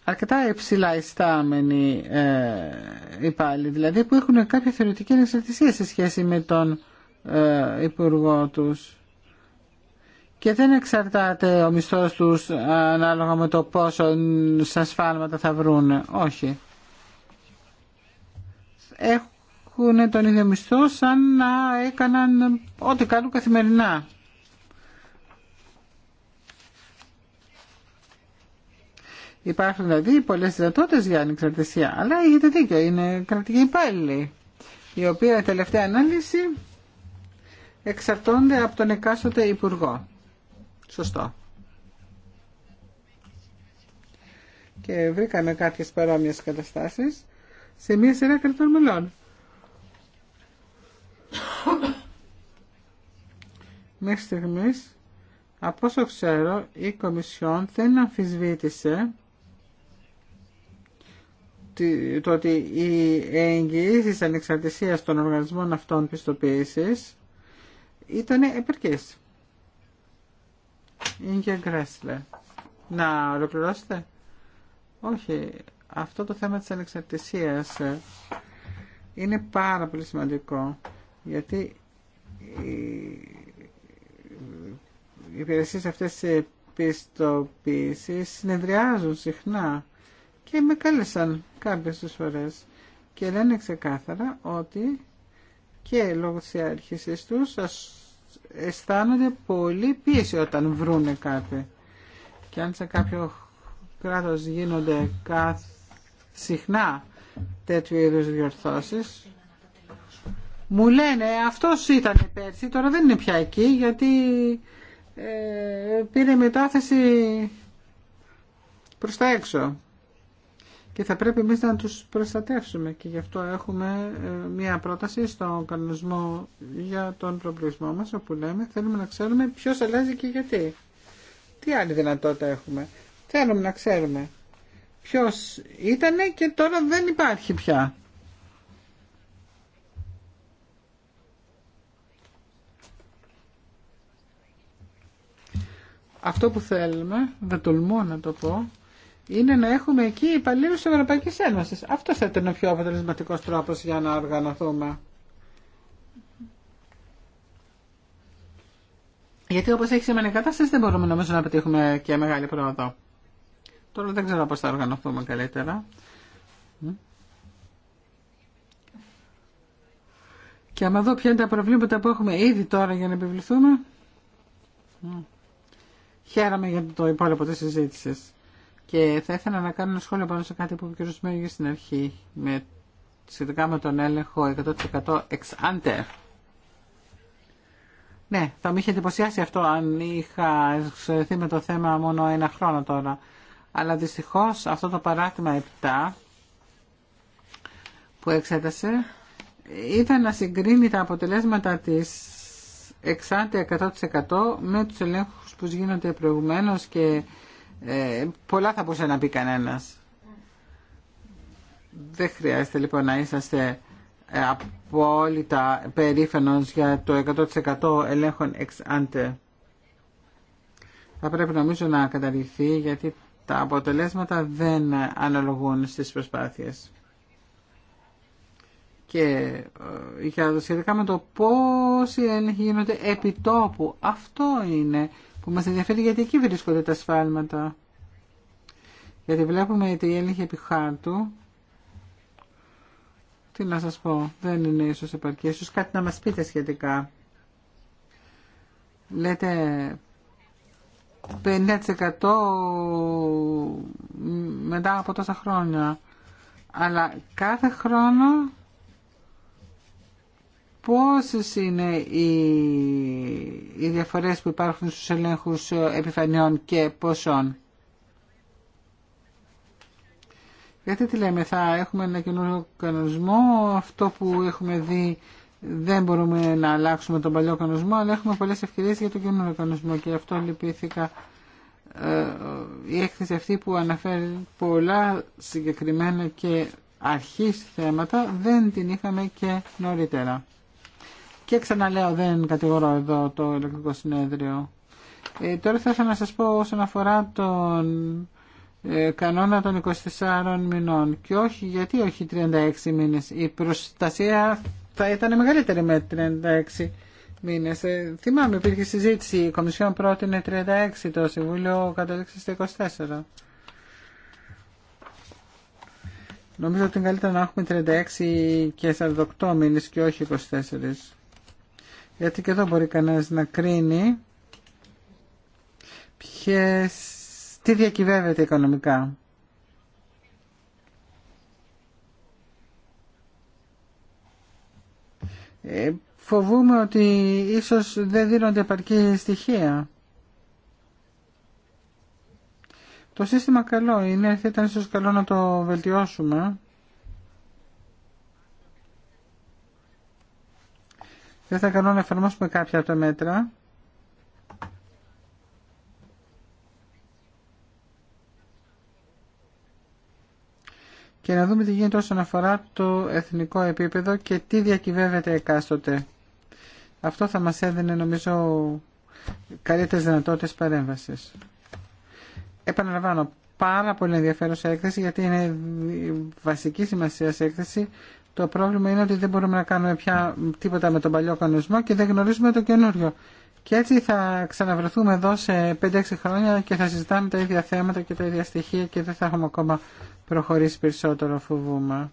Αρκετά υψηλά ιστάμενοι ε, υπάλληλοι, δηλαδή που έχουν κάποια θεωρητική ανεξαρτησία σε σχέση με τον υπουργό τους και δεν εξαρτάται ο μισθός τους ανάλογα με το πόσο σαν σφάλματα θα βρουν. Όχι. Έχουν τον ίδιο μισθό σαν να έκαναν ό,τι κάνουν καθημερινά. Υπάρχουν δηλαδή πολλέ δυνατότητε για ανεξαρτησία, αλλά έχετε δίκιο, είναι κρατικοί υπάλληλοι, η οποία τελευταία ανάλυση εξαρτώνται από τον εκάστοτε υπουργό. Σωστό. Και βρήκαμε κάποιες παρόμοιες καταστάσεις σε μία σειρά κρατών μελών. Μέχρι στιγμής, από όσο ξέρω, η Κομισιόν δεν αμφισβήτησε το ότι οι εγγυήσεις ανεξαρτησίας των οργανισμών αυτών πιστοποίησης ήταν επαρκές και Γκρέσλε. Να ολοκληρώσετε. Όχι. Αυτό το θέμα της ανεξαρτησίας ε, είναι πάρα πολύ σημαντικό γιατί οι υπηρεσίες αυτές της επιστοποίησης συνεδριάζουν συχνά και με κάλεσαν κάποιες τις φορές και λένε ξεκάθαρα ότι και λόγω της αρχής τους αισθάνονται πολύ πίεση όταν βρούνε κάτι. Και αν σε κάποιο κράτος γίνονται καθ... συχνά τέτοιου είδους διορθώσεις, μου λένε αυτός ήταν πέρσι, τώρα δεν είναι πια εκεί γιατί ε, πήρε μετάθεση προς τα έξω και θα πρέπει εμείς να τους προστατεύσουμε και γι' αυτό έχουμε ε, μία πρόταση στον κανονισμό για τον προβλησμό μας όπου λέμε θέλουμε να ξέρουμε ποιος αλλάζει και γιατί. Τι άλλη δυνατότητα έχουμε. Θέλουμε να ξέρουμε ποιος ήταν και τώρα δεν υπάρχει πια. Αυτό που θέλουμε, δεν τολμώ να το πω, είναι να έχουμε εκεί υπαλλήλου τη Ευρωπαϊκή Ένωση. Αυτό θα ήταν ο πιο αποτελεσματικό τρόπο για να οργανωθούμε. Γιατί όπω έχει σημαίνει η κατάσταση δεν μπορούμε νομίζω να πετύχουμε και μεγάλη πρόοδο. Τώρα δεν ξέρω πώ θα οργανωθούμε καλύτερα. Και άμα δω ποια είναι τα προβλήματα που έχουμε ήδη τώρα για να επιβληθούμε. Χαίρομαι για το υπόλοιπο της συζήτησης. Και θα ήθελα να κάνω ένα σχόλιο πάνω σε κάτι που είπε ο κ. Μέργη στην αρχή, με, σχετικά με τον έλεγχο 100% εξάντερ. Ναι, θα με είχε εντυπωσιάσει αυτό αν είχα εξαιρεθεί με το θέμα μόνο ένα χρόνο τώρα. Αλλά δυστυχώς αυτό το παράδειγμα 7 που εξέτασε ήταν να συγκρίνει τα αποτελέσματα της εξάντερ 100% με τους ελέγχους που γίνονται προηγουμένως και ε, πολλά θα μπορούσε να πει κανένα. Δεν χρειάζεται λοιπόν να είσαστε ε, απόλυτα περήφανος για το 100% ελέγχων εξ άντε. Θα πρέπει νομίζω να καταργηθεί γιατί τα αποτελέσματα δεν αναλογούν στις προσπάθειες. Και ε, για σχετικά με το πώς γίνονται επιτόπου, αυτό είναι που μας ενδιαφέρει γιατί εκεί βρίσκονται τα σφάλματα. Γιατί βλέπουμε ότι η έλεγχη επί χάρτου, τι να σας πω, δεν είναι ίσως επαρκή. Ίσως κάτι να μας πείτε σχετικά. Λέτε 50% μετά από τόσα χρόνια. Αλλά κάθε χρόνο πόσες είναι οι διαφορές που υπάρχουν στους ελέγχους επιφανειών και ποσών. Γιατί τι λέμε, θα έχουμε ένα καινούριο κανονισμό, αυτό που έχουμε δει δεν μπορούμε να αλλάξουμε τον παλιό κανονισμό, αλλά έχουμε πολλές ευκαιρίες για τον καινούριο κανονισμό και αυτό λυπήθηκα ε, η έκθεση αυτή που αναφέρει πολλά συγκεκριμένα και αρχής θέματα δεν την είχαμε και νωρίτερα. Και ξαναλέω, δεν κατηγορώ εδώ το ηλεκτρικό συνέδριο. Ε, τώρα θα ήθελα να σας πω όσον αφορά τον ε, κανόνα των 24 μηνών και όχι, γιατί όχι 36 μήνες. Η προστασία θα ήταν μεγαλύτερη με 36 μήνες. Ε, θυμάμαι, υπήρχε συζήτηση, η Κομισιόν πρότεινε 36, το Συμβούλιο κατέληξε στα 24. Νομίζω ότι είναι καλύτερα να έχουμε 36 και 48 μήνες και όχι 24 γιατί και εδώ μπορεί κανένας να κρίνει ποιες, τι διακυβεύεται οικονομικά. Ε, φοβούμαι ότι ίσως δεν δίνονται επαρκή στοιχεία. Το σύστημα καλό είναι, θα ήταν ίσως καλό να το βελτιώσουμε. Δεν θα κανώ να εφαρμόσουμε κάποια από τα μέτρα. Και να δούμε τι γίνεται όσον αφορά το εθνικό επίπεδο και τι διακυβεύεται εκάστοτε. Αυτό θα μας έδινε νομίζω καλύτερες δυνατότητες παρέμβασης. Επαναλαμβάνω, πάρα πολύ ενδιαφέρουσα έκθεση γιατί είναι βασική σημασία σε έκθεση το πρόβλημα είναι ότι δεν μπορούμε να κάνουμε πια τίποτα με τον παλιό κανονισμό και δεν γνωρίζουμε το καινούριο. Και έτσι θα ξαναβρεθούμε εδώ σε 5-6 χρόνια και θα συζητάμε τα ίδια θέματα και τα ίδια στοιχεία και δεν θα έχουμε ακόμα προχωρήσει περισσότερο φοβούμε.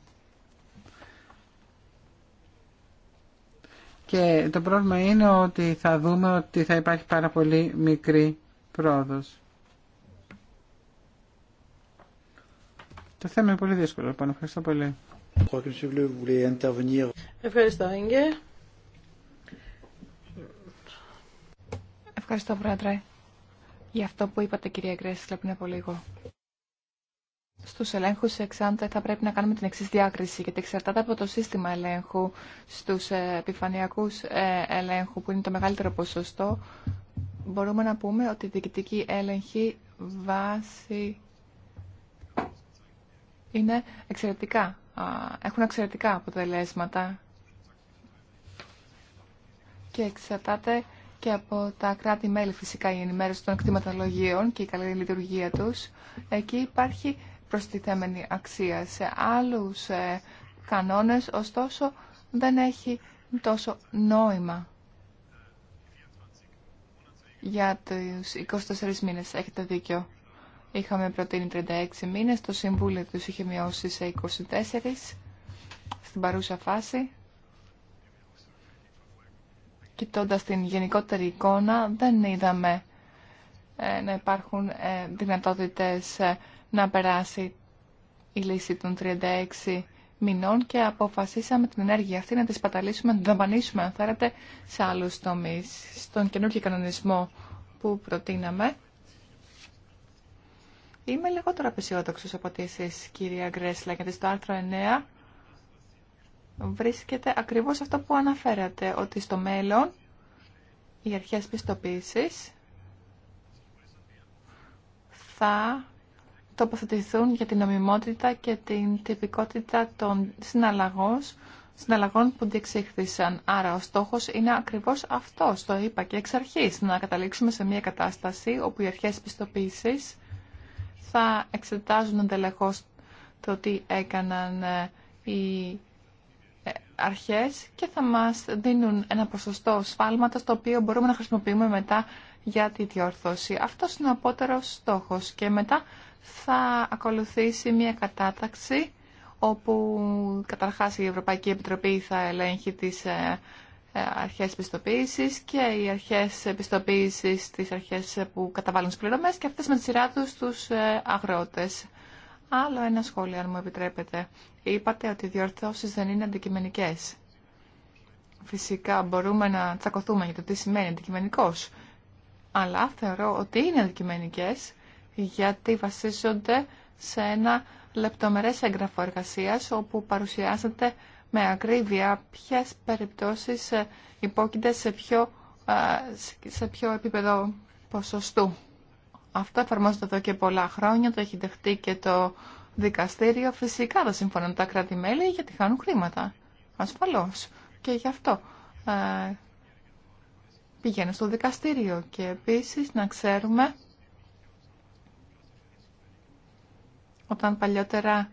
Και το πρόβλημα είναι ότι θα δούμε ότι θα υπάρχει πάρα πολύ μικρή πρόοδος. Το θέμα είναι πολύ δύσκολο, λοιπόν. Ευχαριστώ πολύ.
Ευχαριστώ, Ίγκε.
Ευχαριστώ, Πρόεδρε, για αυτό που είπατε, κυρία Γκρέσλα, πριν από λίγο. Στου ελέγχου εξάντα θα πρέπει να κάνουμε την εξή διάκριση, γιατί εξαρτάται από το σύστημα ελέγχου. Στου ε, επιφανειακού ε, ελέγχου, που είναι το μεγαλύτερο ποσοστό, μπορούμε να πούμε ότι η διοικητική έλεγχη βάση είναι εξαιρετικά έχουν εξαιρετικά αποτελέσματα και εξαρτάται και από τα κράτη-μέλη φυσικά η ενημέρωση των κτηματολογίων και η καλή λειτουργία τους. Εκεί υπάρχει προστιθέμενη αξία σε άλλους ε, κανόνες, ωστόσο δεν έχει τόσο νόημα για τους 24 μήνες. Έχετε δίκιο. Είχαμε προτείνει 36 μήνες, το Συμβούλιο τους είχε μειώσει σε 24 στην παρούσα φάση. Κοιτώντας την γενικότερη εικόνα, δεν είδαμε ε, να υπάρχουν ε, δυνατότητες ε, να περάσει η λύση των 36 μηνών και αποφασίσαμε την ενέργεια αυτή να τη σπαταλήσουμε, να την δαμπανίσουμε, αν θέλετε, σε άλλους τομείς. Στον καινούργιο κανονισμό που προτείναμε, Είμαι λιγότερο απεσιόδοξο από ότι εσεί, κυρία Γκρέσλα, γιατί στο άρθρο 9 βρίσκεται ακριβώς αυτό που αναφέρατε, ότι στο μέλλον οι αρχές πιστοποίηση θα τοποθετηθούν για την νομιμότητα και την τυπικότητα των συναλλαγών, συναλλαγών που διεξήχθησαν. Άρα ο στόχος είναι ακριβώς αυτός, το είπα και εξ αρχής, να καταλήξουμε σε μια κατάσταση όπου οι αρχές πιστοποίησης θα εξετάζουν εντελεχώς το τι έκαναν ε, οι ε, αρχές και θα μας δίνουν ένα ποσοστό σφάλματος το οποίο μπορούμε να χρησιμοποιούμε μετά για τη διόρθωση. Αυτό είναι ο απότερος στόχος και μετά θα ακολουθήσει μια κατάταξη όπου καταρχάς η Ευρωπαϊκή Επιτροπή θα ελέγχει τις ε, ε, αρχές πιστοποίησης και οι αρχές πιστοποίησης τις αρχές που καταβάλουν τις πληρωμές και αυτές με τη σειρά τους τους ε, αγρότες. Άλλο ένα σχόλιο, αν μου επιτρέπετε. Είπατε ότι οι διορθώσεις δεν είναι αντικειμενικές. Φυσικά μπορούμε να τσακωθούμε για το τι σημαίνει αντικειμενικός. Αλλά θεωρώ ότι είναι αντικειμενικές γιατί βασίζονται σε ένα λεπτομερές έγγραφο εργασίας όπου παρουσιάζεται με ακρίβεια ποιες περιπτώσεις ε, υπόκεινται σε ποιο, ε, σε πιο επίπεδο ποσοστού. Αυτό εφαρμόζεται εδώ και πολλά χρόνια, το έχει δεχτεί και το δικαστήριο. Φυσικά δεν συμφωνούν τα κράτη-μέλη γιατί χάνουν χρήματα. Ασφαλώς. Και γι' αυτό ε, πηγαίνουν στο δικαστήριο. Και επίσης να ξέρουμε όταν παλιότερα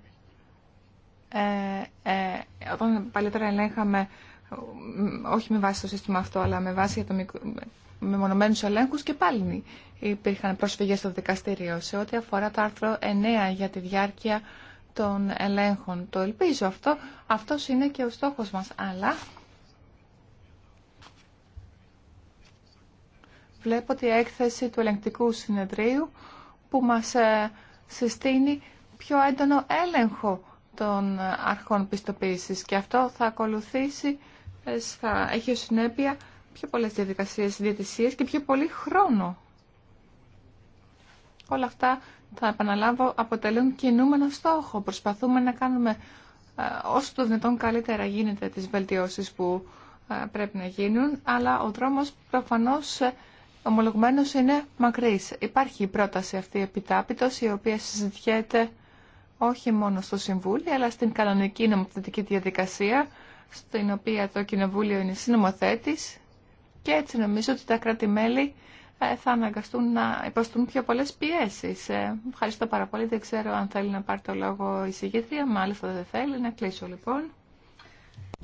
ε, ε, όταν παλιότερα ελέγχαμε όχι με βάση το σύστημα αυτό, αλλά με βάση το με μονομένους ελέγχους και πάλι υπήρχαν πρόσφυγες στο δικαστήριο σε ό,τι αφορά το άρθρο 9 για τη διάρκεια των ελέγχων. Το ελπίζω αυτό. Αυτός είναι και ο στόχος μας. Αλλά βλέπω ότι η έκθεση του ελεγκτικού συνεδρίου που μας ε, συστήνει πιο έντονο έλεγχο των αρχών πιστοποίησης και αυτό θα ακολουθήσει, ε, θα έχει ως συνέπεια πιο πολλές διαδικασίες διατησίες και πιο πολύ χρόνο. Όλα αυτά, θα επαναλάβω, αποτελούν κινούμενο στόχο. Προσπαθούμε να κάνουμε ε, όσο το δυνατόν καλύτερα γίνεται τις βελτιώσεις που ε, πρέπει να γίνουν, αλλά ο δρόμος προφανώς ομολογμένος είναι μακρύς. Υπάρχει η πρόταση αυτή επιτάπητος, η οποία συζητιέται όχι μόνο στο Συμβούλιο, αλλά στην κανονική νομοθετική διαδικασία, στην οποία το Κοινοβούλιο είναι συνομοθέτης και έτσι νομίζω ότι τα κράτη-μέλη ε, θα αναγκαστούν να υποστούν πιο πολλές πιέσεις. Ε, ευχαριστώ πάρα πολύ. Δεν ξέρω αν θέλει να πάρει το λόγο η συγκεκριά, μάλιστα δεν θέλει. Να κλείσω λοιπόν.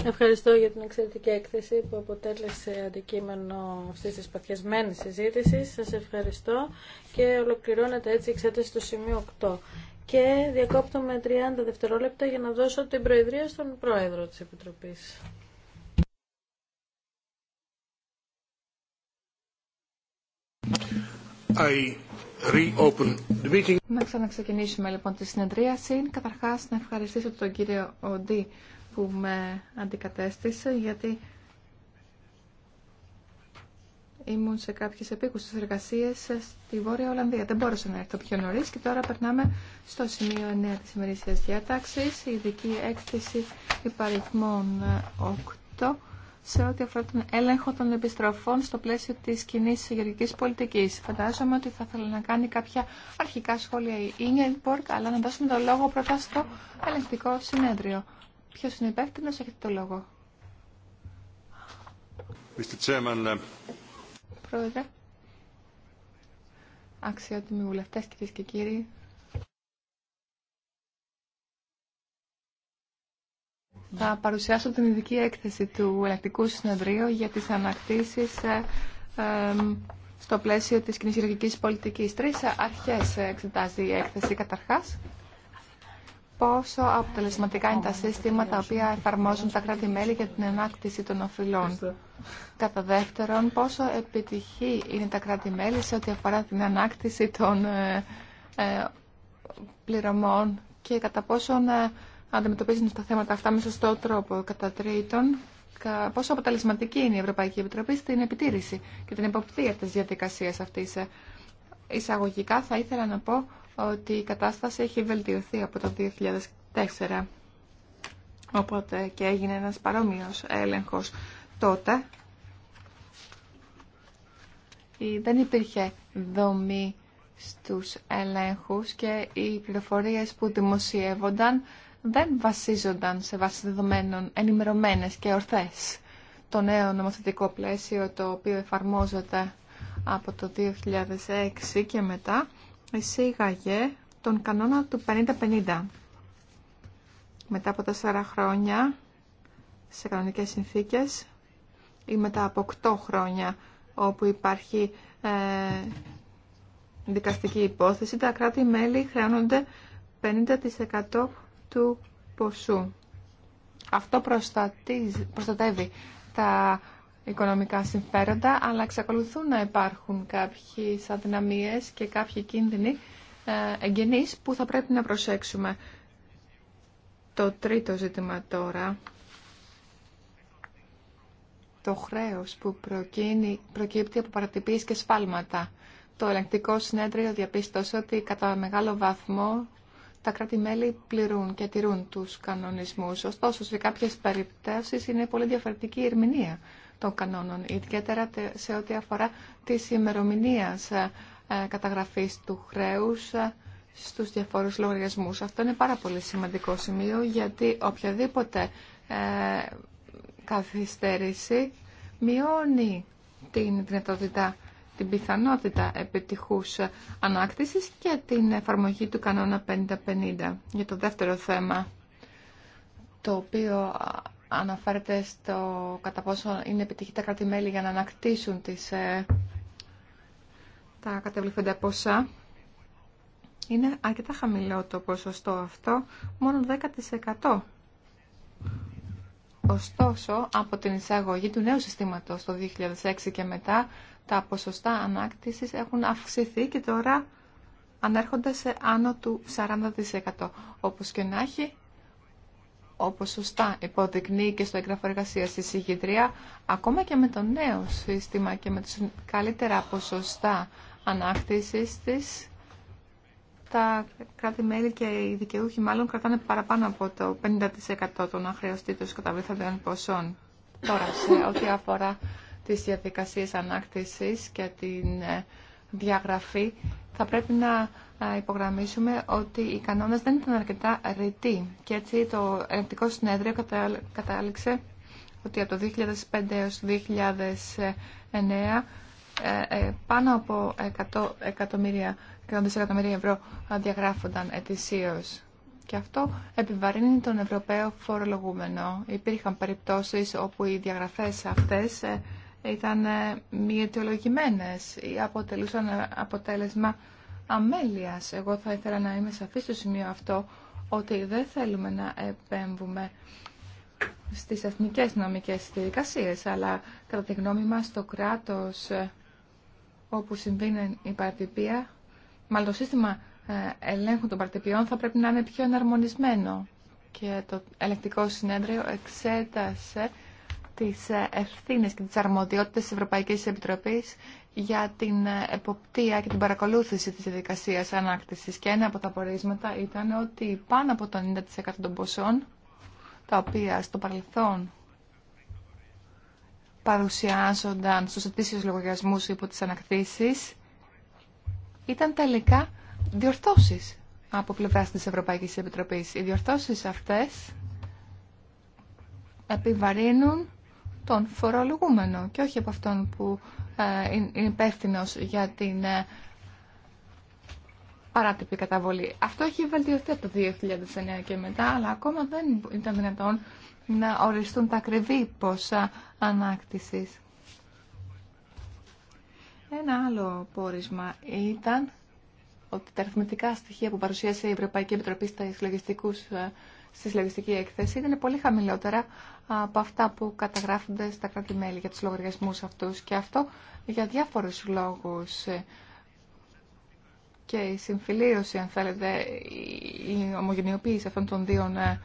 Ευχαριστώ για την εξαιρετική έκθεση που αποτέλεσε αντικείμενο αυτή τη παθιασμένη συζήτηση. Σα ευχαριστώ και ολοκληρώνεται έτσι η εξέταση του σημείου 8 και διακόπτω με 30 δευτερόλεπτα για να δώσω την προεδρία στον πρόεδρο της Επιτροπής.
Να ξαναξεκινήσουμε λοιπόν τη συνεδρίαση. Καταρχάς να ευχαριστήσω τον κύριο Οντί που με αντικατέστησε γιατί Ήμουν σε κάποιες επίκουσες εργασίες στη Βόρεια Ολλανδία. Δεν μπόρεσα να έρθω πιο νωρίς και τώρα περνάμε στο σημείο 9 της ημερήσιας διάταξης, η ειδική έκθεση υπαριθμών 8 σε ό,τι αφορά τον έλεγχο των επιστροφών στο πλαίσιο τη κοινή γεωργική πολιτική. Φαντάζομαι ότι θα ήθελα να κάνει κάποια αρχικά σχόλια η Ingeborg, αλλά να δώσουμε το λόγο πρώτα στο ελεγκτικό συνέδριο. Ποιο είναι υπεύθυνο, έχετε το λόγο. Πρόεδρε. Αξιότιμοι βουλευτέ, κυρίε και κύριοι. Θα παρουσιάσω την ειδική έκθεση του Ελεκτικού Συνεδρίου για τις ανακτήσεις ε, στο πλαίσιο της κοινωνικής πολιτικής. Τρεις αρχές εξετάζει η έκθεση καταρχάς πόσο αποτελεσματικά είναι τα σύστημα τα οποία εφαρμόζουν τα κράτη-μέλη για την ανάκτηση των οφειλών. Κατά δεύτερον, πόσο επιτυχή είναι τα κράτη-μέλη σε ό,τι αφορά την ανάκτηση των ε, ε, πληρωμών και κατά πόσο ε, αντιμετωπίζουν τα θέματα αυτά με σωστό τρόπο. Κατά τρίτον, πόσο αποτελεσματική είναι η Ευρωπαϊκή Επιτροπή στην επιτήρηση και την υποπτία της διαδικασίας αυτής. Εισαγωγικά θα ήθελα να πω ότι η κατάσταση έχει βελτιωθεί από το 2004, οπότε και έγινε ένας παρόμοιος έλεγχος τότε. Δεν υπήρχε δομή στους ελέγχους και οι πληροφορίες που δημοσιεύονταν δεν βασίζονταν σε βάση δεδομένων ενημερωμένες και ορθές. Το νέο νομοθετικό πλαίσιο το οποίο εφαρμόζεται από το 2006 και μετά εισήγαγε τον κανόνα του 50-50. Μετά από τέσσερα χρόνια σε κανονικές συνθήκες ή μετά από 8 χρόνια όπου υπάρχει ε, δικαστική υπόθεση, τα κράτη-μέλη χρειάνονται 50% του ποσού. Αυτό προστατεύει τα οικονομικά συμφέροντα, αλλά εξακολουθούν να υπάρχουν κάποιε αδυναμίες και κάποιοι κίνδυνοι ε, εγγενεί που θα πρέπει να προσέξουμε. Το τρίτο ζήτημα τώρα, το χρέος που προκύπτει από παρατυπίες και σφάλματα. Το ελεγκτικό συνέδριο διαπίστωσε ότι κατά μεγάλο βαθμό τα κράτη-μέλη πληρούν και τηρούν τους κανονισμούς. Ωστόσο, σε κάποιες περιπτώσεις είναι πολύ διαφορετική η ερμηνεία των κανόνων, ιδιαίτερα σε ό,τι αφορά τη ημερομηνία ε, ε, καταγραφής του χρέους ε, στους διαφόρους λογαριασμούς. Αυτό είναι πάρα πολύ σημαντικό σημείο, γιατί οποιαδήποτε καθυστέρηση μειώνει την δυνατότητα την πιθανότητα επιτυχούς ανάκτησης και την εφαρμογή του κανόνα 50-50 για το δεύτερο θέμα το οποίο αναφέρεται στο κατά πόσο είναι επιτυχή τα κρατη για να ανακτήσουν τις, ε, τα κατεβληθέντα ποσά. Είναι αρκετά χαμηλό το ποσοστό αυτό, μόνο 10%. Ωστόσο, από την εισαγωγή του νέου συστήματος το 2006 και μετά, τα ποσοστά ανάκτησης έχουν αυξηθεί και τώρα ανέρχονται σε άνω του 40%. Όπως και να έχει, όπως σωστά υποδεικνύει και στο έγγραφο εργασία η ακόμα και με το νέο σύστημα και με τους καλύτερα ποσοστά ανάκτησης της, τα κράτη-μέλη και οι δικαιούχοι μάλλον κρατάνε παραπάνω από το 50% των αχρεωστήτων καταβληθέντων ποσών. Τώρα, σε ό,τι αφορά τις διαδικασίες ανάκτησης και την ε, διαγραφή, θα πρέπει να υπογραμμίσουμε ότι οι κανόνες δεν ήταν αρκετά ρητοί και έτσι το ελεκτικό συνέδριο κατάληξε ότι από το 2005 έως το 2009 ε, ε, πάνω από 100 εκατομμύρια, 100 δισεκατομμύρια ευρώ διαγράφονταν ετησίω. Και αυτό επιβαρύνει τον Ευρωπαίο φορολογούμενο. Υπήρχαν περιπτώσεις όπου οι διαγραφές αυτές ε, ήταν μη αιτιολογημένες ή αποτελούσαν αποτέλεσμα αμέλειας. Εγώ θα ήθελα να είμαι σαφή στο σημείο αυτό ότι δεν θέλουμε να επέμβουμε στις εθνικές νομικές διαδικασίες, αλλά κατά τη γνώμη μας το κράτος ε, όπου συμβαίνει η παρτιπία, μάλλον το σύστημα ε, ελέγχου των παρτιπιών θα πρέπει να είναι πιο εναρμονισμένο. Και το ελεκτικό συνέδριο εξέτασε τις ε, ευθύνες και τις αρμοδιότητες της Ευρωπαϊκής Επιτροπής για την ε, εποπτεία και την παρακολούθηση της διαδικασίας ανάκτησης. Και ένα από τα πορίσματα ήταν ότι πάνω από το 90% των ποσών, τα οποία στο παρελθόν παρουσιάζονταν στους ετήσιους λογαριασμούς υπό τις ανακτήσεις, ήταν τελικά διορθώσεις από πλευράς της Ευρωπαϊκής Επιτροπής. Οι διορθώσεις αυτές επιβαρύνουν τον φορολογούμενο και όχι από αυτόν που ε, είναι υπεύθυνο για την ε, παράτυπη καταβολή. Αυτό έχει βελτιωθεί από το 2009 και μετά, αλλά ακόμα δεν ήταν δυνατόν να οριστούν τα ακριβή ποσά ανάκτησης. Ένα άλλο πόρισμα ήταν ότι τα αριθμητικά στοιχεία που παρουσίασε η Ευρωπαϊκή Επιτροπή ε, στη λογιστική έκθεση ήταν πολύ χαμηλότερα από αυτά που καταγράφονται στα κράτη-μέλη για τους λογαριασμούς αυτούς και αυτό για διάφορους λόγους και η συμφιλίωση, αν θέλετε, η ομογενειοποίηση αυτών των δύο ε,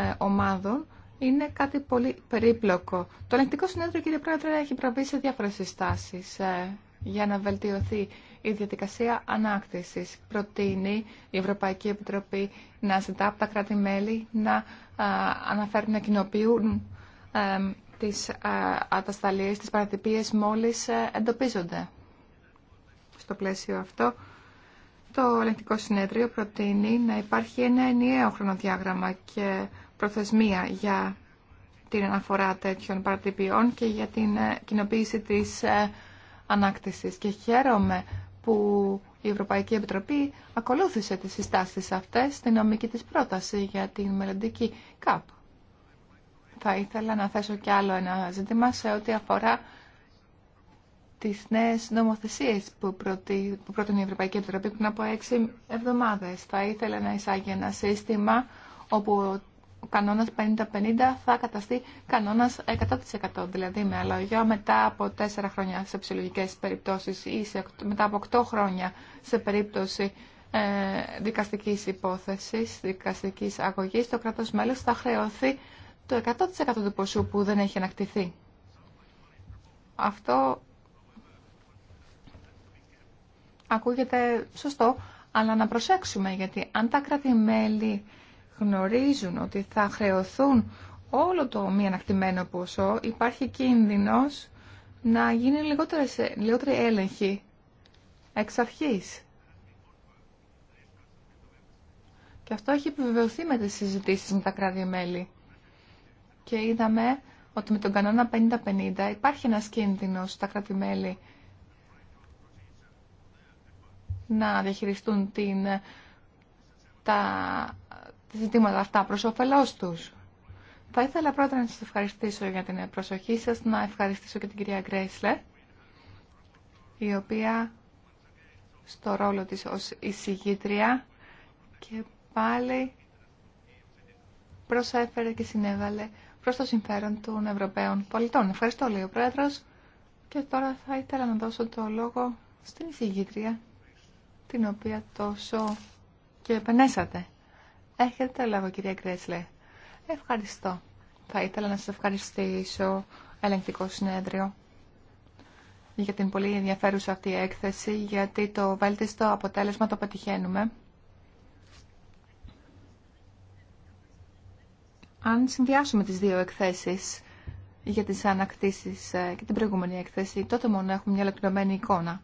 ε, ομάδων είναι κάτι πολύ περίπλοκο. Το ελεγκτικό συνέδριο, κύριε Πρόεδρε, έχει προβεί σε διάφορες συστάσεις ε, για να βελτιωθεί η διαδικασία ανάκτησης. Προτείνει η Ευρωπαϊκή Επιτροπή να ζητά από τα κράτη-μέλη να αναφέρουν, να κοινοποιούν τις ατασταλίες, τις παρατυπίες μόλις ε, εντοπίζονται. Στο πλαίσιο αυτό, το ελεγκτικό συνέδριο προτείνει να υπάρχει ένα ενιαίο χρονοδιάγραμμα και προθεσμία για την αναφορά τέτοιων παρατυπιών και για την ε, κοινοποίηση της ε, ανάκτησης. Και χαίρομαι που η Ευρωπαϊκή Επιτροπή ακολούθησε τις συστάσεις αυτές στην νομική της πρόταση για την μελλοντική ΚΑΠ. Θα ήθελα να θέσω κι άλλο ένα ζήτημα σε ό,τι αφορά τις νέες νομοθεσίες που, που πρότεινε η Ευρωπαϊκή Επιτροπή πριν από έξι εβδομάδες. Θα ήθελα να εισάγει ένα σύστημα όπου ο κανόνας 50-50 θα καταστεί κανόνας 100%. Δηλαδή, με άλλα λόγια, μετά από 4 χρόνια σε ψυχολογικές περιπτώσεις ή σε, μετά από 8 χρόνια σε περίπτωση ε, δικαστικής υπόθεσης, δικαστικής αγωγής, το κράτος μέλος θα χρεωθεί το 100% του ποσού που δεν έχει ανακτηθεί. Αυτό ακούγεται σωστό, αλλά να προσέξουμε, γιατί αν τα κράτη-μέλη γνωρίζουν ότι θα χρεωθούν όλο το μη ανακτημένο ποσό, υπάρχει κίνδυνος να γίνει λιγότερη έλεγχη εξ αρχής. Και αυτό έχει επιβεβαιωθεί με τις συζητήσεις με τα κράτη-μέλη. Και είδαμε ότι με τον κανόνα 50-50 υπάρχει ένας κίνδυνος στα κράτη-μέλη να διαχειριστούν την, τα ζητήματα αυτά προς όφελό τους. Θα ήθελα πρώτα να σα ευχαριστήσω για την προσοχή σας, να ευχαριστήσω και την κυρία Γκρέισλε, η οποία στο ρόλο της ως εισηγήτρια και πάλι προσέφερε και συνέβαλε προς το συμφέρον των Ευρωπαίων πολιτών. Ευχαριστώ, λέει ο Πρόεδρος. Και τώρα θα ήθελα να δώσω το λόγο στην εισηγήτρια, την οποία τόσο και επενέσατε. Έχετε λόγο, κυρία Κρέσλε. Ευχαριστώ. Θα ήθελα να σα ευχαριστήσω, ελεγκτικό συνέδριο, για την πολύ ενδιαφέρουσα αυτή έκθεση, γιατί το βέλτιστο αποτέλεσμα το πετυχαίνουμε. Αν συνδυάσουμε τις δύο εκθέσεις για τις ανακτήσεις ε, και την προηγούμενη εκθέση, τότε μόνο έχουμε μια ολοκληρωμένη εικόνα.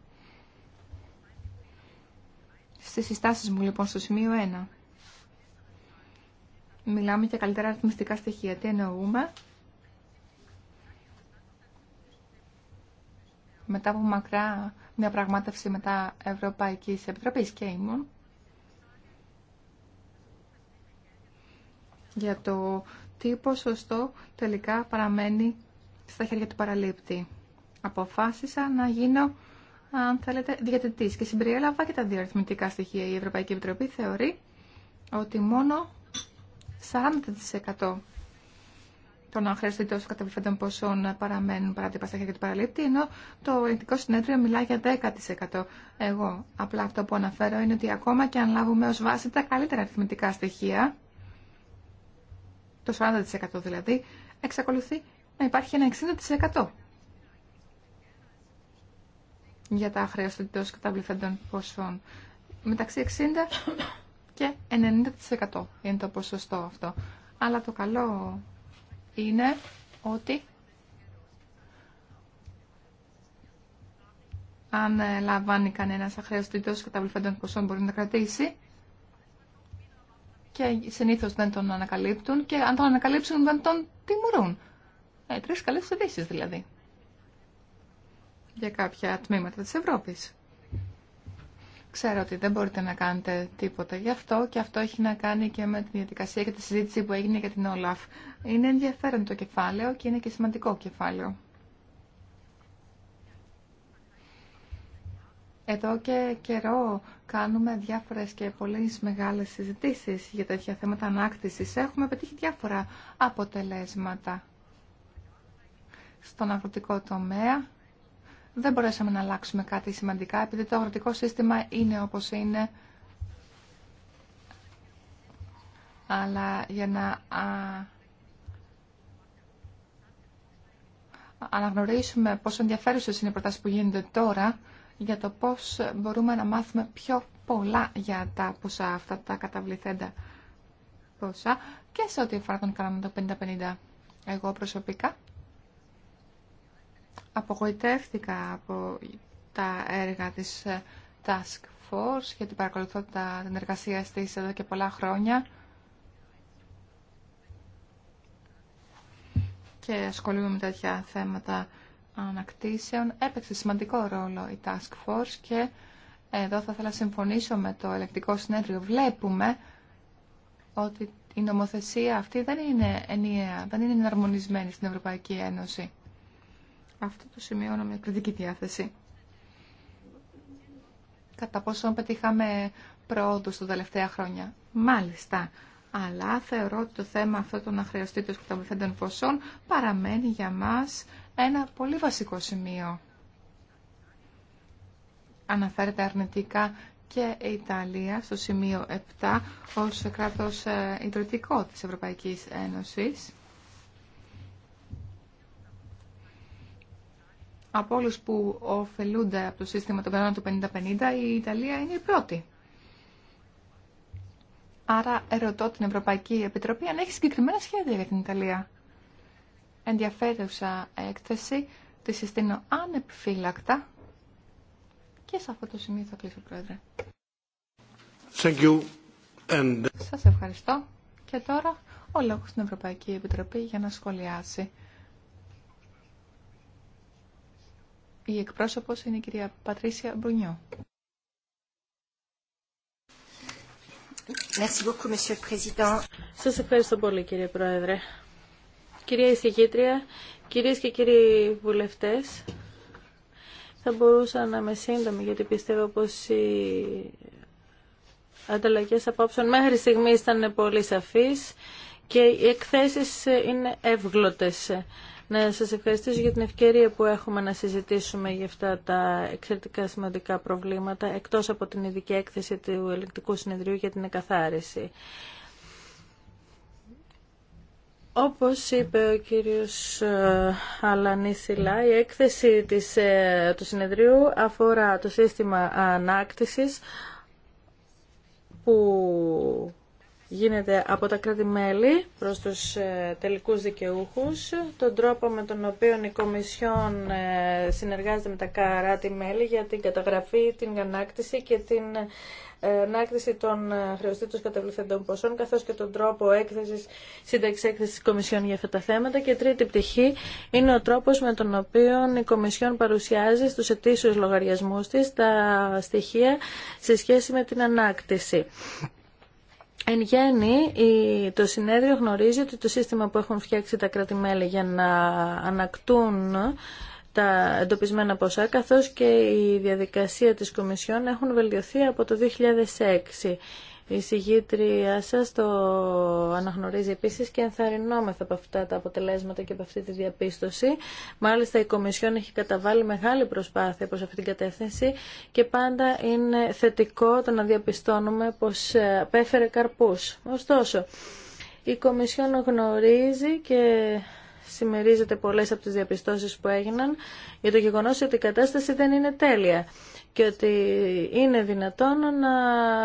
Στις συστάσεις μου λοιπόν στο σημείο 1 μιλάμε για καλύτερα αριθμιστικά στοιχεία. Τι εννοούμε. Μετά από μακρά μια διαπραγμάτευση μετά Ευρωπαϊκή Επιτροπή και ήμουν για το τι ποσοστό τελικά παραμένει στα χέρια του παραλήπτη. Αποφάσισα να γίνω, αν θέλετε, διατητής και συμπεριέλαβα και τα δύο αριθμητικά στοιχεία. Η Ευρωπαϊκή Επιτροπή θεωρεί ότι μόνο 40% των κατά καταβληθέντων ποσών παραμένουν παρά την στα και την παραλήπτη, ενώ το ελληνικό συνέδριο μιλά για 10%. Εγώ απλά αυτό που αναφέρω είναι ότι ακόμα και αν λάβουμε ως βάση τα καλύτερα αριθμητικά στοιχεία, το 40% δηλαδή, εξακολουθεί να υπάρχει ένα 60% για τα κατά καταβληθέντων ποσών. Μεταξύ 60 και 90% είναι το ποσοστό αυτό. Αλλά το καλό είναι ότι αν ε, λαμβάνει κανένας αχρέωστητος καταβληθέντων ποσών μπορεί να κρατήσει και συνήθως δεν τον ανακαλύπτουν και αν τον ανακαλύψουν δεν τον τιμωρούν. Ε, τρεις καλές ειδήσει δηλαδή για κάποια τμήματα της Ευρώπης. Ξέρω ότι δεν μπορείτε να κάνετε τίποτα γι' αυτό και αυτό έχει να κάνει και με τη διαδικασία και τη συζήτηση που έγινε για την ΟΛΑΦ. Είναι ενδιαφέρον το κεφάλαιο και είναι και σημαντικό κεφάλαιο. Εδώ και καιρό κάνουμε διάφορες και πολύ μεγάλες συζητήσεις για τέτοια θέματα ανάκτησης. Έχουμε πετύχει διάφορα αποτελέσματα στον αγροτικό τομέα δεν μπορέσαμε να αλλάξουμε κάτι σημαντικά επειδή το αγροτικό σύστημα είναι όπως είναι. Αλλά για να αναγνωρίσουμε πόσο ενδιαφέρουσε είναι οι προτάσεις που γίνονται τώρα για το πώς μπορούμε να μάθουμε πιο πολλά για τα ποσά αυτά, τα καταβληθέντα ποσά και σε ό,τι αφορά τον κανόνα το 50-50. Εγώ προσωπικά απογοητεύτηκα από τα έργα της ε, Task Force γιατί παρακολουθώ τα, την εργασία της εδώ και πολλά χρόνια και ασχολούμαι με τέτοια θέματα ανακτήσεων. Έπαιξε σημαντικό ρόλο η Task Force και εδώ θα ήθελα να συμφωνήσω με το ελεκτικό συνέδριο. Βλέπουμε ότι η νομοθεσία αυτή δεν είναι ενιαία, δεν είναι εναρμονισμένη στην Ευρωπαϊκή Ένωση αυτό το σημείο μια κριτική διάθεση. Κατά πόσο πετύχαμε πρόοδο τα τελευταία χρόνια. Μάλιστα. Αλλά θεωρώ ότι το θέμα αυτό των αχρεωστήτων και των βοηθέντων ποσών παραμένει για μας ένα πολύ βασικό σημείο. Αναφέρεται αρνητικά και η Ιταλία στο σημείο 7 ως κράτος ε, ιδρυτικό της Ευρωπαϊκής Ένωσης. από όλου που ωφελούνται από το σύστημα των κανόνων του 50-50, η Ιταλία είναι η πρώτη. Άρα ερωτώ την Ευρωπαϊκή Επιτροπή αν έχει συγκεκριμένα σχέδια για την Ιταλία. Ενδιαφέρουσα έκθεση, τη συστήνω ανεπιφύλακτα και σε αυτό το σημείο θα κλείσω, Πρόεδρε.
Thank
Σας ευχαριστώ. Και τώρα ο λόγος στην Ευρωπαϊκή Επιτροπή για να σχολιάσει Η εκπρόσωπος είναι η κυρία Πατρίσια
Μπουνιό. Σας ευχαριστώ πολύ κύριε Πρόεδρε. Κυρία Εισηγήτρια, κυρίες και κύριοι βουλευτές, θα μπορούσα να είμαι σύντομη γιατί πιστεύω πως οι ανταλλαγές απόψεων μέχρι στιγμή ήταν πολύ σαφείς και οι εκθέσεις είναι εύγλωτες. Να σας ευχαριστήσω για την ευκαιρία που έχουμε να συζητήσουμε για αυτά τα εξαιρετικά σημαντικά προβλήματα, εκτός από την ειδική έκθεση του Ελεκτικού Συνεδρίου για την εκαθάριση. Όπως είπε ο κύριος ε, Αλανίσιλα, η έκθεση της, ε, του συνεδρίου αφορά το σύστημα ανάκτησης που γίνεται από τα κράτη-μέλη προς τους ε, τελικούς δικαιούχους, τον τρόπο με τον οποίο η Κομισιόν ε, συνεργάζεται με τα κράτη-μέλη για την καταγραφή, την ανάκτηση και την ε, ανάκτηση των χρεωστήτων καταβληθέντων ποσών, καθώς και τον τρόπο έκθεσης, σύνταξη έκθεσης Κομισιόν για αυτά τα θέματα. Και τρίτη πτυχή είναι ο τρόπος με τον οποίο η Κομισιόν παρουσιάζει στους ετήσιους λογαριασμούς της τα στοιχεία σε σχέση με την ανάκτηση. Εν γέννη, το συνέδριο γνωρίζει ότι το σύστημα που έχουν φτιάξει τα κράτη-μέλη για να ανακτούν τα εντοπισμένα ποσά, καθώς και η διαδικασία της Κομισιόν έχουν βελτιωθεί από το 2006. Η συγγήτρια σας το αναγνωρίζει επίσης και ενθαρρυνόμεθα από αυτά τα αποτελέσματα και από αυτή τη διαπίστωση. Μάλιστα η Κομισιόν έχει καταβάλει μεγάλη προσπάθεια προς αυτή την κατεύθυνση και πάντα είναι θετικό το να διαπιστώνουμε πως ε, απέφερε καρπούς. Ωστόσο, η Κομισιόν γνωρίζει και συμμερίζεται πολλές από τις διαπιστώσεις που έγιναν για το γεγονός ότι η κατάσταση δεν είναι τέλεια και ότι είναι δυνατόν να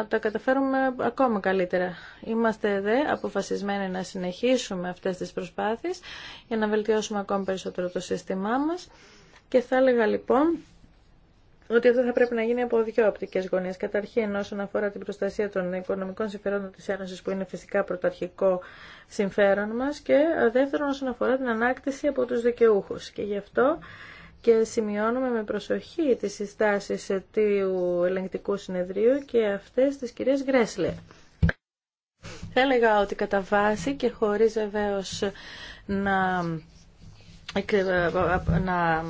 τα καταφέρουμε ακόμα καλύτερα. Είμαστε δε αποφασισμένοι να συνεχίσουμε αυτές τις προσπάθειες για να βελτιώσουμε ακόμα περισσότερο το σύστημά μας και θα έλεγα λοιπόν ότι αυτό θα πρέπει να γίνει από δύο οπτικέ γωνίε. Καταρχήν, όσον αφορά την προστασία των οικονομικών συμφερόντων τη Ένωση, που είναι φυσικά πρωταρχικό συμφέρον μα, και δεύτερον, όσον αφορά την ανάκτηση από του δικαιούχου. Και γι' αυτό και σημειώνουμε με προσοχή τις συστάσεις του ελεγκτικού συνεδρίου και αυτές της κυρίας Γκρέσλε. Θα έλεγα ότι κατά βάση και χωρίς βεβαίω να, να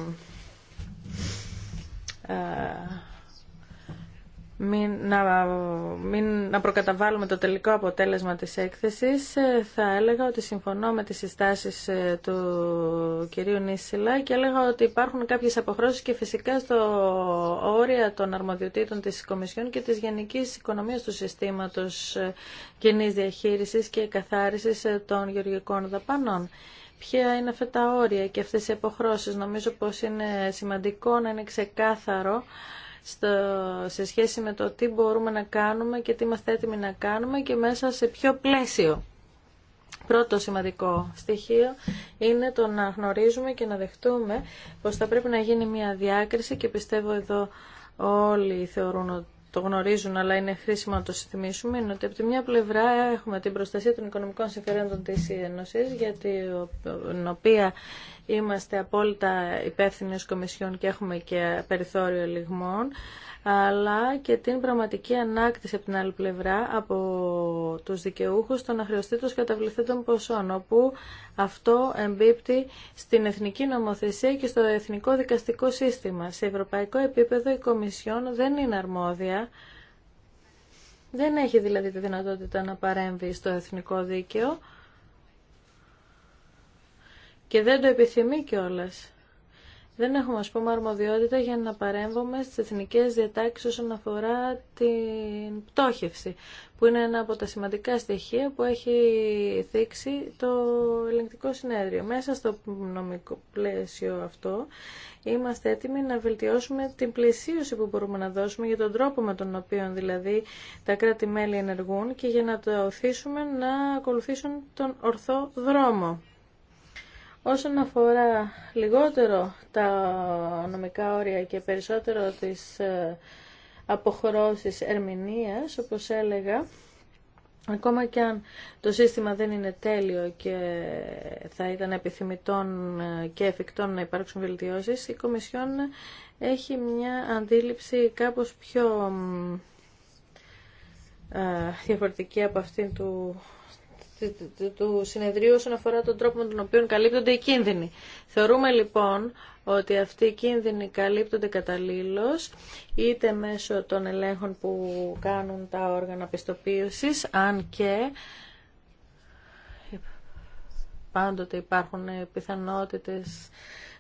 ε, μην, να, μην, να προκαταβάλουμε το τελικό αποτέλεσμα της έκθεσης, ε, θα έλεγα ότι συμφωνώ με τις συστάσεις ε, του κυρίου Νίσηλα και έλεγα ότι υπάρχουν κάποιες αποχρώσεις και φυσικά στο όρια των αρμοδιοτήτων της Κομισιόν και της Γενικής Οικονομίας του Συστήματος ε, κοινή Διαχείρισης και Καθάρισης των Γεωργικών Δαπανών. Ποια είναι αυτά τα όρια και αυτές οι αποχρώσεις. Νομίζω πως είναι σημαντικό να είναι ξεκάθαρο σε σχέση με το τι μπορούμε να κάνουμε και τι είμαστε έτοιμοι να κάνουμε και μέσα σε ποιο πλαίσιο. Πρώτο σημαντικό στοιχείο είναι το να γνωρίζουμε και να δεχτούμε πως θα πρέπει να γίνει μια διάκριση και πιστεύω εδώ όλοι θεωρούν ότι το γνωρίζουν, αλλά είναι χρήσιμο να το θυμίσουμε, είναι ότι από τη μια πλευρά έχουμε την προστασία των οικονομικών συμφερόντων της Ένωση, για την οποία είμαστε απόλυτα υπεύθυνοι ως Κομισιόν και έχουμε και περιθώριο λιγμών, αλλά και την πραγματική ανάκτηση από την άλλη πλευρά από τους δικαιούχους των τους καταβληθέντων ποσών, όπου αυτό εμπίπτει στην εθνική νομοθεσία και στο εθνικό δικαστικό σύστημα. Σε ευρωπαϊκό επίπεδο η Κομισιόν δεν είναι αρμόδια, δεν έχει δηλαδή τη δυνατότητα να παρέμβει στο εθνικό δίκαιο και δεν το επιθυμεί κιόλας. Δεν έχουμε, α πούμε, αρμοδιότητα για να παρέμβουμε στις εθνικές διατάξεις όσον αφορά την πτώχευση, που είναι ένα από τα σημαντικά στοιχεία που έχει θίξει το ελεγκτικό συνέδριο. Μέσα στο νομικό πλαίσιο αυτό είμαστε έτοιμοι να βελτιώσουμε την πλαισίωση που μπορούμε να δώσουμε για τον τρόπο με τον οποίο δηλαδή τα κράτη-μέλη ενεργούν και για να το οθήσουμε να ακολουθήσουν τον ορθό δρόμο. Όσον αφορά λιγότερο τα νομικά όρια και περισσότερο τις ε, αποχρώσεις ερμηνείας, όπως έλεγα, Ακόμα και αν το σύστημα δεν είναι τέλειο και θα ήταν επιθυμητόν ε, και εφικτόν να υπάρξουν βελτιώσεις, η Κομισιόν έχει μια αντίληψη κάπως πιο ε, διαφορετική από αυτήν του του συνεδρίου όσον αφορά τον τρόπο με τον οποίο καλύπτονται οι κίνδυνοι. Θεωρούμε λοιπόν ότι αυτοί οι κίνδυνοι καλύπτονται καταλήλως είτε μέσω των ελέγχων που κάνουν τα όργανα πιστοποίησης, αν και πάντοτε υπάρχουν πιθανότητες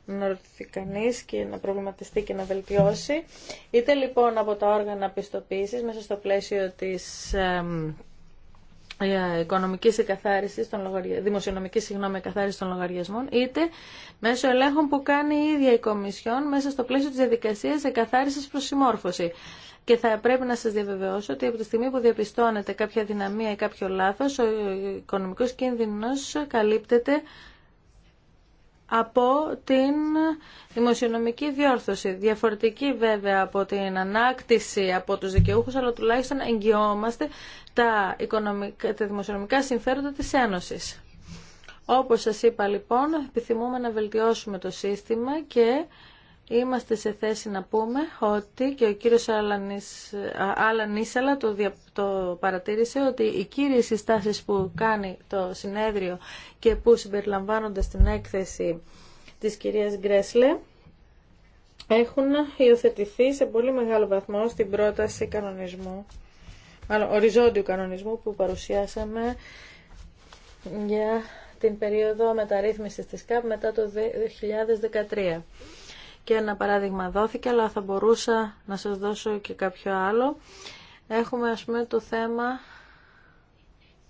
να ρωτηθεί κανεί και να προβληματιστεί και να βελτιώσει. Είτε λοιπόν από τα όργανα πιστοποίησης μέσα στο πλαίσιο της ε, οικονομικής εκαθάρισης των λογαριασμών, δημοσιονομικής συγγνώμη, εκαθάρισης των λογαριασμών, είτε μέσω ελέγχων που κάνει η ίδια η Κομισιόν μέσα στο πλαίσιο της διαδικασίας εκαθάρισης προς συμμόρφωση. Και θα πρέπει να σας διαβεβαιώσω ότι από τη στιγμή που διαπιστώνεται κάποια δυναμία ή κάποιο λάθος, ο οικονομικός κίνδυνος καλύπτεται από την δημοσιονομική διόρθωση. Διαφορετική βέβαια από την ανάκτηση από τους δικαιούχους, αλλά τουλάχιστον εγγυόμαστε τα, οικονομικά, τα δημοσιονομικά συμφέροντα της Ένωσης. Όπως σας είπα λοιπόν, επιθυμούμε να βελτιώσουμε το σύστημα και είμαστε σε θέση να πούμε ότι και ο κύριος Άλαν Ίσαλα το, το παρατήρησε ότι οι κύριες συστάσεις που κάνει το συνέδριο και που συμπεριλαμβάνονται στην έκθεση της κυρίας Γκρέσλε έχουν υιοθετηθεί σε πολύ μεγάλο βαθμό στην πρόταση κανονισμού, μάλλον οριζόντιου κανονισμού που παρουσιάσαμε για την περίοδο μεταρρύθμισης της ΚΑΠ μετά το 2013 και ένα παράδειγμα δόθηκε, αλλά θα μπορούσα να σας δώσω και κάποιο άλλο. Έχουμε ας πούμε το θέμα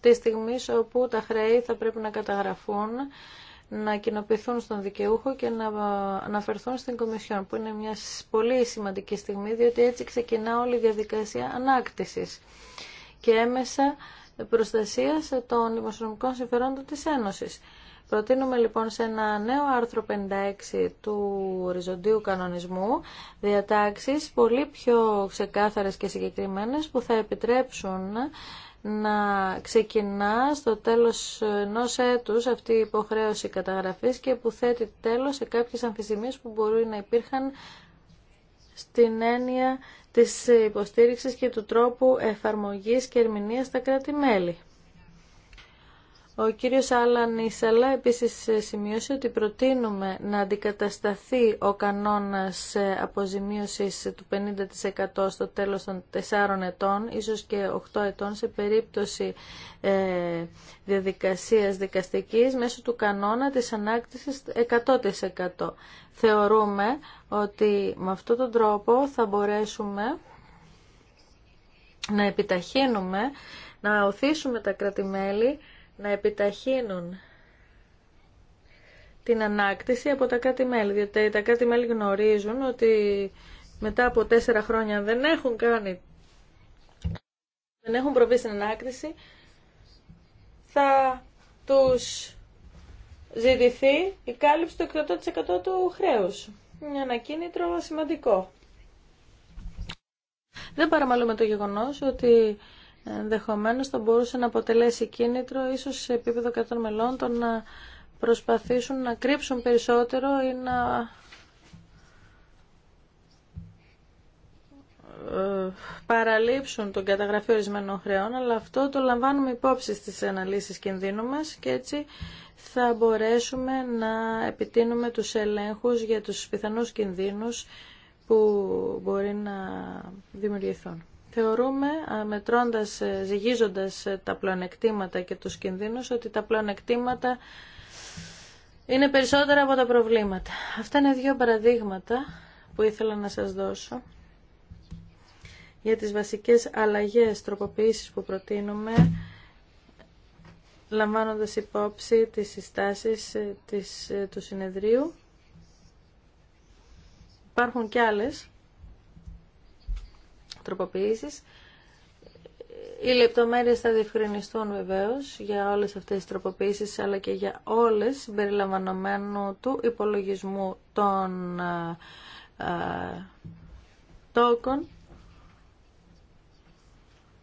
τη στιγμή όπου τα χρέη θα πρέπει να καταγραφούν, να κοινοποιηθούν στον δικαιούχο και να αναφερθούν στην Κομισιόν, που είναι μια πολύ σημαντική στιγμή, διότι έτσι ξεκινά όλη η διαδικασία ανάκτησης και έμεσα προστασίας των δημοσιονομικών συμφερόντων της Ένωσης. Προτείνουμε λοιπόν σε ένα νέο άρθρο 56 του οριζοντίου κανονισμού διατάξεις πολύ πιο ξεκάθαρες και συγκεκριμένες που θα επιτρέψουν να ξεκινά στο τέλος ενό έτους αυτή η υποχρέωση καταγραφής και που θέτει τέλος σε κάποιες αμφισημίες που μπορούν να υπήρχαν στην έννοια της υποστήριξης και του τρόπου εφαρμογής και ερμηνείας στα κράτη-μέλη. Ο κύριος Άλαν Ισαλά επίσης σημείωσε ότι προτείνουμε να αντικατασταθεί ο κανόνας αποζημίωσης του 50% στο τέλος των 4 ετών, ίσως και 8 ετών, σε περίπτωση ε, διαδικασίας δικαστικής μέσω του κανόνα της ανάκτησης 100%. Θεωρούμε ότι με αυτόν τον τρόπο θα μπορέσουμε να επιταχύνουμε, να οθήσουμε τα κρατημέλη να επιταχύνουν την ανάκτηση από τα κάτι μελη Διότι τα κάτι μελη γνωρίζουν ότι μετά από τέσσερα χρόνια δεν έχουν κάνει, δεν έχουν προβεί στην ανάκτηση, θα τους ζητηθεί η κάλυψη του 100% του χρέους. Είναι ένα κίνητρο σημαντικό. Δεν παραμαλούμε το γεγονός ότι Ενδεχομένως θα μπορούσε να αποτελέσει κίνητρο ίσως σε επίπεδο 100 μελών το να προσπαθήσουν να κρύψουν περισσότερο ή να ε, παραλείψουν τον καταγραφή ορισμένων χρεών, αλλά αυτό το λαμβάνουμε υπόψη στις αναλύσεις κινδύνου μας και έτσι θα μπορέσουμε να επιτείνουμε τους ελέγχους για τους πιθανούς κινδύνους που μπορεί να δημιουργηθούν. Θεωρούμε, μετρώντας, ε, ζυγίζοντας ε, τα πλεονεκτήματα και τους κινδύνους, ότι τα πλεονεκτήματα είναι περισσότερα από τα προβλήματα. Αυτά είναι δύο παραδείγματα που ήθελα να σας δώσω για τις βασικές αλλαγές, τροποποιήσεις που προτείνουμε, λαμβάνοντας υπόψη τις συστάσεις ε, της, του συνεδρίου. Υπάρχουν και άλλες τροποποίησης. Οι λεπτομέρειες θα διευκρινιστούν βεβαίως για όλες αυτές τις τροποποίησεις αλλά και για όλες συμπεριλαμβανομένου του υπολογισμού των ε, ε, τόκων.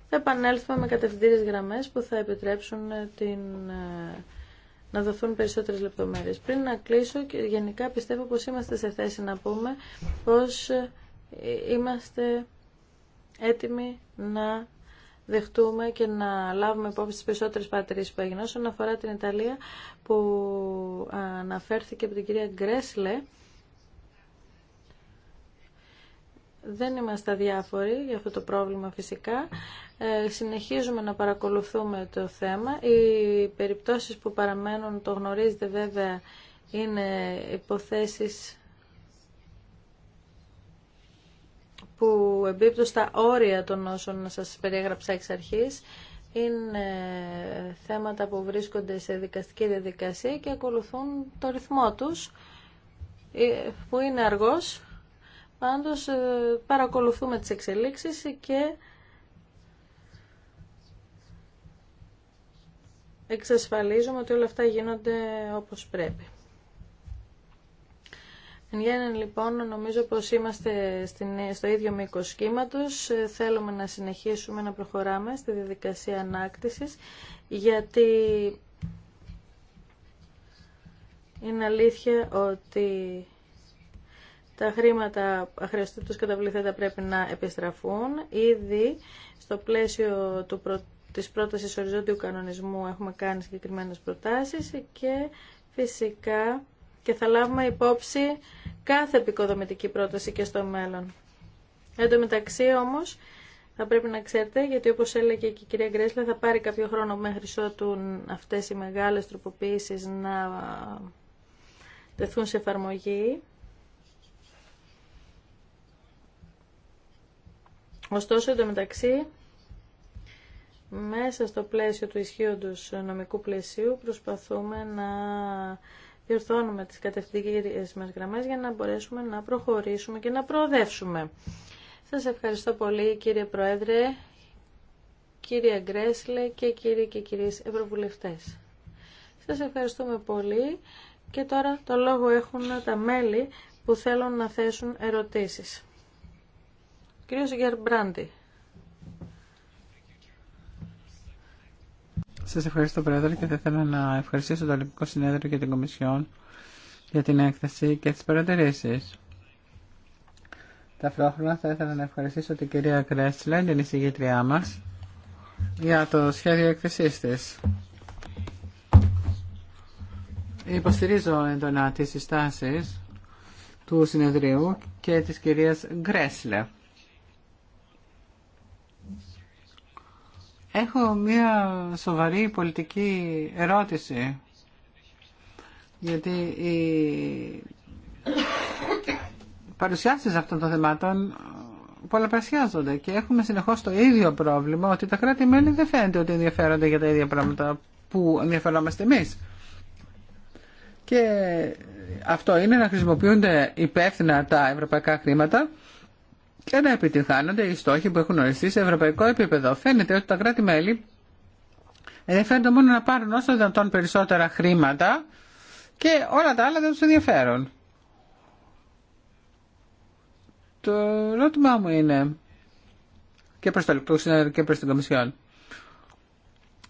Θα επανέλθουμε με κατευθυντήριες γραμμές που θα επιτρέψουν ε, την, να δοθούν περισσότερες λεπτομέρειες. Πριν να κλείσω, και γενικά πιστεύω πως είμαστε σε θέση να πούμε πως είμαστε έτοιμοι να δεχτούμε και να λάβουμε υπόψη τις περισσότερες παρατηρήσεις που έγιναν όσον αφορά την Ιταλία που αναφέρθηκε από την κυρία Γκρέσλε. Δεν είμαστε αδιάφοροι για αυτό το πρόβλημα φυσικά. Ε, συνεχίζουμε να παρακολουθούμε το θέμα. Οι περιπτώσεις που παραμένουν, το γνωρίζετε βέβαια, είναι υποθέσεις που εμπίπτω στα όρια των όσων σας περιέγραψα εξ αρχής είναι θέματα που βρίσκονται σε δικαστική διαδικασία και ακολουθούν το ρυθμό τους ε, που είναι αργός πάντως ε, παρακολουθούμε τις εξελίξεις και εξασφαλίζουμε ότι όλα αυτά γίνονται όπως πρέπει. Εν γέννη λοιπόν νομίζω πως είμαστε στο ίδιο μήκο σχήματος. Ε, θέλουμε να συνεχίσουμε να προχωράμε στη διαδικασία ανάκτησης γιατί είναι αλήθεια ότι τα χρήματα αχρεωστήτως καταβληθέντα πρέπει να επιστραφούν. Ήδη στο πλαίσιο του προ... της πρότασης οριζόντιου κανονισμού έχουμε κάνει συγκεκριμένες προτάσεις και φυσικά και θα λάβουμε υπόψη κάθε επικοδομητική πρόταση και στο μέλλον. Εν τω μεταξύ όμως θα πρέπει να ξέρετε, γιατί όπως έλεγε και η κυρία Γκρέσλα, θα πάρει κάποιο χρόνο μέχρι ότου αυτές οι μεγάλες τροποποιήσεις να τεθούν σε εφαρμογή. Ωστόσο, μεταξύ, μέσα στο πλαίσιο του ισχύοντος νομικού πλαισίου προσπαθούμε να διορθώνουμε τις κατευθυντικές μας γραμμές για να μπορέσουμε να προχωρήσουμε και να προοδεύσουμε. Σας ευχαριστώ πολύ κύριε Πρόεδρε, κύριε Γκρέσλε και κύριοι και κυρίες Ευρωβουλευτές. Σας ευχαριστούμε πολύ και τώρα το λόγο έχουν τα μέλη που θέλουν να θέσουν ερωτήσεις. Κύριος Γερμπράντη.
Σας ευχαριστώ Πρόεδρε και θα ήθελα να ευχαριστήσω το Ολυμπικό Συνέδριο και την Κομισιόν για την έκθεση και τις παρατηρήσεις. Ταυτόχρονα θα ήθελα να ευχαριστήσω την κυρία Κρέσλεν, την εισηγήτριά μας, για το σχέδιο έκθεσής της. Υποστηρίζω εντονά τις συστάσεις του συνεδρίου και της κυρίας Γκρέσλε. Έχω μία σοβαρή πολιτική ερώτηση. Γιατί οι παρουσιάσεις αυτών των θεμάτων πολλαπλασιάζονται και έχουμε συνεχώς το ίδιο πρόβλημα ότι τα κράτη-μέλη δεν φαίνεται ότι ενδιαφέρονται για τα ίδια πράγματα που ενδιαφερόμαστε εμείς. Και αυτό είναι να χρησιμοποιούνται υπεύθυνα τα ευρωπαϊκά χρήματα και να επιτυγχάνονται οι στόχοι που έχουν οριστεί σε ευρωπαϊκό επίπεδο. Φαίνεται ότι τα κράτη-μέλη ενδιαφέρονται μόνο να πάρουν όσο δυνατόν περισσότερα χρήματα και όλα τα άλλα δεν του ενδιαφέρουν. Το ερώτημά μου είναι και προς το συνέδριο και προς την Κομισιόν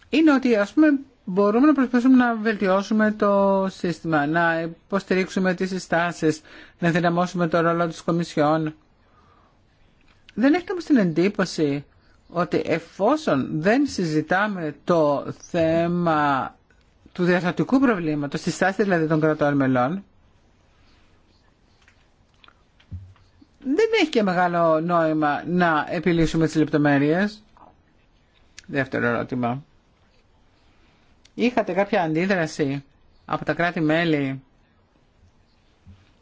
είναι ότι ας πούμε μπορούμε να προσπαθήσουμε να βελτιώσουμε το σύστημα, να υποστηρίξουμε τις συστάσεις, να δυναμώσουμε το ρόλο της Κομισιόν δεν έχετε όμως την εντύπωση ότι εφόσον δεν συζητάμε το θέμα του διαστατικού προβλήματος, τη στάση δηλαδή των κρατών μελών, δεν έχει και μεγάλο νόημα να επιλύσουμε τις λεπτομέρειες. Δεύτερο ερώτημα. Είχατε κάποια αντίδραση από τα κράτη-μέλη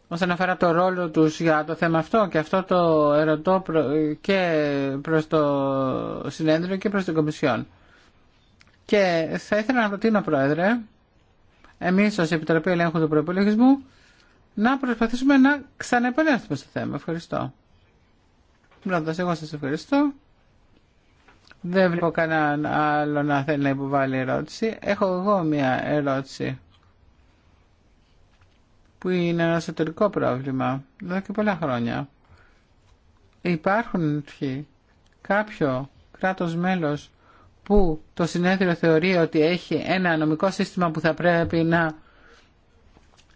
όσον αφορά το ρόλο τους για το θέμα αυτό και αυτό το ερωτώ και προς το συνέδριο και προς την Κομισιόν. Και θα ήθελα να ρωτήσω, Πρόεδρε, εμείς ως Επιτροπή Ελέγχου του Προπολογισμού, να προσπαθήσουμε να ξαναεπανέλθουμε στο θέμα. Ευχαριστώ. Πρώτα, εγώ σας ευχαριστώ. Δεν βλέπω κανέναν άλλο να θέλει να υποβάλει ερώτηση. Έχω εγώ μία ερώτηση που είναι ένα εσωτερικό πρόβλημα εδώ και πολλά χρόνια. Υπάρχουν κάποιο κράτος μέλος που το συνέδριο θεωρεί ότι έχει ένα νομικό σύστημα που θα πρέπει να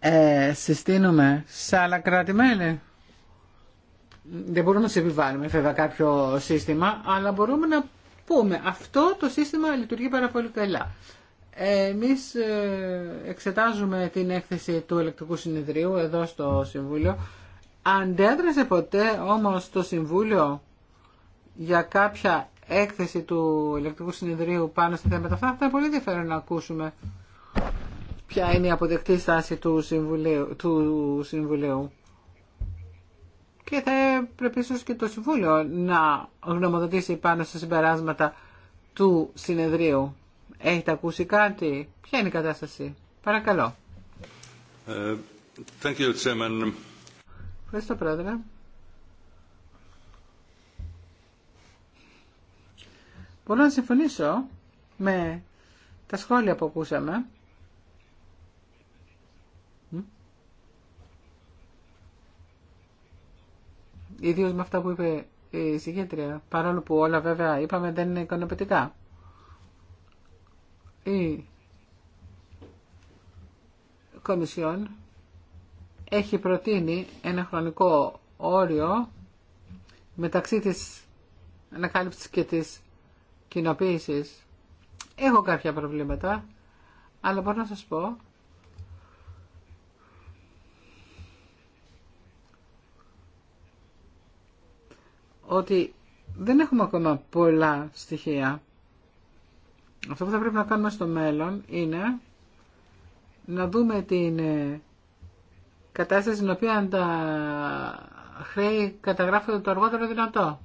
ε, συστήνουμε σε άλλα Δεν μπορούμε να σε επιβάλλουμε βέβαια κάποιο σύστημα, αλλά μπορούμε να πούμε αυτό το σύστημα λειτουργεί πάρα πολύ καλά. Εμείς ε, εξετάζουμε την έκθεση του ηλεκτρικού Συνεδρίου εδώ στο Συμβούλιο. Αντέδρασε ποτέ όμως το Συμβούλιο για κάποια έκθεση του ηλεκτρικού Συνεδρίου πάνω στη θέματα αυτά. Θα ήταν πολύ ενδιαφέρον να ακούσουμε ποια είναι η αποδεκτή στάση του Συμβουλίου. Του Συμβουλίου. Και θα πρέπει ίσως και το Συμβούλιο να γνωμοδοτήσει πάνω στα συμπεράσματα του συνεδρίου. Έχετε ακούσει κάτι. Ποια είναι η κατάσταση. Παρακαλώ.
Ε, thank you, chairman.
Ευχαριστώ, Πρόεδρε. Μπορώ να συμφωνήσω με τα σχόλια που ακούσαμε. Ιδίω με αυτά που είπε η συγκέντρια, παρόλο που όλα βέβαια είπαμε δεν είναι ικανοποιητικά η Κομισιόν έχει προτείνει ένα χρονικό όριο μεταξύ της ανακάλυψης και της κοινοποίησης. Έχω κάποια προβλήματα, αλλά μπορώ να σας πω ότι δεν έχουμε ακόμα πολλά στοιχεία αυτό που θα πρέπει να κάνουμε στο μέλλον είναι να δούμε την ε, κατάσταση στην οποία τα χρέη καταγράφονται το αργότερο δυνατό.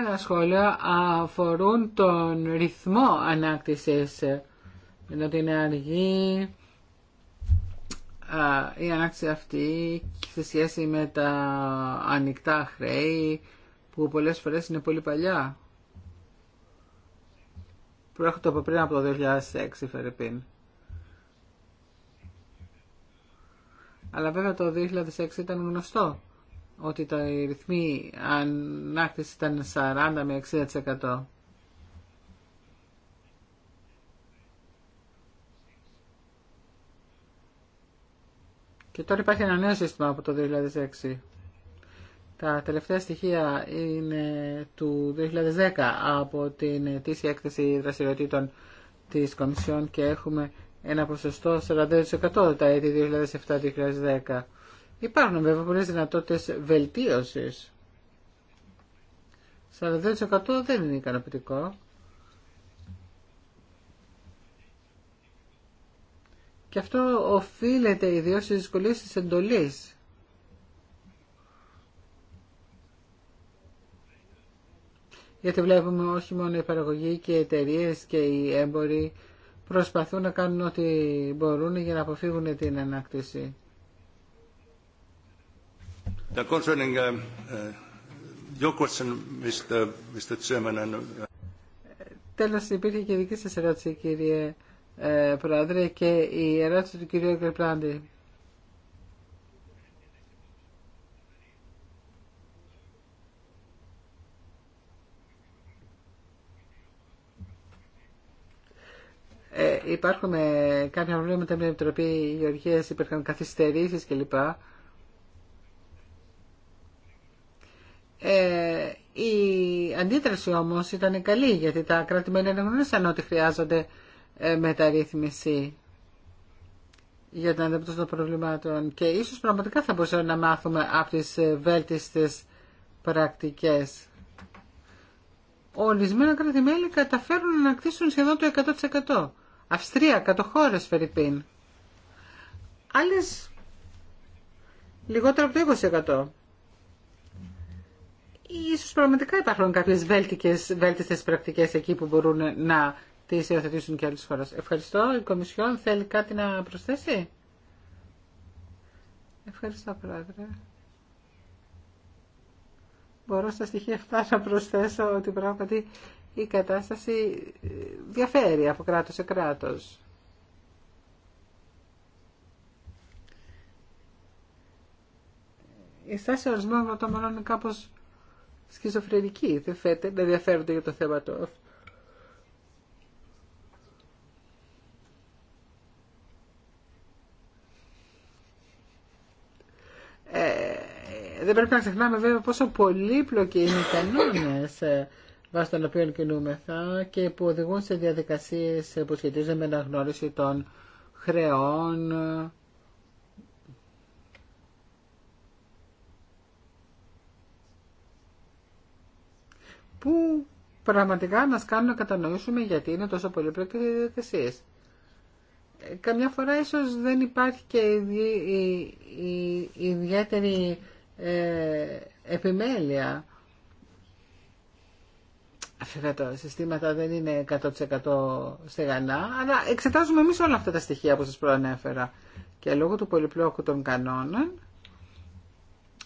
Άλλα σχόλια αφορούν τον ρυθμό ανάκτησης, ε, ενώ την αργή, η ανάκτηση αυτή σε σχέση με τα ανοιχτά χρέη που πολλές φορές είναι πολύ παλιά. Προέρχονται από πριν από το 2006 Φερρυπίν. Αλλά βέβαια το 2006 ήταν γνωστό ότι τα ρυθμοί ανάκτηση ήταν 40 με 60%. Και τώρα υπάρχει ένα νέο σύστημα από το 2006. Τα τελευταία στοιχεία είναι του 2010 από την ετήσια έκθεση δραστηριοτήτων της Κομισιόν και έχουμε ένα ποσοστό 42% τα έτη 2007-2010. Υπάρχουν βέβαια πολλές δυνατότητες βελτίωσης. 42% δεν είναι ικανοποιητικό. Και αυτό οφείλεται ιδίω στι δυσκολίε τη εντολή. Γιατί βλέπουμε όχι μόνο οι παραγωγοί και οι εταιρείε και οι έμποροι προσπαθούν να κάνουν ό,τι μπορούν για να αποφύγουν την ανάκτηση.
Uh, uh,
Τέλος, υπήρχε και δική σας ερώτηση, κύριε ε, Πρόεδρε και η ερώτηση του κυρίου Κρεπλάντη. Ε, υπάρχουν κάποια προβλήματα με την Επιτροπή Γεωργίας, υπήρχαν καθυστερήσεις κλπ. Ε, η αντίδραση όμως ήταν καλή γιατί τα κρατημένα δεν αναγνώρισαν ότι χρειάζονται ε, μεταρρύθμιση για την αντιμετώπιση των προβλημάτων και ίσως πραγματικά θα μπορούσαμε να μάθουμε από τις ε, βέλτιστες πρακτικές. Ορισμένα κράτη-μέλη καταφέρουν να ανακτήσουν σχεδόν το 100%. Αυστρία, κατοχώρες, Φερρυπίν. Άλλες λιγότερο από το 20% ίσως πραγματικά υπάρχουν κάποιες βέλτιστες πρακτικές εκεί που μπορούν να τι υιοθετήσουν και άλλες χώρες. Ευχαριστώ. Η Κομισιόν θέλει κάτι να προσθέσει. Ευχαριστώ, Πρόεδρε. Μπορώ στα στοιχεία αυτά να προσθέσω ότι πράγματι η κατάσταση διαφέρει από κράτος σε κράτος. Η στάση ορισμένων μόνο είναι κάπως σχιζοφρενική. Δεν διαφέρονται για το θέμα το, δεν πρέπει να ξεχνάμε βέβαια πόσο πολύπλοκοι είναι οι κανόνε ε, βάσει των οποίων κινούμεθα και που οδηγούν σε διαδικασίε ε, που σχετίζονται με αναγνώριση των χρεών, που πραγματικά μα κάνουν να κατανοήσουμε γιατί είναι τόσο πολύπλοκοι οι διαδικασίε. Ε, καμιά φορά ίσως δεν υπάρχει και η, η, η ιδιαίτερη ε, επιμέλεια. Βέβαια τα συστήματα δεν είναι 100% στεγανά, αλλά εξετάζουμε εμείς όλα αυτά τα στοιχεία που σας προανέφερα. Και λόγω του πολυπλόκου των κανόνων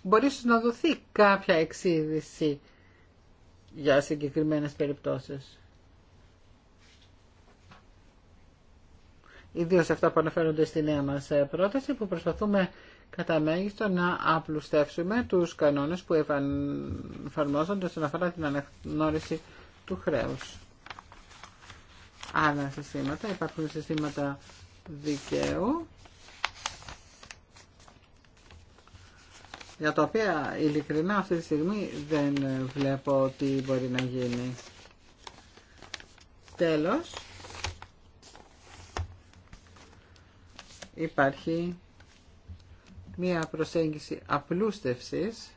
μπορεί να δοθεί κάποια εξείδηση για συγκεκριμένες περιπτώσεις. Ιδίω αυτά που αναφέρονται στη νέα μας πρόταση που προσπαθούμε κατά μέγιστο να απλουστεύσουμε τους κανόνες που εφαρμόζονται όσον αφορά την αναγνώριση του χρέους. Άλλα συστήματα, υπάρχουν συστήματα δικαίου για τα οποία ειλικρινά αυτή τη στιγμή δεν βλέπω τι μπορεί να γίνει. Τέλος, υπάρχει μία προσέγγιση απλούστευσης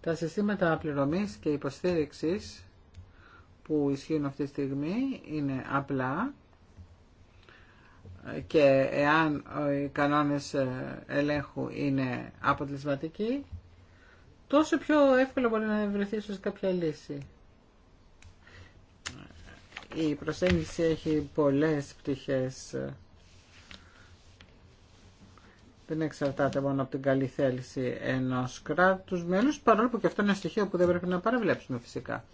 Τα συστήματα πληρωμής και υποστήριξης που ισχύουν αυτή τη στιγμή είναι απλά και εάν οι κανόνες ελέγχου είναι αποτελεσματικοί, τόσο πιο εύκολο μπορεί να βρεθεί σε κάποια λύση η προσέγγιση έχει πολλές πτυχές. Δεν εξαρτάται μόνο από την καλή θέληση ενός κράτους μέλους, παρόλο που και αυτό είναι ένα στοιχείο που δεν πρέπει να παραβλέψουμε φυσικά.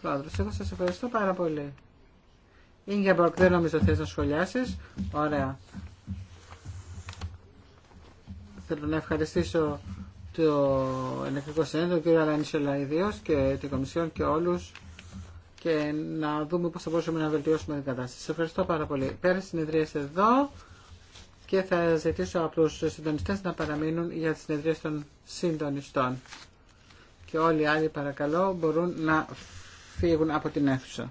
Πρόεδρος, εγώ σας ευχαριστώ πάρα πολύ. Μπορκ, δεν νομίζω θες να σχολιάσεις. Ωραία. Θέλω να ευχαριστήσω το Ενεκτικό Συνέδριο, τον κύριο Αλανίσιο Λαϊδίος και την Κομισιόν και όλους και να δούμε πώς θα μπορούσαμε να βελτιώσουμε την κατάσταση. Σας ευχαριστώ πάρα πολύ. Πέρα συνεδρίες εδώ και θα ζητήσω από τους συντονιστές να παραμείνουν για τις συνεδρίες των συντονιστών. Και όλοι οι άλλοι παρακαλώ μπορούν να φύγουν από την αίθουσα.